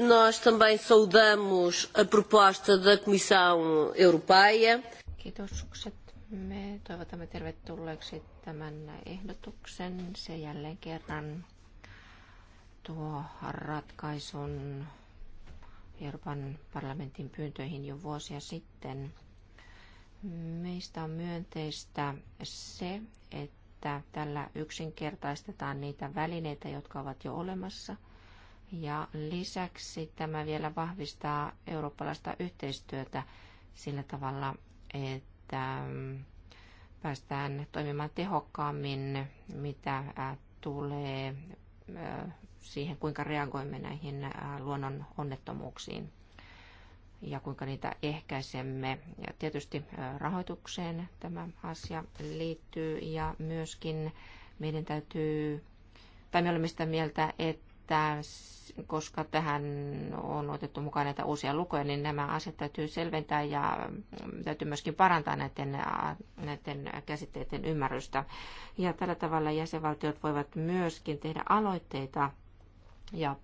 nós também saudamos a proposta da Comissão Europeia. Kiitokset. Me toivotamme tervetulleeksi tämän ehdotuksen. Se jälleen kerran tuo ratkaisun Euroopan parlamentin pyyntöihin jo vuosia sitten. Meistä on myönteistä se, että tällä yksinkertaistetaan niitä välineitä, jotka ovat jo olemassa. Ja lisäksi tämä vielä vahvistaa eurooppalaista yhteistyötä sillä tavalla, että päästään toimimaan tehokkaammin, mitä tulee siihen, kuinka reagoimme näihin äh, luonnon onnettomuuksiin ja kuinka niitä ehkäisemme. Ja tietysti äh, rahoitukseen tämä asia liittyy ja myöskin meidän täytyy, tai me olemme sitä mieltä, että koska tähän on otettu mukaan näitä uusia lukuja, niin nämä asiat täytyy selventää ja mm, täytyy myöskin parantaa näiden, äh, näiden käsitteiden ymmärrystä. Ja tällä tavalla jäsenvaltiot voivat myöskin tehdä aloitteita ja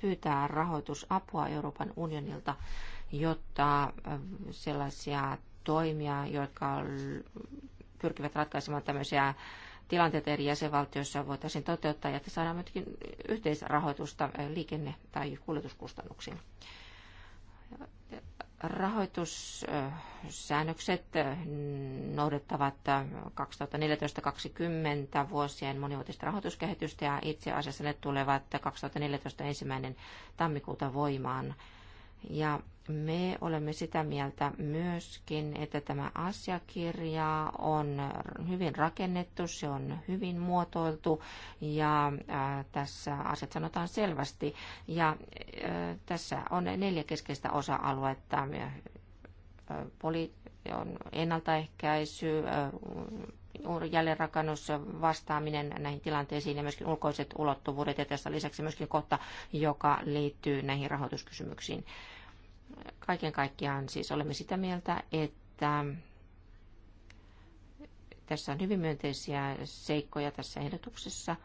pyytää rahoitusapua Euroopan unionilta, jotta ähm, sellaisia toimia, jotka pyrkivät ratkaisemaan tämmöisiä tilanteita eri jäsenvaltioissa voitaisiin toteuttaa ja että saadaan myöskin yhteisrahoitusta äh, liikenne- tai kuljetuskustannuksiin rahoitussäännökset noudattavat 2014-2020 vuosien monivuotista rahoituskehitystä ja itse asiassa ne tulevat 2014 ensimmäinen tammikuuta voimaan. Ja me olemme sitä mieltä myöskin, että tämä asiakirja on hyvin rakennettu, se on hyvin muotoiltu ja tässä asiat sanotaan selvästi. Ja tässä on neljä keskeistä osa-aluetta. Poli- on ennaltaehkäisy, jälleenrakennus, vastaaminen näihin tilanteisiin ja myöskin ulkoiset ulottuvuudet ja tässä lisäksi myöskin kohta, joka liittyy näihin rahoituskysymyksiin kaiken kaikkiaan siis olemme sitä mieltä, että tässä on hyvin myönteisiä seikkoja tässä ehdotuksessa.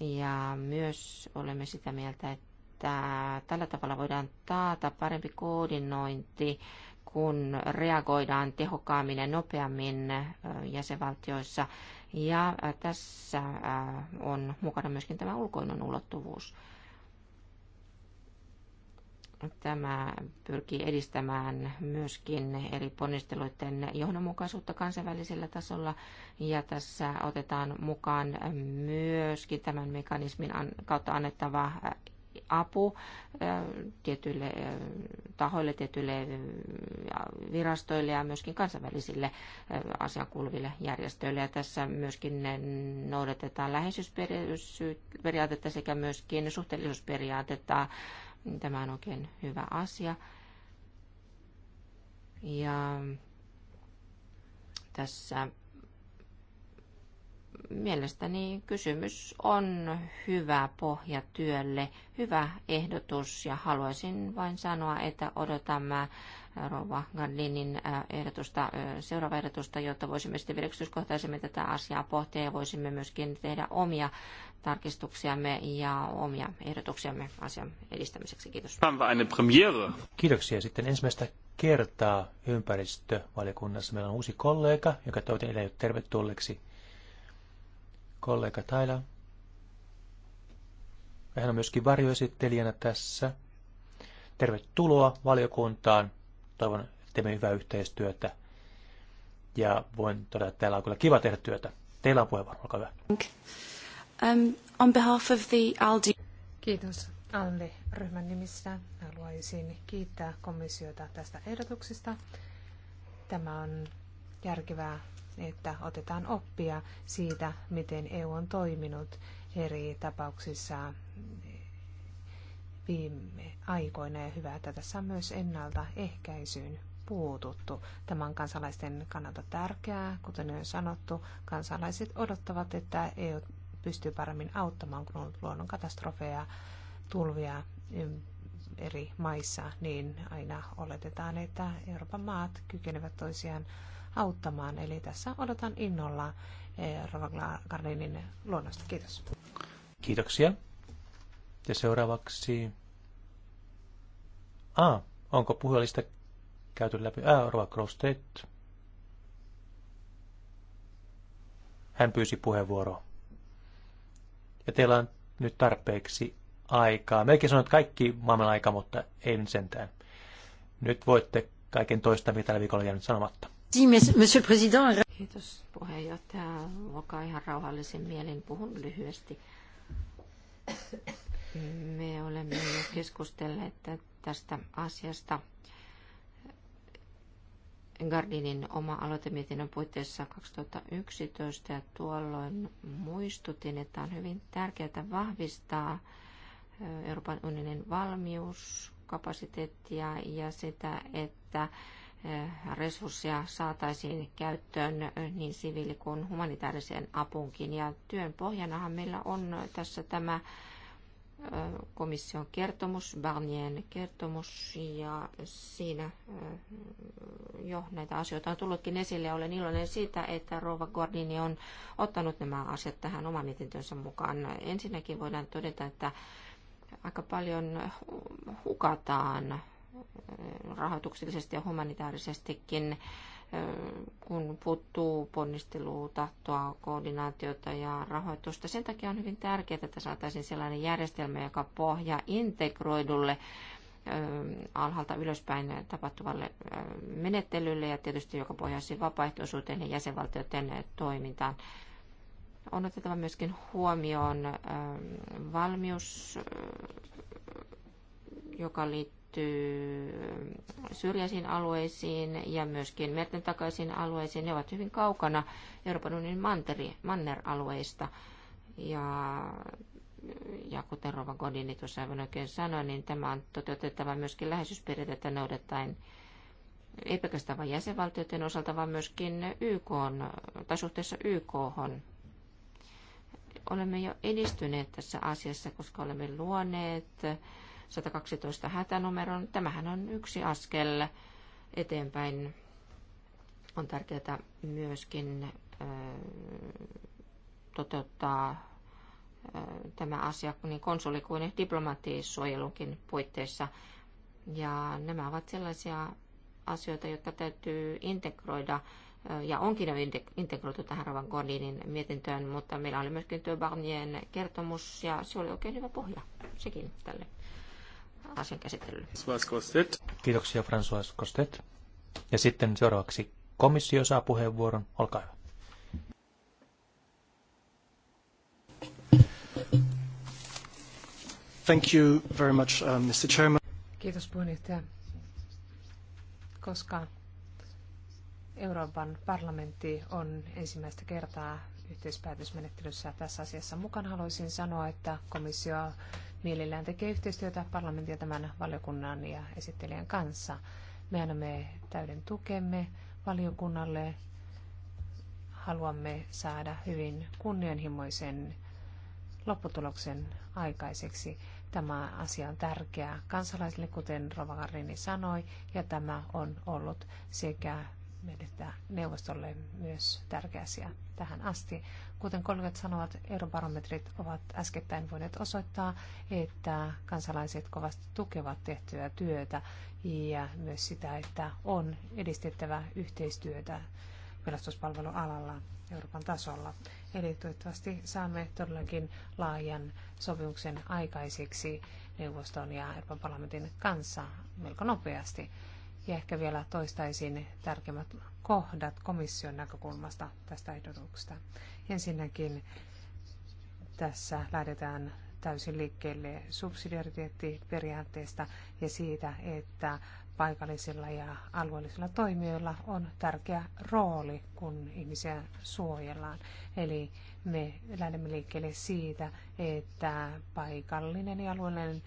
Ja myös olemme sitä mieltä, että tällä tavalla voidaan taata parempi koordinointi, kun reagoidaan tehokkaammin ja nopeammin jäsenvaltioissa. Ja tässä on mukana myöskin tämä ulkoinen ulottuvuus. Tämä pyrkii edistämään myöskin eri ponnisteluiden johdonmukaisuutta kansainvälisellä tasolla ja tässä otetaan mukaan myöskin tämän mekanismin kautta annettava apu tietyille tahoille, tietyille virastoille ja myöskin kansainvälisille asian järjestöille. Ja tässä myöskin noudatetaan läheisyysperiaatetta sekä myöskin suhteellisuusperiaatetta Tämä on oikein hyvä asia. Ja tässä mielestäni kysymys on hyvä pohja työlle, hyvä ehdotus ja haluaisin vain sanoa, että odotamme Rova Gardinin ehdotusta, seuraava ehdotusta, jotta voisimme sitten virkistyskohtaisemmin tätä asiaa pohtia ja voisimme myöskin tehdä omia tarkistuksiamme ja omia ehdotuksiamme asian edistämiseksi. Kiitos. Kiitoksia. Sitten ensimmäistä kertaa ympäristövaliokunnassa meillä on uusi kollega, joka toivottavasti eilen tervetulleeksi. Kollega Taila. Hän on myöskin varjoesittelijänä tässä. Tervetuloa valiokuntaan toivon, teemme hyvää yhteistyötä. Ja voin todeta, että täällä on kyllä kiva tehdä työtä. Teillä on puheenvuoro, olkaa hyvä. Um, on behalf of the Aldi... Kiitos. ALDE-ryhmän nimissä haluaisin kiittää komissiota tästä ehdotuksesta. Tämä on järkevää, että otetaan oppia siitä, miten EU on toiminut eri tapauksissa viime aikoina ja hyvä, että tässä on myös ennaltaehkäisyyn puututtu. Tämä on kansalaisten kannalta tärkeää, kuten on sanottu. Kansalaiset odottavat, että EU pystyy paremmin auttamaan, kun on luonnon katastrofeja, tulvia eri maissa, niin aina oletetaan, että Euroopan maat kykenevät toisiaan auttamaan. Eli tässä odotan innolla eh, Rova Gardinin luonnosta. Kiitos. Kiitoksia. Ja seuraavaksi... Ah, onko puhelista käyty läpi? Ah, Rova Hän pyysi puheenvuoroa. Ja teillä on nyt tarpeeksi aikaa. Melkein sanoit kaikki maailman aika, mutta ei nyt sentään. Nyt voitte kaiken toista, mitä tällä viikolla jäänyt sanomatta. Monsieur Kiitos puheenjohtaja. Olkaa ihan rauhallisen mielin. Puhun lyhyesti. Me olemme jo keskustelleet tästä asiasta Gardinin oma-aloitemietinnön puitteissa 2011 ja tuolloin muistutin, että on hyvin tärkeää vahvistaa Euroopan unionin valmiuskapasiteettia ja sitä, että resursseja saataisiin käyttöön niin siviili- kuin humanitaariseen apunkin. Ja työn pohjanahan meillä on tässä tämä komission kertomus, Barnien kertomus ja siinä jo näitä asioita on tullutkin esille. Olen iloinen siitä, että Rova Gordini on ottanut nämä asiat tähän oman mietintönsä mukaan. Ensinnäkin voidaan todeta, että aika paljon hukataan rahoituksellisesti ja humanitaarisestikin kun puuttuu ponnistelua, tahtoa, koordinaatiota ja rahoitusta. Sen takia on hyvin tärkeää, että saataisiin sellainen järjestelmä, joka pohjaa integroidulle ähm, alhaalta ylöspäin tapahtuvalle ähm, menettelylle ja tietysti joka pohjaisi vapaaehtoisuuteen ja jäsenvaltioiden toimintaan. On otettava myöskin huomioon ähm, valmius, äh, joka liittyy liittyy syrjäisiin alueisiin ja myöskin merten takaisiin alueisiin. Ne ovat hyvin kaukana Euroopan unionin manteri, manner-alueista. Ja, ja kuten Rova Godini tuossa aivan oikein sanoi, niin tämä on toteutettava myöskin läheisyysperiaatetta noudattaen ei pelkästään vain jäsenvaltioiden osalta, vaan myöskin YK, tai suhteessa YK. Olemme jo edistyneet tässä asiassa, koska olemme luoneet 112 hätänumeron. Tämähän on yksi askel eteenpäin. On tärkeää myöskin toteuttaa tämä asia niin konsuli kuin diplomaattisuojelunkin puitteissa. Ja nämä ovat sellaisia asioita, jotka täytyy integroida ja onkin jo integroitu tähän Rovan Gordinin mietintöön, mutta meillä oli myöskin työ Barnien kertomus ja se oli oikein hyvä pohja sekin tälle asian käsittelylle. Kiitoksia François Costet. Ja sitten seuraavaksi komissio saa puheenvuoron. Olkaa hyvä. Thank you very much, uh, Mr. Chairman. Kiitos puheenjohtaja. Koska Euroopan parlamentti on ensimmäistä kertaa yhteispäätösmenettelyssä tässä asiassa mukana. Haluaisin sanoa, että komissio mielellään tekee yhteistyötä parlamentin ja tämän valiokunnan ja esittelijän kanssa. Me annamme täyden tukemme valiokunnalle. Haluamme saada hyvin kunnianhimoisen lopputuloksen aikaiseksi. Tämä asia on tärkeä kansalaisille, kuten Rova sanoi, ja tämä on ollut sekä mielestä neuvostolle myös tärkeä asia tähän asti. Kuten kollegat sanovat, eurobarometrit ovat äskettäin voineet osoittaa, että kansalaiset kovasti tukevat tehtyä työtä ja myös sitä, että on edistettävä yhteistyötä pelastuspalvelualalla Euroopan tasolla. Eli toivottavasti saamme todellakin laajan sopimuksen aikaiseksi neuvoston ja Euroopan parlamentin kanssa melko nopeasti. Ja ehkä vielä toistaisin tärkeimmät kohdat komission näkökulmasta tästä ehdotuksesta. Ensinnäkin tässä lähdetään täysin liikkeelle subsidiariteettiperiaatteesta ja siitä, että paikallisilla ja alueellisilla toimijoilla on tärkeä rooli, kun ihmisiä suojellaan. Eli me lähdemme liikkeelle siitä, että paikallinen ja alueellinen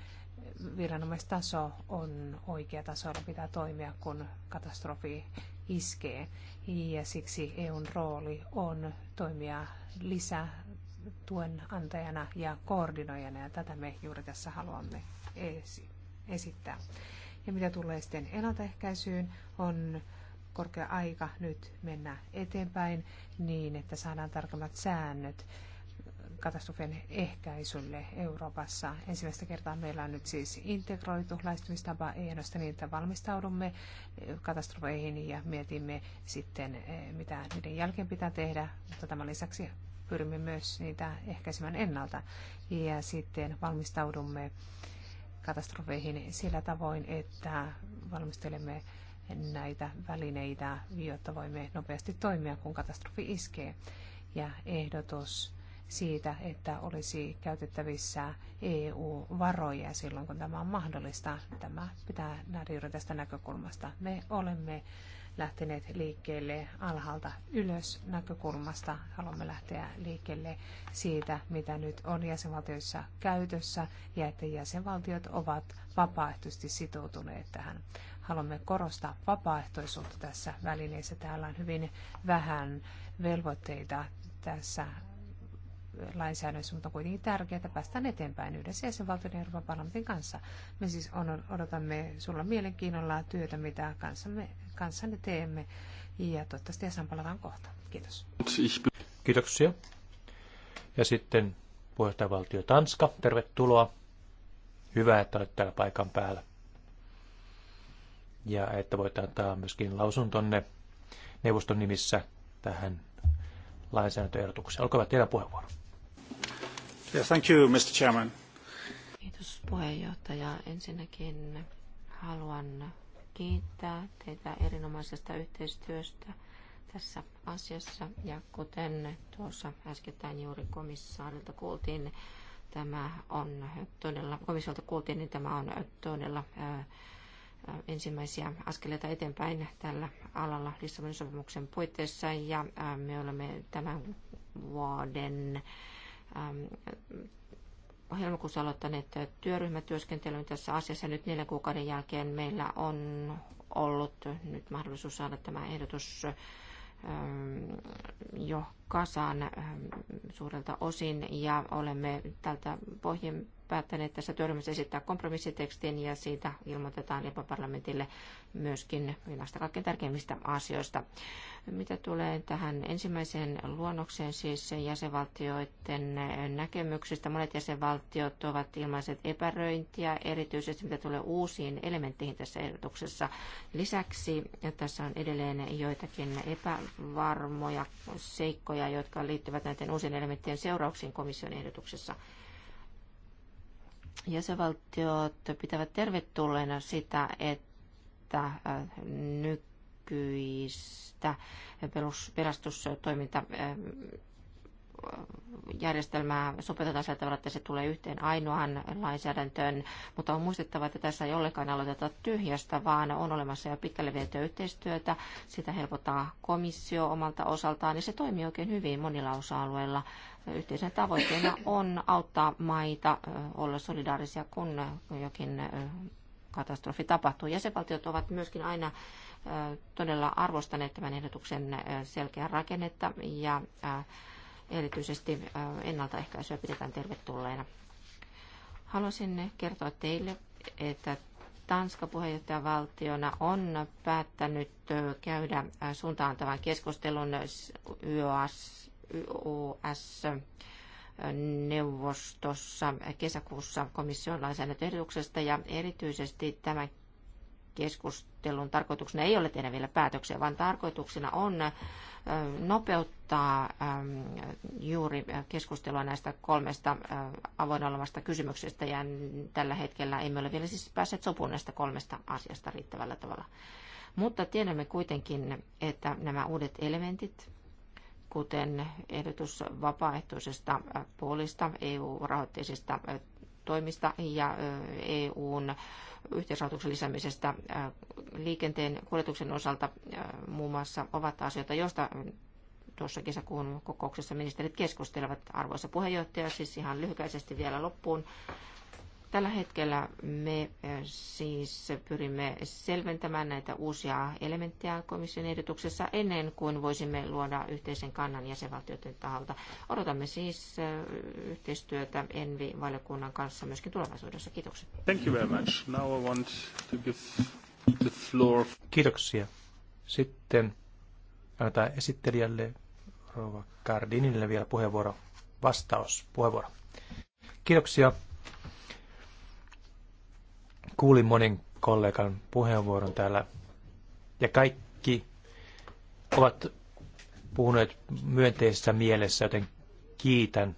viranomaistaso on oikea taso, jolla pitää toimia, kun katastrofi iskee. Ja siksi EUn rooli on toimia lisätuen antajana ja koordinoijana, ja tätä me juuri tässä haluamme esittää. Ja mitä tulee sitten ennaltaehkäisyyn, on korkea aika nyt mennä eteenpäin niin, että saadaan tarkemmat säännöt katastrofien ehkäisylle Euroopassa. Ensimmäistä kertaa meillä on nyt siis integroitu lähestymistapa ehdosta niin, että valmistaudumme eh, katastrofeihin ja mietimme sitten, eh, mitä niiden jälkeen pitää tehdä, mutta tämän lisäksi pyrimme myös niitä ehkäisemään ennalta. Ja sitten valmistaudumme katastrofeihin sillä tavoin, että valmistelemme näitä välineitä, jotta voimme nopeasti toimia, kun katastrofi iskee. Ja ehdotus siitä, että olisi käytettävissä EU-varoja silloin, kun tämä on mahdollista. Tämä pitää nähdä juuri tästä näkökulmasta. Me olemme lähteneet liikkeelle alhaalta ylös näkökulmasta. Haluamme lähteä liikkeelle siitä, mitä nyt on jäsenvaltioissa käytössä ja että jäsenvaltiot ovat vapaaehtoisesti sitoutuneet tähän. Haluamme korostaa vapaaehtoisuutta tässä välineessä. Täällä on hyvin vähän velvoitteita tässä lainsäädännössä, mutta on kuitenkin tärkeää, että päästään eteenpäin yhdessä jäsenvaltioiden ja Euroopan parlamentin kanssa. Me siis odotamme sulla mielenkiinnolla työtä, mitä kanssamme, kanssanne teemme, ja toivottavasti ja palataan kohta. Kiitos. Kiitoksia. Ja sitten puheenjohtajavaltio Tanska, tervetuloa. Hyvä, että olet täällä paikan päällä. Ja että voit antaa myöskin lausuntonne neuvoston nimissä tähän lainsäädäntöehdotuksia. Olkaa hyvä, teidän puheenvuoro. Yeah, thank you, Mr. Chairman. Kiitos puheenjohtaja. Ensinnäkin haluan kiittää teitä erinomaisesta yhteistyöstä tässä asiassa. Ja kuten tuossa äskettäin juuri komissaarilta kuultiin, tämä on todella, komissiolta kuultiin, niin tämä on todella ensimmäisiä askeleita eteenpäin tällä alalla Lissabonin sopimuksen puitteissa ja me olemme tämän vuoden helmikuussa aloittaneet työryhmätyöskentelyn tässä asiassa. Nyt neljän kuukauden jälkeen meillä on ollut nyt mahdollisuus saada tämä ehdotus jo kasaan suurelta osin ja olemme tältä pohjin päättäneet tässä työryhmässä esittää kompromissitekstin ja siitä ilmoitetaan jopa parlamentille myöskin näistä kaikkein tärkeimmistä asioista. Mitä tulee tähän ensimmäiseen luonnokseen, siis jäsenvaltioiden näkemyksistä, monet jäsenvaltiot ovat ilmaiset epäröintiä, erityisesti mitä tulee uusiin elementteihin tässä ehdotuksessa. Lisäksi ja tässä on edelleen joitakin epävarmoja seikkoja, jotka liittyvät näiden uusien elementtien seurauksiin komission ehdotuksessa. Jäsenvaltiot pitävät tervetulleena sitä, että nykyistä pelastustoiminta järjestelmää sopetetaan sillä tavalla, että se tulee yhteen ainoaan lainsäädäntöön, mutta on muistettava, että tässä ei ollenkaan aloiteta tyhjästä, vaan on olemassa jo pitkälle vietyä yhteistyötä. Sitä helpottaa komissio omalta osaltaan ja se toimii oikein hyvin monilla osa-alueilla. Yhteisen tavoitteena on auttaa maita olla solidaarisia, kun jokin katastrofi tapahtuu. Jäsenvaltiot ovat myöskin aina todella arvostaneet tämän ehdotuksen selkeää rakennetta ja erityisesti äh, ennaltaehkäisyä pidetään tervetulleena. Haluaisin kertoa teille, että Tanska puheenjohtajavaltiona on päättänyt äh, käydä äh, suuntaantavan keskustelun YOS, YOS neuvostossa kesäkuussa komission lainsäädäntöehdotuksesta ja erityisesti tämän keskustelun tarkoituksena ei ole tehdä vielä päätöksiä, vaan tarkoituksena on nopeuttaa juuri keskustelua näistä kolmesta avoin olevasta kysymyksestä, ja tällä hetkellä emme ole vielä siis päässeet sopuun näistä kolmesta asiasta riittävällä tavalla. Mutta tiedämme kuitenkin, että nämä uudet elementit, kuten ehdotus vapaaehtoisesta puolista, EU-rahoitteisista toimista ja EUn yhteisrahoituksen lisäämisestä liikenteen kuljetuksen osalta muun muassa ovat asioita, joista tuossa kesäkuun kokouksessa ministerit keskustelevat. Arvoisa puheenjohtaja, siis ihan lyhykäisesti vielä loppuun Tällä hetkellä me eh, siis pyrimme selventämään näitä uusia elementtejä komission ehdotuksessa ennen kuin voisimme luoda yhteisen kannan jäsenvaltioiden taholta. Odotamme siis eh, yhteistyötä Envi-valiokunnan kanssa myöskin tulevaisuudessa. Kiitoksia. Thank you very much. Now I want to give the floor. Kiitoksia. Sitten annetaan esittelijälle Rova Gardinille vielä puheenvuoro, puheenvuoro. Kiitoksia Kuulin monen kollegan puheenvuoron täällä ja kaikki ovat puhuneet myönteisessä mielessä, joten kiitän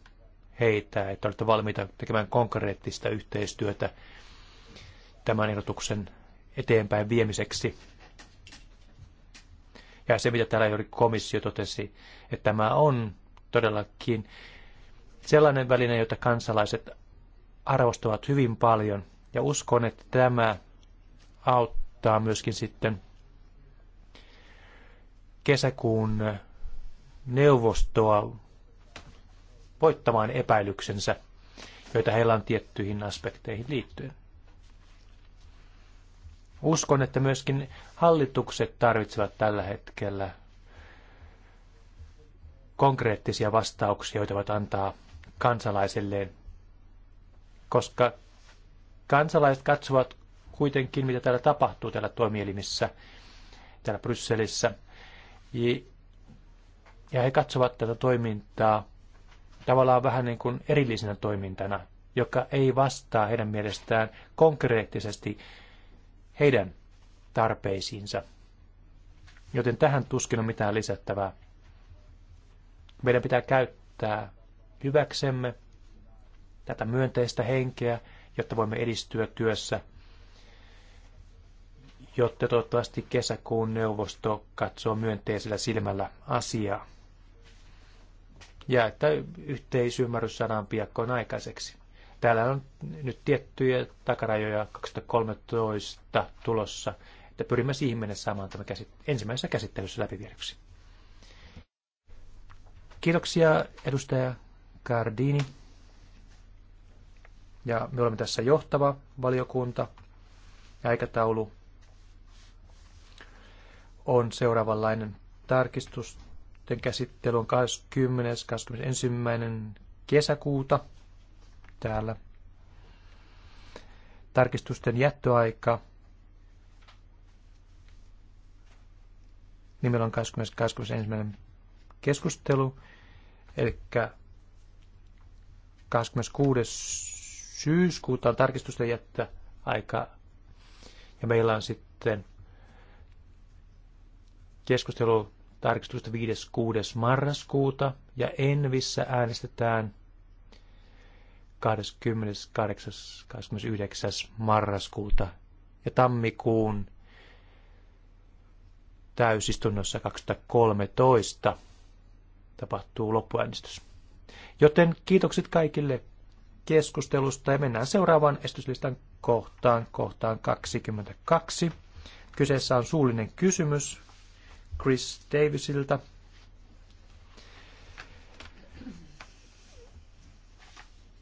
heitä, että olette valmiita tekemään konkreettista yhteistyötä tämän ehdotuksen eteenpäin viemiseksi. Ja se, mitä täällä juuri komissio totesi, että tämä on todellakin sellainen väline, jota kansalaiset arvostavat hyvin paljon – ja uskon, että tämä auttaa myöskin sitten kesäkuun neuvostoa voittamaan epäilyksensä, joita heillä on tiettyihin aspekteihin liittyen. Uskon, että myöskin hallitukset tarvitsevat tällä hetkellä konkreettisia vastauksia, joita voivat antaa kansalaiselleen, koska kansalaiset katsovat kuitenkin, mitä täällä tapahtuu täällä toimielimissä, täällä Brysselissä. Ja he katsovat tätä toimintaa tavallaan vähän niin kuin erillisenä toimintana, joka ei vastaa heidän mielestään konkreettisesti heidän tarpeisiinsa. Joten tähän tuskin on mitään lisättävää. Meidän pitää käyttää hyväksemme tätä myönteistä henkeä, jotta voimme edistyä työssä, jotta toivottavasti kesäkuun neuvosto katsoo myönteisellä silmällä asiaa. Ja että yhteisymmärrys saadaan piakkoon aikaiseksi. Täällä on nyt tiettyjä takarajoja 2013 tulossa, että pyrimme siihen mennessä saamaan tämä käsit- ensimmäisessä käsittelyssä läpiviedyksi. Kiitoksia edustaja Gardini. Ja me olemme tässä johtava valiokunta. Ja aikataulu on seuraavanlainen tarkistusten käsittely on 20. 21. kesäkuuta täällä. Tarkistusten jättöaika nimellä on 20. 21. keskustelu, eli 26 syyskuuta on tarkistusten jättä aika. Ja meillä on sitten keskustelu tarkistusta 5.6. marraskuuta ja Envissä äänestetään 28.29. marraskuuta ja tammikuun täysistunnossa 2013 tapahtuu loppuäänestys. Joten kiitokset kaikille keskustelusta ja mennään seuraavaan esityslistan kohtaan, kohtaan 22. Kyseessä on suullinen kysymys Chris Davisilta.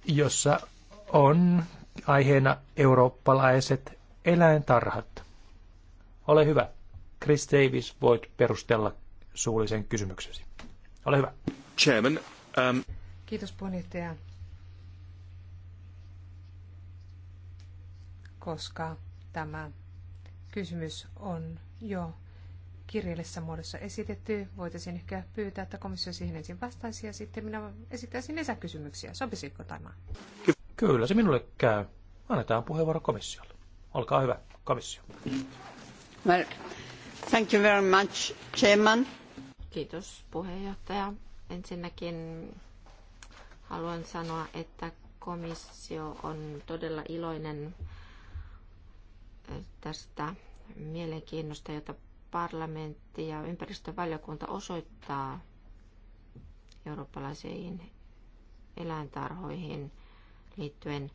jossa on aiheena eurooppalaiset eläintarhat. Ole hyvä. Chris Davis, voit perustella suullisen kysymyksesi. Ole hyvä. Chairman, um... Kiitos puheenjohtaja. koska tämä kysymys on jo kirjallisessa muodossa esitetty. Voitaisiin ehkä pyytää, että komissio siihen ensin vastaisi ja sitten minä esittäisin lisäkysymyksiä. Sopisiko tämä? Kyllä, se minulle käy. Annetaan puheenvuoro komissiolle. Olkaa hyvä, komissio. Well, thank you very much, Chairman. Kiitos puheenjohtaja. Ensinnäkin haluan sanoa, että komissio on todella iloinen tästä mielenkiinnosta, jota parlamentti ja ympäristövaliokunta osoittaa eurooppalaisiin eläintarhoihin liittyen.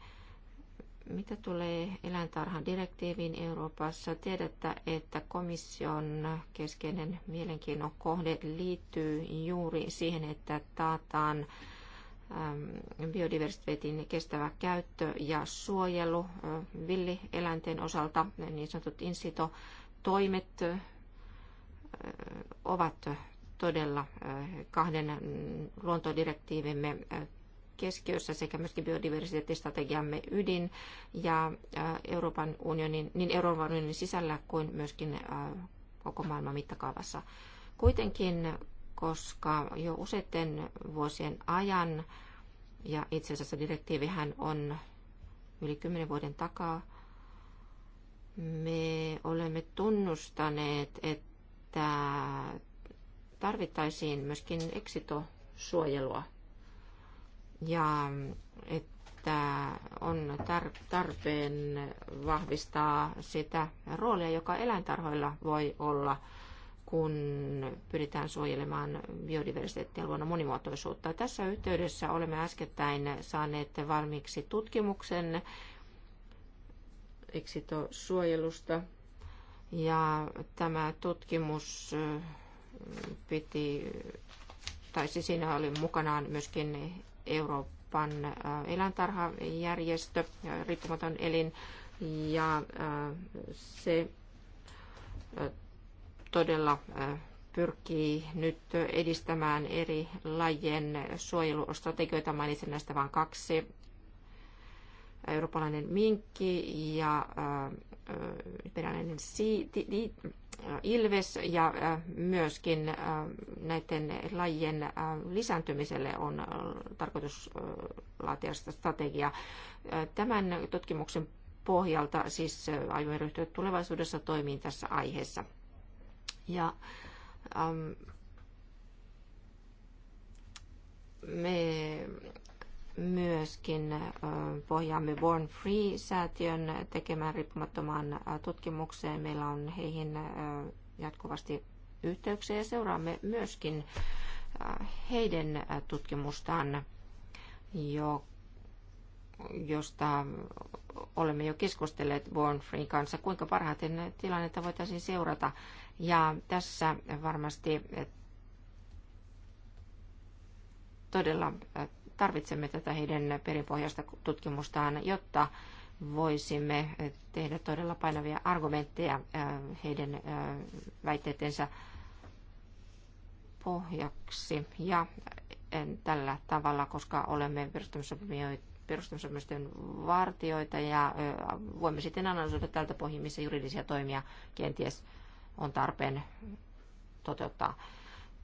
Mitä tulee eläintarhan direktiiviin Euroopassa, tiedätte, että komission keskeinen mielenkiinnon kohde liittyy juuri siihen, että taataan Ähm, biodiversiteetin kestävä käyttö ja suojelu villieläinten osalta, niin sanotut insito-toimet ovat todella kahden luontodirektiivimme keskiössä sekä myöskin biodiversiteettistrategiamme ydin ja Euroopan unionin, niin Euroopan unionin sisällä kuin myöskin koko maailman mittakaavassa. Kuitenkin koska jo useiden vuosien ajan, ja itse asiassa direktiivihän on yli kymmenen vuoden takaa, me olemme tunnustaneet, että tarvittaisiin myöskin eksitosuojelua ja että on tarpeen vahvistaa sitä roolia, joka eläintarhoilla voi olla – kun pyritään suojelemaan biodiversiteettia ja luonnon monimuotoisuutta. Tässä yhteydessä olemme äskettäin saaneet valmiiksi tutkimuksen eksitosuojelusta. Ja tämä tutkimus äh, piti, tai siis siinä oli mukanaan myöskin Euroopan äh, eläintarhajärjestö, riippumaton elin, ja äh, se todella pyrkii nyt edistämään eri lajien suojelustrategioita. Mainitsen näistä vain kaksi. Eurooppalainen minkki ja peräinen ilves ja myöskin näiden lajien lisääntymiselle on tarkoitus laatia strategia. Tämän tutkimuksen pohjalta siis aiomme ryhtyä tulevaisuudessa toimiin tässä aiheessa. Ja ähm, me myöskin äh, pohjaamme Born Free-säätiön tekemään riippumattomaan äh, tutkimukseen. Meillä on heihin äh, jatkuvasti yhteyksiä ja seuraamme myöskin heidän tutkimustaan, jo, josta olemme jo keskustelleet Born Free kanssa, kuinka parhaiten tilannetta voitaisiin seurata ja tässä varmasti eh, todella eh, tarvitsemme tätä heidän perinpohjaista tutkimustaan, jotta voisimme eh, tehdä todella painavia argumentteja heidän väitteetensä pohjaksi. Ja tällä tavalla, koska olemme perustamisopimusten vartioita ja voimme sitten analysoida tältä pohjimmissa juridisia toimia kenties on tarpeen toteuttaa.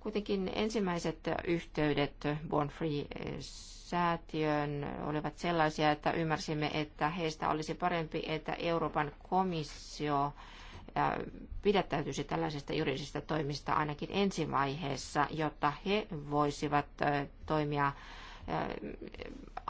Kuitenkin ensimmäiset yhteydet Born Free-säätiön olivat sellaisia, että ymmärsimme, että heistä olisi parempi, että Euroopan komissio pidättäytyisi tällaisista juridisista toimista ainakin ensivaiheessa, jotta he voisivat toimia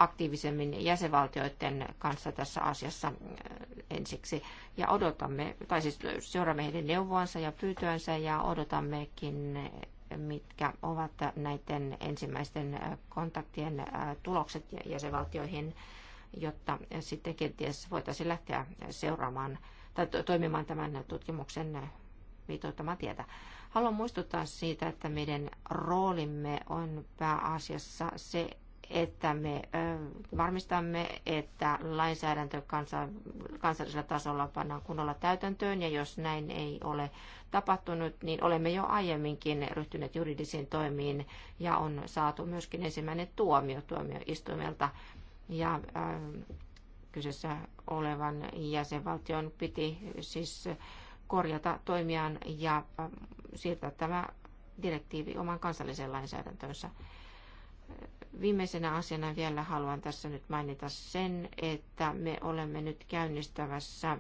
aktiivisemmin jäsenvaltioiden kanssa tässä asiassa äh, ensiksi. Ja odotamme, tai siis seuraamme heidän neuvoansa ja pyytöänsä ja odotammekin, mitkä ovat näiden ensimmäisten äh, kontaktien äh, tulokset jäsenvaltioihin, jotta sitten kenties voitaisiin lähteä seuraamaan tai toimimaan tämän tutkimuksen viitoittamaa tietä. Haluan muistuttaa siitä, että meidän roolimme on pääasiassa se, että me varmistamme, että lainsäädäntö kansallisella tasolla pannaan kunnolla täytäntöön, ja jos näin ei ole tapahtunut, niin olemme jo aiemminkin ryhtyneet juridisiin toimiin, ja on saatu myöskin ensimmäinen tuomio tuomioistuimelta, ja kyseessä olevan jäsenvaltion piti siis korjata toimiaan ja siirtää tämä direktiivi oman kansalliseen lainsäädäntöönsä Viimeisenä asiana vielä haluan tässä nyt mainita sen, että me olemme nyt käynnistävässä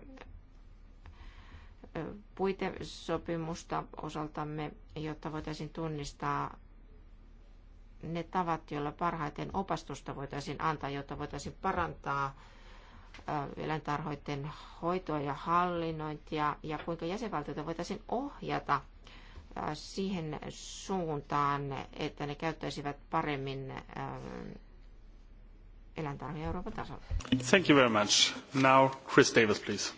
puitesopimusta osaltamme, jotta voitaisiin tunnistaa ne tavat, joilla parhaiten opastusta voitaisiin antaa, jotta voitaisiin parantaa eläintarhoiden hoitoa ja hallinnointia ja kuinka jäsenvaltioita voitaisiin ohjata Äh, siihen suuntaan, että ne käyttäisivät paremmin äh, eläintarhoja Euroopan tasolla. Thank you very much. Now Chris Davis, please.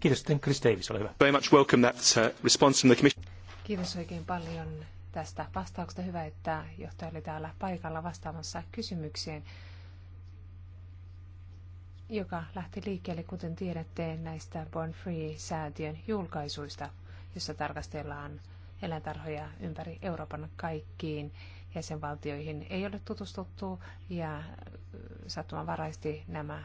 Kiitos, Chris Davis, ole hyvä. Very much welcome that uh, response from the commission. Kiitos oikein paljon tästä vastauksesta. Hyvä, että johtaja oli täällä paikalla vastaamassa kysymykseen, joka lähti liikkeelle, kuten tiedätte, näistä Born Free-säätiön julkaisuista, jossa tarkastellaan eläintarhoja ympäri Euroopan kaikkiin jäsenvaltioihin ei ole tutustuttu ja sattumanvaraisesti nämä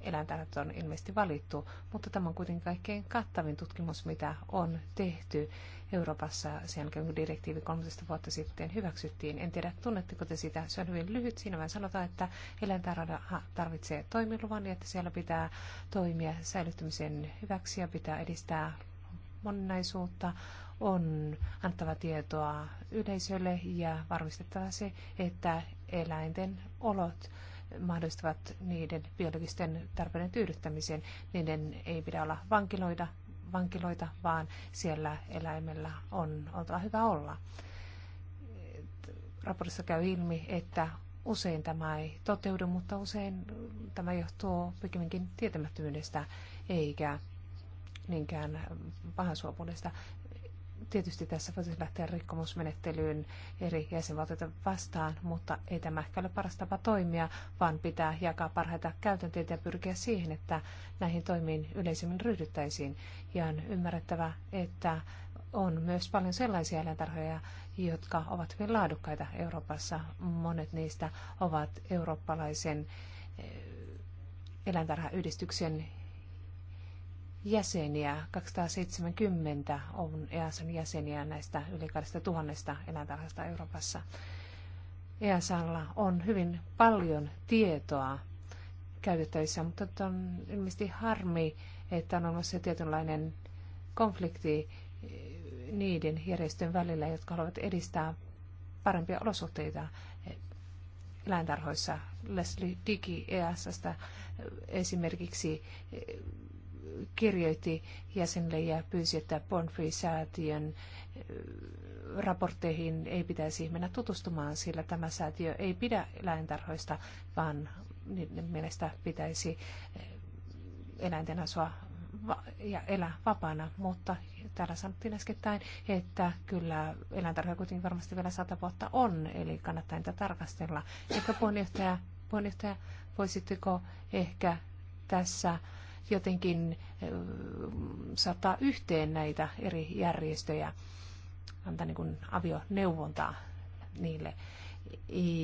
eläintarhat on ilmeisesti valittu, mutta tämä on kuitenkin kaikkein kattavin tutkimus, mitä on tehty Euroopassa sen jälkeen, kun direktiivi 13 vuotta sitten hyväksyttiin. En tiedä, tunnetteko te sitä. Se on hyvin lyhyt. Siinä vain sanotaan, että eläintarha tarvitsee toimiluvan ja että siellä pitää toimia säilyttämisen hyväksi ja pitää edistää moninaisuutta, on antava tietoa yleisölle ja varmistettava se, että eläinten olot mahdollistavat niiden biologisten tarpeiden tyydyttämisen. Niiden ei pidä olla vankiloida, vankiloita, vaan siellä eläimellä on oltava hyvä olla. Raportissa käy ilmi, että usein tämä ei toteudu, mutta usein tämä johtuu pikemminkin tietämättömyydestä eikä niinkään pahansuopuudesta. Tietysti tässä voitaisiin lähteä rikkomusmenettelyyn eri jäsenvaltioita vastaan, mutta ei tämä ehkä ole paras tapa toimia, vaan pitää jakaa parhaita käytänteitä ja pyrkiä siihen, että näihin toimiin yleisemmin ryhdyttäisiin. Ja on ymmärrettävä, että on myös paljon sellaisia eläintarhoja, jotka ovat hyvin laadukkaita Euroopassa. Monet niistä ovat eurooppalaisen eh, eläintarhayhdistyksen jäseniä, 270 on EASan jäseniä näistä yli 2000 eläintarhasta Euroopassa. EASalla on hyvin paljon tietoa käytettävissä, mutta on ilmeisesti harmi, että on olemassa tietynlainen konflikti eh, niiden järjestön välillä, jotka haluavat edistää parempia olosuhteita eh, eläintarhoissa. Leslie Digi EASasta eh, esimerkiksi kirjoitti jäsenille ja pyysi, että Bonfrey-säätiön raportteihin ei pitäisi mennä tutustumaan, sillä tämä säätiö ei pidä eläintarhoista, vaan niiden mielestä pitäisi eläinten asua ja elää vapaana, mutta täällä sanottiin äskettäin, että kyllä eläintarhoja kuitenkin varmasti vielä sata vuotta on, eli kannattaa niitä tarkastella. Ehkä puheenjohtaja, puheenjohtaja voisitteko ehkä tässä jotenkin saattaa yhteen näitä eri järjestöjä, antaa niin avioneuvontaa niille.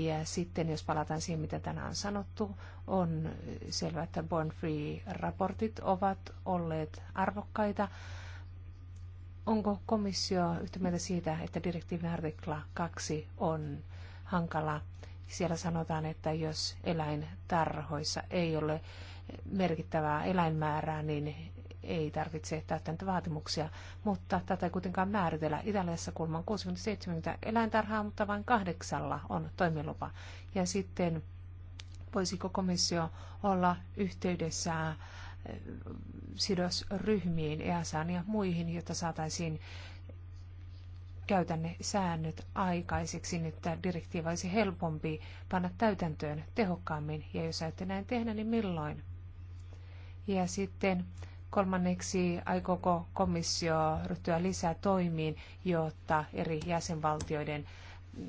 Ja sitten jos palataan siihen, mitä tänään on sanottu, on selvää, että Born Free-raportit ovat olleet arvokkaita. Onko komissio yhtä mieltä siitä, että direktiivin artikla 2 on hankala? Siellä sanotaan, että jos eläintarhoissa ei ole merkittävää eläinmäärää, niin ei tarvitse täyttää näitä vaatimuksia, mutta tätä ei kuitenkaan määritellä. Italiassa kulman 60-70 eläintarhaa, mutta vain kahdeksalla on toimilupa. Ja sitten voisiko komissio olla yhteydessä äh, sidosryhmiin, EASAan ja muihin, jotta saataisiin käytänne säännöt aikaiseksi, niin että direktiiva olisi helpompi panna täytäntöön tehokkaammin, ja jos ette näin tehdä, niin milloin? Ja sitten kolmanneksi, aikooko komissio ryhtyä lisää toimiin, jotta eri jäsenvaltioiden mm,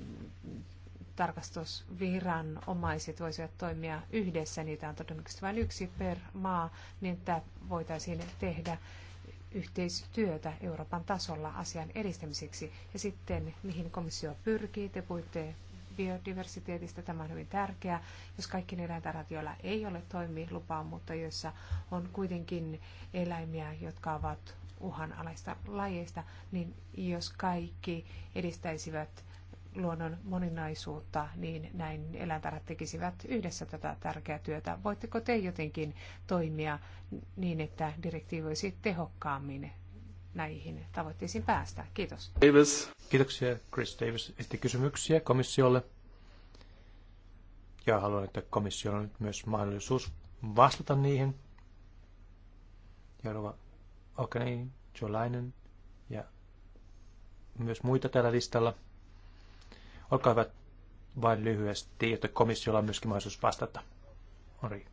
tarkastusviranomaiset voisivat toimia yhdessä, niitä on todennäköisesti vain yksi per maa, niin että voitaisiin tehdä yhteistyötä Euroopan tasolla asian edistämiseksi. Ja sitten, mihin komissio pyrkii, te puhuitte biodiversiteetistä. Tämä on hyvin tärkeää, jos ne eläintarhat, joilla ei ole toimilupaa, mutta joissa on kuitenkin eläimiä, jotka ovat uhanalaista lajeista, niin jos kaikki edistäisivät luonnon moninaisuutta, niin näin eläintarhat tekisivät yhdessä tätä tärkeää työtä. Voitteko te jotenkin toimia niin, että direktiivi olisi tehokkaammin näihin tavoitteisiin päästä. Kiitos. Davis. Kiitoksia Chris Davis. Esti kysymyksiä komissiolle. Ja haluan, että komissiolla on nyt myös mahdollisuus vastata niihin. Jarova Joe Lainen ja myös muita tällä listalla. Olkaa hyvä vain lyhyesti, jotta komissiolla on myöskin mahdollisuus vastata. Henri.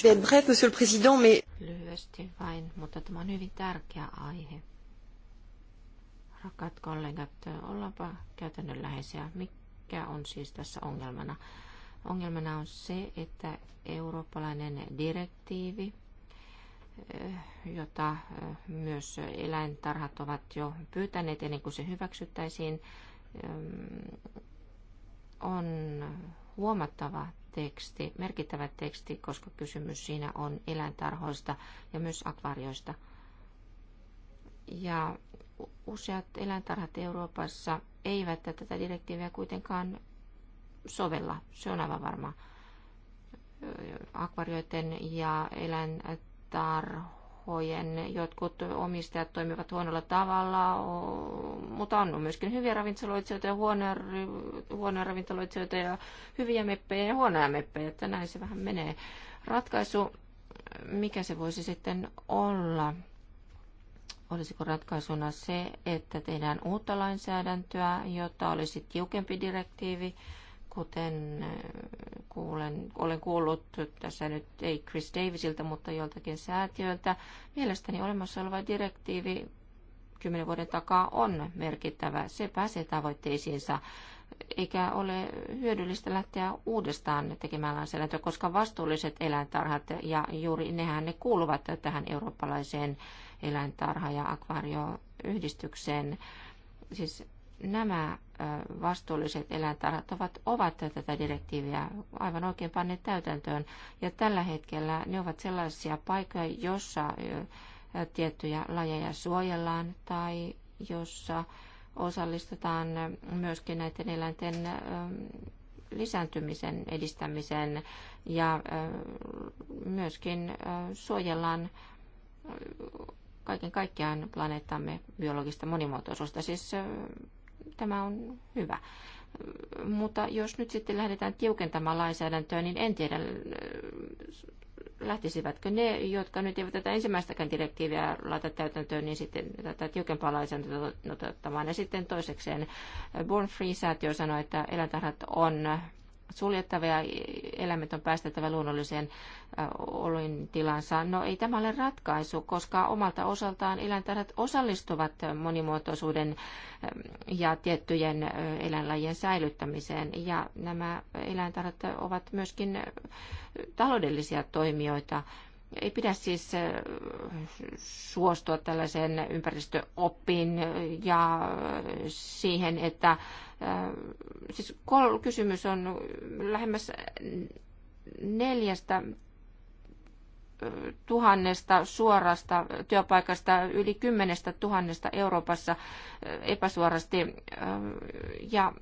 Je vais être bref, monsieur le président, mais... Lyhyesti vain, mutta tämä on hyvin tärkeä aihe. Rakkaat kollegat, ollaanpa käytännönläheisiä. Mikä on siis tässä ongelmana? Ongelmana on se, että eurooppalainen direktiivi, eh, jota eh, myös eläintarhat ovat jo pyytäneet ennen kuin se hyväksyttäisiin, eh, on huomattava teksti, merkittävä teksti, koska kysymys siinä on eläintarhoista ja myös akvarioista. Ja useat eläintarhat Euroopassa eivät tätä direktiiviä kuitenkaan sovella, se on aivan varma. Akvarioiden ja eläintarhoiden tahojen. Jotkut omistajat toimivat huonolla tavalla, mutta on myöskin hyviä ravintoloitsijoita ja huonoja, huonoja ravintoloitsijoita ja hyviä meppejä ja huonoja meppejä, että näin se vähän menee. Ratkaisu, mikä se voisi sitten olla? Olisiko ratkaisuna se, että tehdään uutta lainsäädäntöä, jotta olisi tiukempi direktiivi, kuten äh, kuulen, olen kuullut tässä nyt ei Chris Davisilta, mutta joltakin säätiöltä, mielestäni olemassa oleva direktiivi kymmenen vuoden takaa on merkittävä. Se pääsee tavoitteisiinsa eikä ole hyödyllistä lähteä uudestaan tekemään lainsäädäntöä, koska vastuulliset eläintarhat ja juuri nehän ne kuuluvat tähän eurooppalaiseen eläintarha- ja akvaarioyhdistykseen. Siis nämä vastuulliset eläintarhat ovat, ovat tätä direktiiviä aivan oikein panneet täytäntöön. Ja tällä hetkellä ne ovat sellaisia paikkoja, jossa tiettyjä lajeja suojellaan tai jossa osallistutaan myöskin näiden eläinten lisääntymisen edistämiseen ja myöskin suojellaan kaiken kaikkiaan planeettamme biologista monimuotoisuutta. Siis tämä on hyvä. Mutta jos nyt sitten lähdetään tiukentamaan lainsäädäntöä, niin en tiedä, lähtisivätkö ne, jotka nyt eivät tätä ensimmäistäkään direktiiviä laita täytäntöön, niin sitten tätä tiukempaa lainsäädäntöä ottamaan. Ja sitten toisekseen Born Free-säätiö sanoi, että eläintarhat on suljettava ja eläimet on päästettävä luonnolliseen olintilansa. No ei tämä ole ratkaisu, koska omalta osaltaan eläintarhat osallistuvat monimuotoisuuden ja tiettyjen eläinlajien säilyttämiseen. Ja nämä eläintarhat ovat myöskin taloudellisia toimijoita. Ei pidä siis suostua tällaiseen ympäristöoppiin ja siihen, että Äh, siis kol, kysymys on lähemmäs neljästä äh, tuhannesta suorasta työpaikasta, yli kymmenestä tuhannesta Euroopassa äh, epäsuorasti. Ja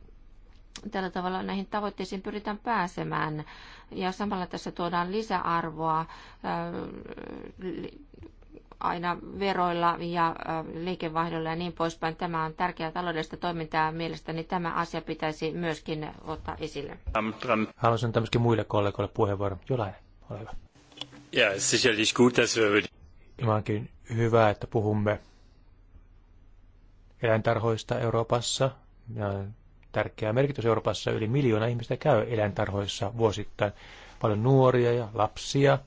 tällä tavalla näihin tavoitteisiin pyritään pääsemään. Ja samalla tässä tuodaan lisäarvoa aina veroilla ja liikevaihdolla ja niin poispäin. Tämä on tärkeää taloudellista toimintaa ja mielestäni tämä asia pitäisi myöskin ottaa esille. Haluaisin tämmöisikin muille kollegoille puheenvuoron. Jolainen, ole hyvä. Ja, sicherlich gut, dass wir... onkin hyvä, että puhumme eläintarhoista Euroopassa. Tärkeä merkitys Euroopassa. Yli miljoona ihmistä käy eläintarhoissa vuosittain. Paljon nuoria ja lapsia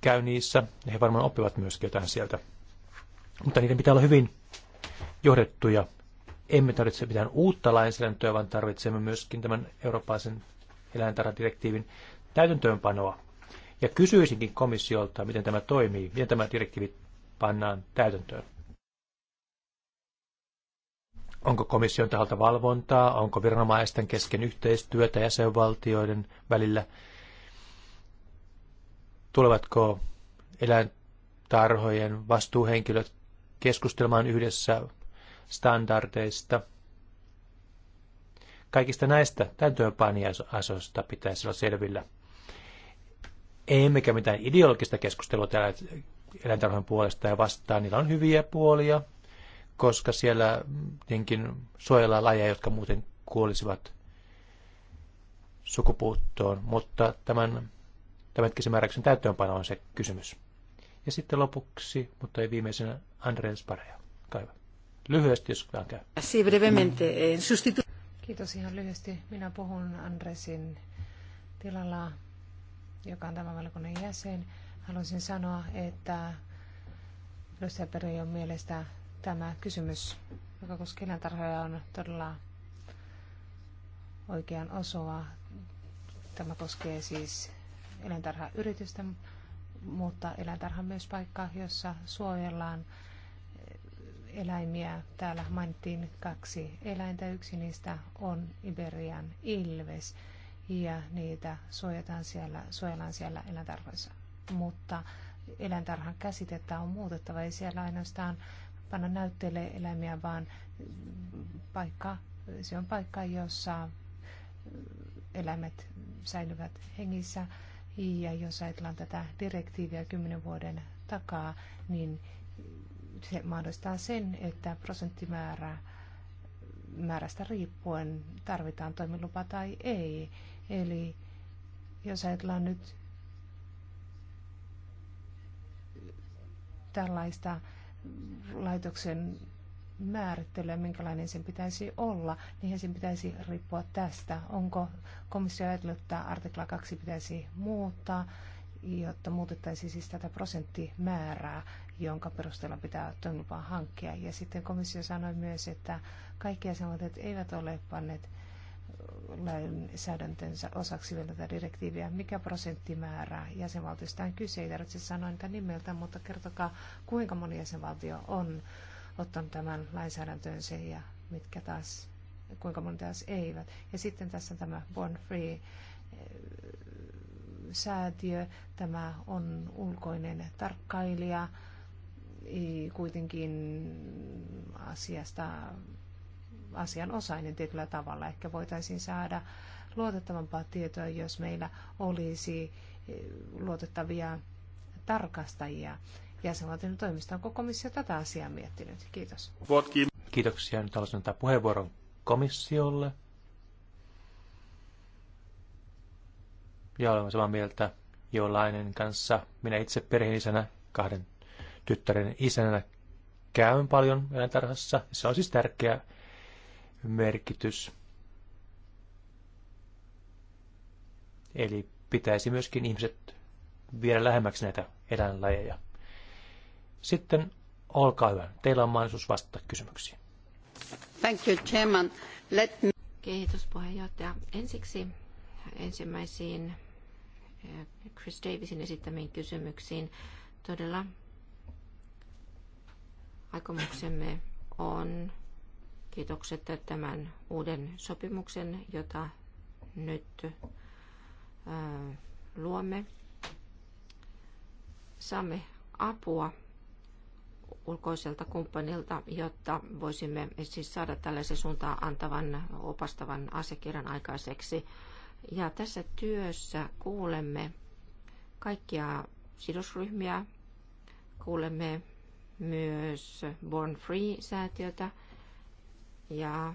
käy niissä, ja he varmaan oppivat myöskin jotain sieltä. Mutta niiden pitää olla hyvin johdettuja. Emme tarvitse mitään uutta lainsäädäntöä, vaan tarvitsemme myöskin tämän eurooppalaisen eläintarhadirektiivin täytäntöönpanoa. Ja kysyisinkin komissiolta, miten tämä toimii, miten tämä direktiivi pannaan täytäntöön. Onko komission taholta valvontaa, onko viranomaisten kesken yhteistyötä jäsenvaltioiden välillä – tulevatko eläintarhojen vastuuhenkilöt keskustelemaan yhdessä standardeista. Kaikista näistä täytäntöönpanijasoista pitäisi olla selvillä. Emmekä mitään ideologista keskustelua täällä eläintarhojen puolesta ja vastaan. Niillä on hyviä puolia, koska siellä tietenkin suojellaan lajeja, jotka muuten kuolisivat sukupuuttoon. Mutta tämän tämänhetkisen määräyksen täyttöönpano on se kysymys. Ja sitten lopuksi, mutta ei viimeisenä, Andreas Pareja. Kaiva. Lyhyesti, jos vaan käy. Eh, Kiitos ihan lyhyesti. Minä puhun Andresin tilalla, joka on tämän valkoinen jäsen. Haluaisin sanoa, että Lucia on mielestä tämä kysymys, joka koskee eläintarhoja, on todella oikean osoa. Tämä koskee siis eläintarhayritystä, mutta eläintarha on myös paikka, jossa suojellaan eläimiä. Täällä mainittiin kaksi eläintä. Yksi niistä on Iberian ilves ja niitä suojataan siellä, suojellaan siellä eläintarhoissa. Mutta eläintarhan käsitettä on muutettava. Ei siellä ainoastaan panna näytteelle eläimiä, vaan paikka, se on paikka, jossa eläimet säilyvät hengissä ja jos ajatellaan tätä direktiiviä kymmenen vuoden takaa, niin se mahdollistaa sen, että prosenttimäärä määrästä riippuen tarvitaan toimilupa tai ei. Eli jos ajatellaan nyt tällaista laitoksen määrittelyä, minkälainen sen pitäisi olla, niin sen pitäisi riippua tästä. Onko komissio ajatellut, että artikla 2 pitäisi muuttaa, jotta muutettaisiin siis tätä prosenttimäärää, jonka perusteella pitää toimilupaa hankkia. Ja sitten komissio sanoi myös, että kaikki jäsenvaltiot eivät ole panneet lainsäädäntönsä osaksi vielä tätä direktiiviä, mikä prosenttimäärä jäsenvaltiosta on kyse, ei tarvitse sanoa niitä nimeltä, mutta kertokaa kuinka moni jäsenvaltio on ottanut tämän lainsäädäntöönsä ja mitkä taas, kuinka moni taas eivät. Ja sitten tässä tämä Born Free eh, säätiö, tämä on ulkoinen tarkkailija, kuitenkin asiasta asianosainen tietyllä tavalla. Ehkä voitaisiin saada luotettavampaa tietoa, jos meillä olisi eh, luotettavia tarkastajia jäsenvaltion toimista. Onko komissio tätä asiaa miettinyt? Kiitos. Kiitoksia. Nyt haluaisin antaa puheenvuoron komissiolle. Ja olemme samaa mieltä jollainen kanssa. Minä itse perheenisänä, kahden tyttären isänä käyn paljon eläintarhassa. Se on siis tärkeä merkitys. Eli pitäisi myöskin ihmiset viedä lähemmäksi näitä eläinlajeja. Sitten olkaa hyvä. Teillä on mahdollisuus vastata kysymyksiin. Thank you, Chairman. Let me... Kiitos puheenjohtaja. Ensiksi ensimmäisiin eh, Chris Davisin esittämiin kysymyksiin. Todella aikomuksemme on kiitokset tämän uuden sopimuksen, jota nyt eh, luomme. Saamme apua ulkoiselta kumppanilta, jotta voisimme siis saada tällaisen suuntaan antavan opastavan asiakirjan aikaiseksi. Ja tässä työssä kuulemme kaikkia sidosryhmiä, kuulemme myös Born Free-säätiötä ja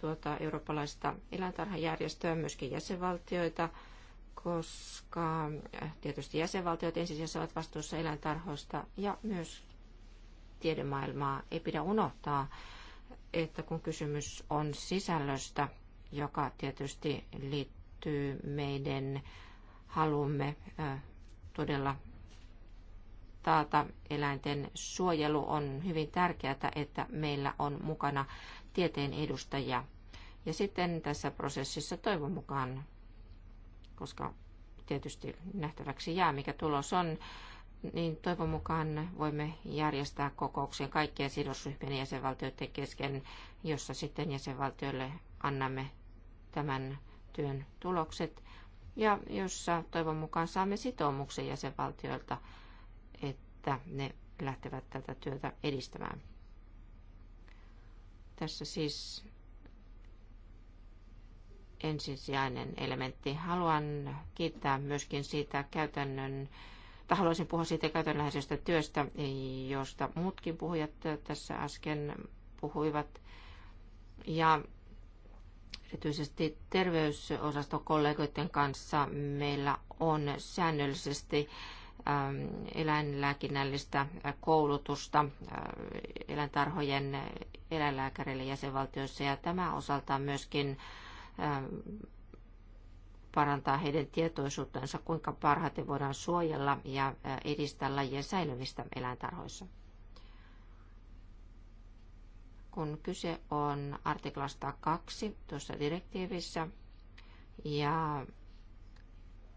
tuota eurooppalaista eläintarhajärjestöä, myöskin jäsenvaltioita, koska tietysti jäsenvaltiot ensisijaisesti ovat vastuussa eläintarhoista ja myös tiedemaailmaa. Ei pidä unohtaa, että kun kysymys on sisällöstä, joka tietysti liittyy meidän halumme todella taata eläinten suojelu, on hyvin tärkeää, että meillä on mukana tieteen edustajia. Ja sitten tässä prosessissa toivon mukaan, koska tietysti nähtäväksi jää, mikä tulos on, niin toivon mukaan voimme järjestää kokouksen kaikkien sidosryhmien jäsenvaltioiden kesken, jossa sitten jäsenvaltioille annamme tämän työn tulokset ja jossa toivon mukaan saamme sitoumuksen jäsenvaltioilta, että ne lähtevät tätä työtä edistämään. Tässä siis ensisijainen elementti. Haluan kiittää myöskin siitä käytännön mutta haluaisin puhua siitä käytännönläheisestä työstä, josta muutkin puhujat tässä äsken puhuivat. Ja erityisesti terveysosastokollegoiden kanssa meillä on säännöllisesti ähm, eläinlääkinnällistä koulutusta äh, eläintarhojen eläinlääkäreille jäsenvaltioissa ja tämä osaltaan myöskin ähm, parantaa heidän tietoisuuttansa, kuinka parhaiten voidaan suojella ja edistää lajien säilymistä eläintarhoissa. Kun kyse on artiklasta 2 tuossa direktiivissä ja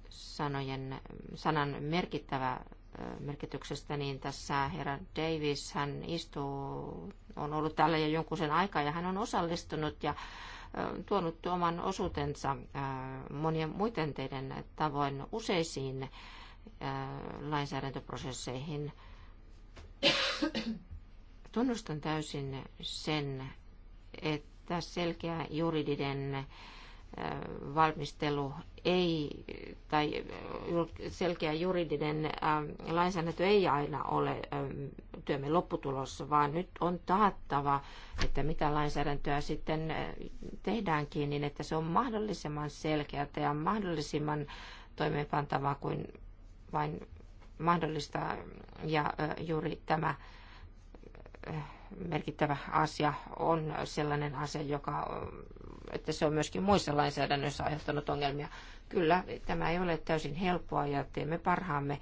sanojen, sanan merkittävä merkityksestä, niin tässä herra Davis, hän istuu, on ollut täällä jo jonkun sen aikaa ja hän on osallistunut ja tuonut oman osuutensa monien muiden teidän tavoin useisiin lainsäädäntöprosesseihin. Tunnustan täysin sen, että selkeä juridinen valmistelu ei, tai selkeä juridinen ähm, lainsäädäntö ei aina ole ähm, työmme lopputulossa, vaan nyt on taattava, että mitä lainsäädäntöä sitten äh, tehdäänkin, niin että se on mahdollisimman selkeää ja mahdollisimman toimeenpantavaa kuin vain mahdollista. Ja äh, juuri tämä äh, merkittävä asia on sellainen asia, joka että se on myöskin muissa lainsäädännöissä aiheuttanut ongelmia. Kyllä, tämä ei ole täysin helppoa ja teemme parhaamme,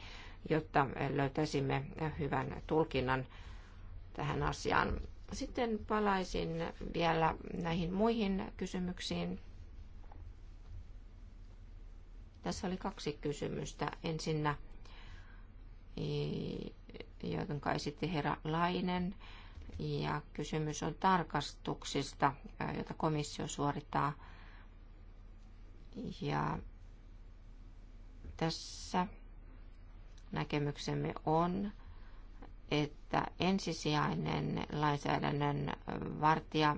jotta löytäisimme hyvän tulkinnan tähän asiaan. Sitten palaisin vielä näihin muihin kysymyksiin. Tässä oli kaksi kysymystä. Ensinnä, joten kai sitten herra Lainen ja kysymys on tarkastuksista, joita komissio suorittaa. Ja tässä näkemyksemme on, että ensisijainen lainsäädännön vartija,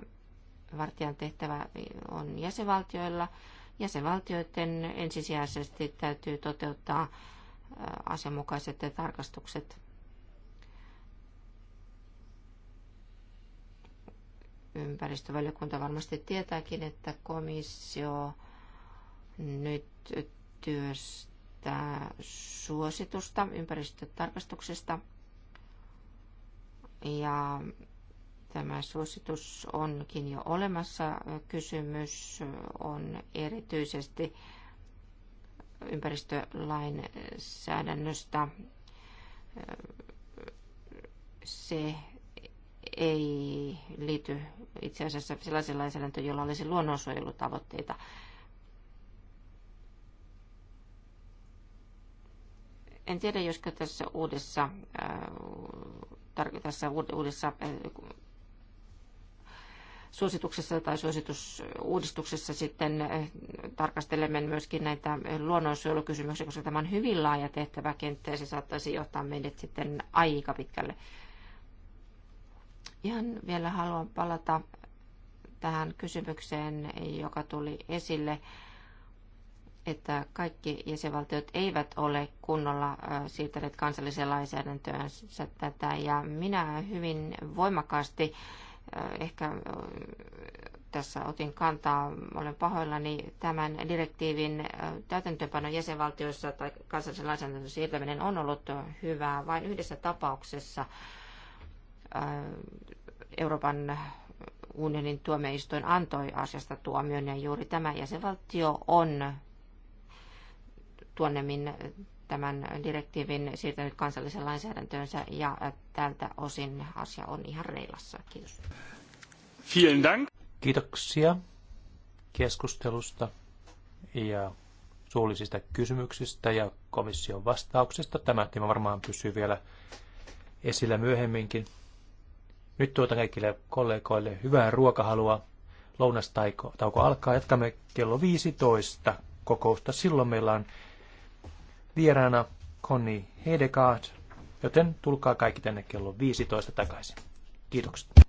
vartijan tehtävä on jäsenvaltioilla. Jäsenvaltioiden ensisijaisesti täytyy toteuttaa asianmukaiset tarkastukset. Ympäristövaliokunta varmasti tietääkin, että komissio nyt työstää suositusta ympäristötarkastuksesta. Ja tämä suositus onkin jo olemassa. Kysymys on erityisesti ympäristölainsäädännöstä se, ei liity itse asiassa sellaisen lainsäädäntöön, jolla olisi luonnonsuojelutavoitteita. En tiedä, josko tässä uudessa, äh, tässä uudessa äh, suosituksessa tai suositusuudistuksessa sitten äh, tarkastelemme myöskin näitä luonnonsuojelukysymyksiä, koska tämä on hyvin laaja tehtäväkenttä ja se saattaisi johtaa meidät sitten aika pitkälle Ihan vielä haluan palata tähän kysymykseen, joka tuli esille, että kaikki jäsenvaltiot eivät ole kunnolla siirtäneet kansalliseen lainsäädäntöönsä tätä. Ja minä hyvin voimakkaasti ehkä tässä otin kantaa, olen pahoillani, tämän direktiivin täytäntöönpanon jäsenvaltioissa tai kansallisen lainsäädännön siirtäminen on ollut hyvää vain yhdessä tapauksessa – Äh, Euroopan unionin tuomioistuin antoi asiasta tuomion ja juuri tämä jäsenvaltio on tuonnemmin tämän direktiivin siirtänyt kansallisen lainsäädäntöönsä ja tältä osin asia on ihan reilassa. Kiitos. Vielen Dank. Kiitoksia keskustelusta ja suullisista kysymyksistä ja komission vastauksista. Tämä teema varmaan pysyy vielä esillä myöhemminkin. Nyt tuota kaikille kollegoille hyvää ruokahalua. Lounastauko tauko alkaa. Jatkamme kello 15 kokousta. Silloin meillä on vieraana Conny Hedegaard, joten tulkaa kaikki tänne kello 15 takaisin. Kiitokset.